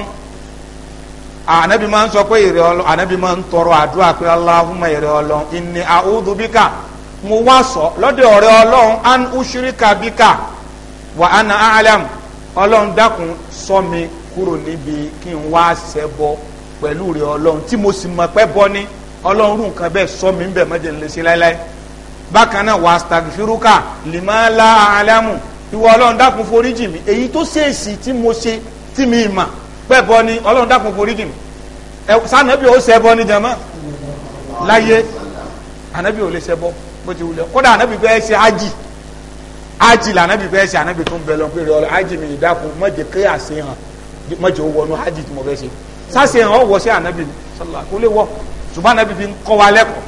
anabi máa ń sọ pé ìrẹ́ ọlọ́run anabi máa ń tọrọ àdúrà pé alahuma ìrẹ́ ọlọ́run inni a'udhu bika mo wá sọ lọ́dọ̀ ọ̀rẹ́ ọlọ́run an ushirika bika wa ana a'lam ọlọ́run dákun sọ mi kúrò níbi kí n wá ṣẹbọ pẹ̀lú ìrẹ́ ọlọ́run tí mo sì mọ̀ pé bọ́ ni ọlọ́run nǹkan bẹ́ẹ̀ sọ mi ń bẹ̀ mọ́jẹ̀ ń lè ṣe láéláé. bákan náà wà stagfiruka lima la alamu ìwọ ọlọ́run dákun foríjì mi èyí tó ṣèèṣì tí mo ṣe tí mi mà pẹ́ẹ́bọ ni ọlọ́run dákun foríjì mi ẹ sànàbí ò ṣẹbọ ni jama láyé ànàbí ò lè ṣẹbọ bó ti wulẹ̀ kódà ànàbí fẹ́ ṣe ájì ájì là ànàbí fẹ́ ṣe ànàbí tó ń bẹ lọ́n pé rẹ ọlọ́ ájì mi dákun má kí àṣẹ hàn má ó wọnú ájì tí mo fẹ́ ṣe sáṣẹ hàn ọ̀wọ́ sí ànàbí sọlá kó lè wọ ṣùgbọ́n ànàbí fi ń kọ́ wa lẹ́kọ̀ọ́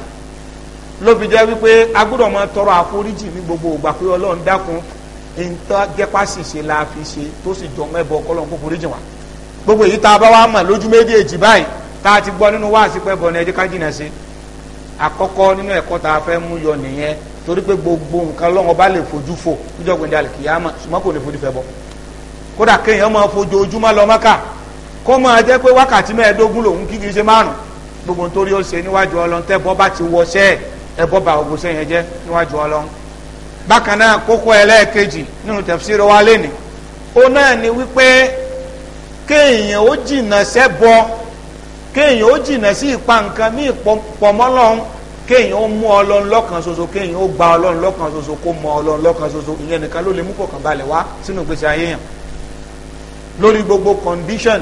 ló fi jẹ́ wípé a gbọ́dọ̀ máa tọrọ àforíjì ní gbogbo ìgbà pé ọlọ́run dákun nǹkan gẹ́pàsì ṣe la fi ṣe tó sì jọ mẹ́bọ kọ́lọ́n kó foríjì wá gbogbo èyí tá a bá wá mọ̀ lójú méjèèjì báyìí tá a ti gbọ́ nínú wáàsí pẹ́ bọ̀ ní ẹjẹ́ ká jìnà sí àkọ́kọ́ nínú ẹ̀kọ́ tá a fẹ́ mú yọ nìyẹn torí pé gbogbo nǹkan lọ́wọ́ bá lè fojú fò níjọ́ gbẹ̀dẹ̀ àlìkìyàmọ̀ ṣùgbọ́n kò lè ẹbọ bá gbogbo sẹ́yìn jẹ́ níwájú Ọlọ́run bákan náà kókó ẹlẹ́ẹ̀kejì nínú tẹ̀síìrì wa lẹ́nu ó náà ni wípé kéèyàn ó jìnnà sẹ́bọ kéèyàn ó jìnnà sí ìpa nǹkan mí ìpọ̀mọ́lọ́run kéèyàn ó mú Ọlọ́run lọ́kàn ṣoṣo kéèyàn ó gba Ọlọ́run lọ́kàn ṣoṣo kó mọ Ọlọ́run lọ́kàn ṣoṣo ìyẹn nìkan ló lè mú kọ̀ọ̀kan balẹ̀ wá sínú ìgbésí ayé yẹn lórí gbogbo condition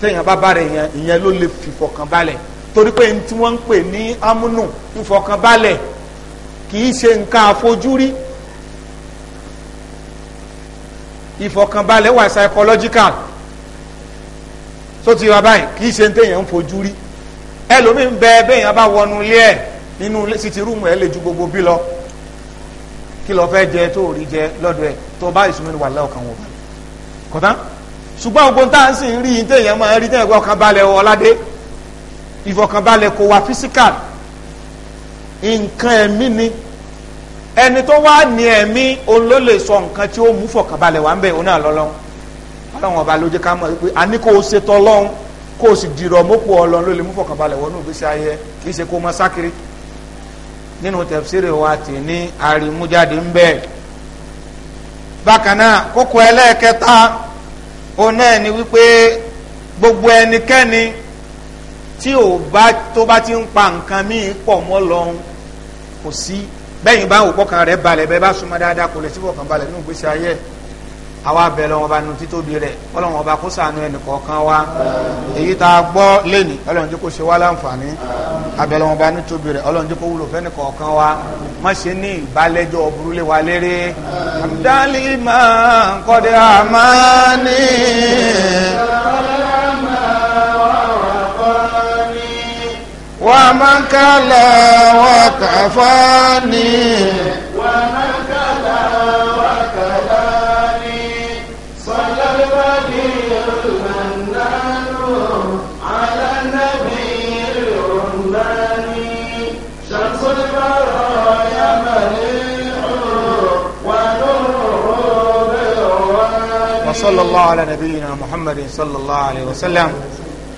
téèyàn bá bá rẹ̀ yẹn ìyẹn ló lè fìfọ̀kàn balẹ̀ torí pé ní tí wọ́n ń pè ní amúnù ìfọkànbalẹ̀ kì í ṣe nǹkan àfojúrí ìfọkànbalẹ̀ wà psychological tó ti wá báyìí kì í ṣe téèyàn ń fojú rí ẹlòmíín bẹ béèyàn bá wọnú ilé ẹ nínú sítì rúùmù ẹ lè ju gbogbo bí lọ kí lọ fẹ́ jẹ tó rí jẹ lọ́dọ̀ ẹ tó bá ìsúnmọ́ wà lọ́kàn wọn balẹ̀ kọ̀tán ṣùgbọ́n gbogbo táà ń rí téèyàn máa rí téèyàn gbọ́ kan balẹ̀ ọ̀ládé ìfọ̀kànbalẹ̀ kò wá physical nǹkan ẹ̀mí ni ẹni tó wá ní ẹ̀mí òun sọ nǹkan tí ó mú fọ̀kànbalẹ̀ wá ń bẹ̀ òun náà ọlọ́run ọba ló jẹ́ ká mọ̀ pé àní kò ṣe tọ́lọ́run kó o sì dìrọ̀ mọ́pọ̀ ọlọ́run ló lè mú fọ̀kànbalẹ̀ wọnú ìgbésí ayé kì í ṣe kó mọ sákiri nínú tẹ̀síìrì wa tì ní àrímújáde ń bẹ̀. bákan náà kókó ẹlẹ́ẹ̀kẹta òun ni wípé gbogbo ẹnikẹ́ni tí ò bá tó bá ti ń pa nǹkan míì pọ̀ mọ́ lọ́hún kò sí bẹ́yìn bá òpó kan rẹ̀ balẹ̀ bẹ́ẹ̀ bá súnmọ́ dáadáa kò lè sí ọkàn balẹ̀ nínú ìgbésí ayé àwa bẹ̀ lọ́wọ́ bá nu títóbi rẹ̀ ọlọ́run ọba kó ṣàánú ẹnì kọ̀ọ̀kan wa èyí tá a gbọ́ lẹ́nì ọlọ́run jẹ́ kó ṣe wá láǹfààní abẹ́ lọ́wọ́ bá nu rẹ̀ ọlọ́run jẹ́ kó wúlò fẹ́ni kọ̀ọ̀kan wa má ṣe ní ìbálẹ́jọ́ burúlé wa léré. abdali máa ń ومكلا وكفاني ومكلا وكفاني صلى البديع المنان على النبي الرماني شمس البرايا مليح ونوره بالوالي وصلى الله على نبينا محمد صلى الله عليه وسلم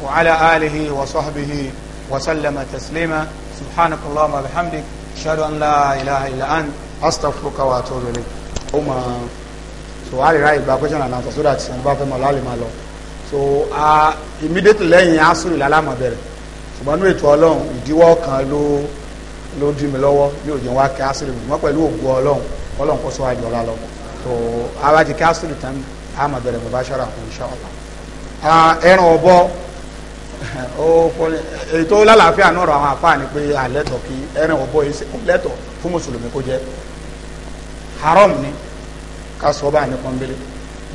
وعلى آله وصحبه وسلم تسليما سبحانك اللهم وبحمدك أشهد أن لا إله إلا أنت أستغفرك وأتوب إليك أما so a lè ra ìgbà question and answer so that ṣe ń bá fẹ́ mọ̀ lálẹ́ máa lọ so a immediately lẹ́yìn asúrì lálámọ̀ bẹ̀rẹ̀ ṣùgbọ́n ní ètò ọlọ́run ìdíwọ́ kan ló ló dí mi lọ́wọ́ yóò jẹ́ wá kí asúrì mi wọ́n pẹ̀lú ògùn ọlọ́run ọlọ́run kó sọ àjọ ọ̀la lọ so a wá ti kí asúrì tán a máa bẹ̀rẹ̀ bàbá ṣọ́ra insha Allah ẹran ọ̀bọ ètò lálàáfíà náà rọ àwọn afáàní pé àlẹ́tọ̀ kí ẹran ọ̀bọ yìí lẹ́tọ̀ fún mùsùlùmí kó jẹ́ haram ni ká sọ bá ní pọ́nbélé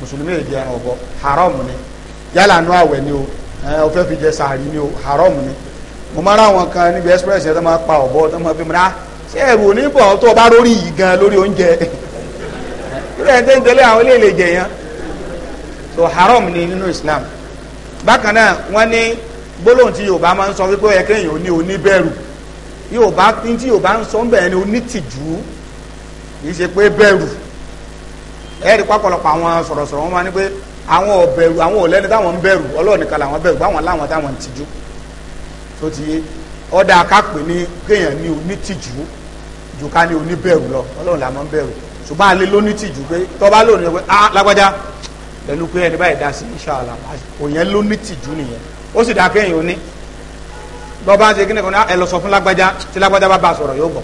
mùsùlùmí èdè ẹran ọ̀bọ haram ni yálà nú àwẹ̀ ni o ó fẹ́ fi jẹ sàárì ni o haram ni mo máa ra àwọn kan níbi express yẹn tó máa pa ọ̀bọ tó máa fi múra ṣé ẹ̀rù oníbọ̀ tó o bá rórí yìí gan lórí oúnjẹ lórí ẹ̀ ń tẹ́ńtẹ́lẹ́ àwọn ilé ìlẹ̀jẹ̀ yẹn so haram ni nínú Islam bákan náà wọ́n ní gbólóhùn tí yorùbá máa ń sọ wípé ẹ̀kẹ́ èèyàn ní oníbẹ̀rù yorùbá tí yorùbá ń sọ ń ni onítìjú kì í ṣe pé bẹ̀rù ẹ̀rí pápọ̀lọpọ̀ àwọn sọ̀rọ̀sọ̀rọ̀ wọn máa ní pé àwọn ọ̀bẹ̀rù àwọn ọ̀lẹ́ni táwọn ń bẹ̀rù ọlọ́run nìkan làwọn bẹ̀rù báwọn láwọn táwọn ń tijú tó ti yé ọ̀dà akápè ni kéèyàn ní onítìjú ju ká ní oníbẹ̀rù lọ ọlọ́run làwọn ń bẹ̀rù ṣùgbọ́n alẹ́ lónítìjú pé tọ́ba lónìí pé ah lágbájá pẹ̀lú pé ẹni báyìí dá sí inṣàlá òyìn ló ní tìjú nìyẹn ó sì dá kéèyàn ó ní bọ́ bá ń ṣe kíni kan ah, ẹ lọ sọ fún lágbájá tí lágbájá bá bá a sọ̀rọ̀ yóò gbọ́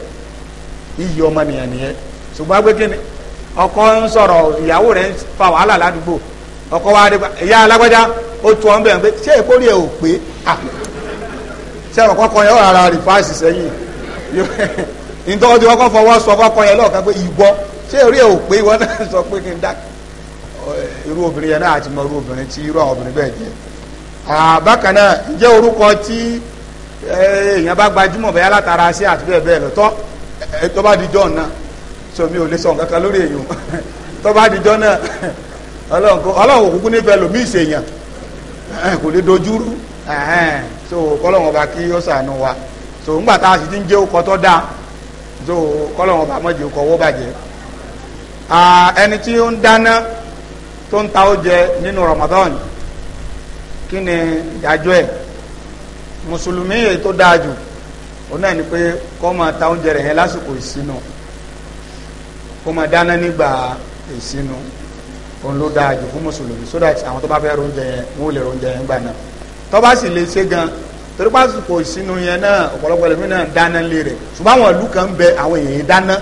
iyì ọmọ nìyẹn nìyẹn ṣùgbọ́n agbé kíni ọkọ ń sọ̀rọ̀ ìyàwó rẹ̀ ń fa wàhálà ládùúgbò ọkọ wa dé ìyá lágbájá ó tu ọ̀n bẹ̀rẹ̀ pé ṣé ìkórè ẹ̀ ò pé ah. ṣé ọkọ kan yẹn ó rìfáàsì sẹ́yìn nítorí ọkọ fọwọ́ sọ ọkọ yẹn lọ́ọ̀kan pé ìgbọ́ ṣé orí ẹ̀ ò pé ìwọ náà sọ pé kí n dákẹ́ irú obìnrin yẹn náà àti mọ irú obìnrin tí irú àwọn obìnrin bẹ́ẹ̀ jẹ́ àbákan náà ǹjẹ́ orúkọ tí èèyàn bá gbajúmọ̀ bẹ́ẹ̀ látara sí àti bẹ́ẹ̀ bẹ́ẹ̀ lọ tọ́ tó bá di john náà so mi ò lè sọ nǹkan kan lórí èèyàn tó bá di john náà ọlọ́run òkùnkùn nífẹ̀ẹ́ lòmí ìsèèyàn kò lè dojúrú so kọ́lọ́run ọba kí ó wa so ńgbà tá a sì ti ń jẹ́ ọkọ̀ tó dáa so kọ́lọ́run ọba mọ̀jẹ̀ ọkọ̀ bàjẹ́ ẹni tí ó tó ń ta oúnjẹ nínú Ramadan kí ni ìdájọ́ ẹ̀ mùsùlùmí èyí tó dáa jù òun náà ni pé kó máa ta oúnjẹ rẹ̀ yẹn lásìkò ìsinu kó máa dáná nígbà ìsinu òun ló dáa jù fún mùsùlùmí so that àwọn tó bá fẹ́ roúnjẹ yẹn wọ́n lè roúnjẹ yẹn gbà náà tó bá sì lè gan torí pásítọ̀ ìsinu yẹn náà ọ̀pọ̀lọpọ̀ náà dáná lé rẹ̀ ṣùgbọ́n àwọn ìlú kan ń bẹ àwọn èèyàn dáná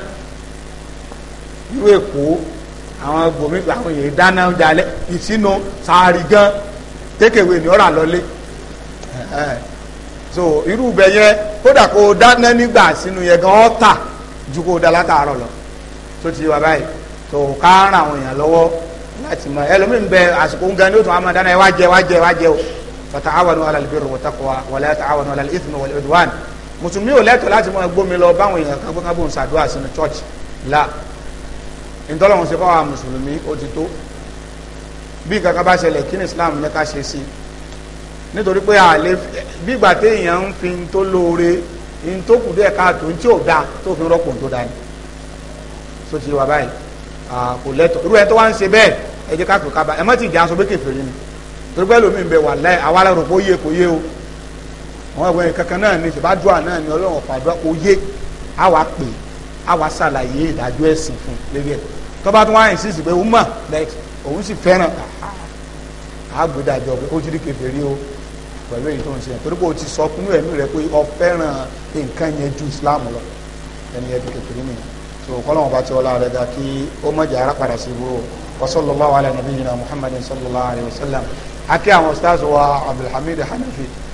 àwọn bòmí àwọn èyí dáná jalè ìsínú sàárì gan tékèwé ni ọ̀rà lọlé so irú bẹ yẹn kódà kó o dáná nígbà sínú yẹn gan ọ́ ju kó dá látàárọ̀ lọ tó ti wà báyìí tó o àwọn èèyàn lọ́wọ́ láti mọ ẹlòmíín bẹ àsìkò nǹkan ní o tún dáná ẹ wá jẹ wá jẹ wá jẹ o fata'awanu 'ala al-birri wat-taqwa wa la ta'awanu 'ala al-ithmi wal-'udwan mùsùlùmí ò lẹ́tọ̀ọ́ láti mọ gbómi lọ báwọn èèyàn kan gbọ́n bó ń ṣàdúrà sínú chọ́ọ̀chì la ntọ́lọ́hún ṣe fáwọn mùsùlùmí ó ti tó bí kankan bá ṣẹlẹ̀ kí ni islam ní ká ṣe sí nítorí pé àlè bígbà téèyàn ń fi tó lóore ń tó kù díẹ̀ káàtó tí ò dáa tó fi rọ́pò tó dáa ni so ti wà báyìí kò lẹ́tọ̀ irú ẹ tó wá ń ṣe bẹ́ẹ̀ ẹ jẹ́ ká pè ẹ mọ́ ti jà sọ pé kèfèrí ni torí pé lómi ń bẹ wà láì àwa lẹ́rù kó yé kó yé o àwọn ìwé kankan náà ni ìbádùá náà ni ọlọ́run ọ̀pá àdúrà kó yé àwa pè àwa ṣàlàyé ìdájọ́ ẹ̀sìn fún lórí ẹ̀ tọ́ba tó wá insist pé òun mọ̀ like òun sì fẹ́ràn àgbédàjọ pé ó ti rí kèfèrí o pẹ̀lú èyí tó ń ṣe yẹn torí pé o ti sọ kúnú ẹ̀mí rẹ pé o fẹ́ràn nǹkan yẹn ju Islam lọ ẹni ẹbí kèfèrí nìyẹn tó kọ́lọ́wọ́n bá ti ọlá rẹ ga kí ó mọ̀jà ara padà sí ibú o wa sallallahu ala nabiyyina Muhammadin sallallahu alayhi wa sallam akẹ́ àwọn stars wa Abdulhamid Hanafi.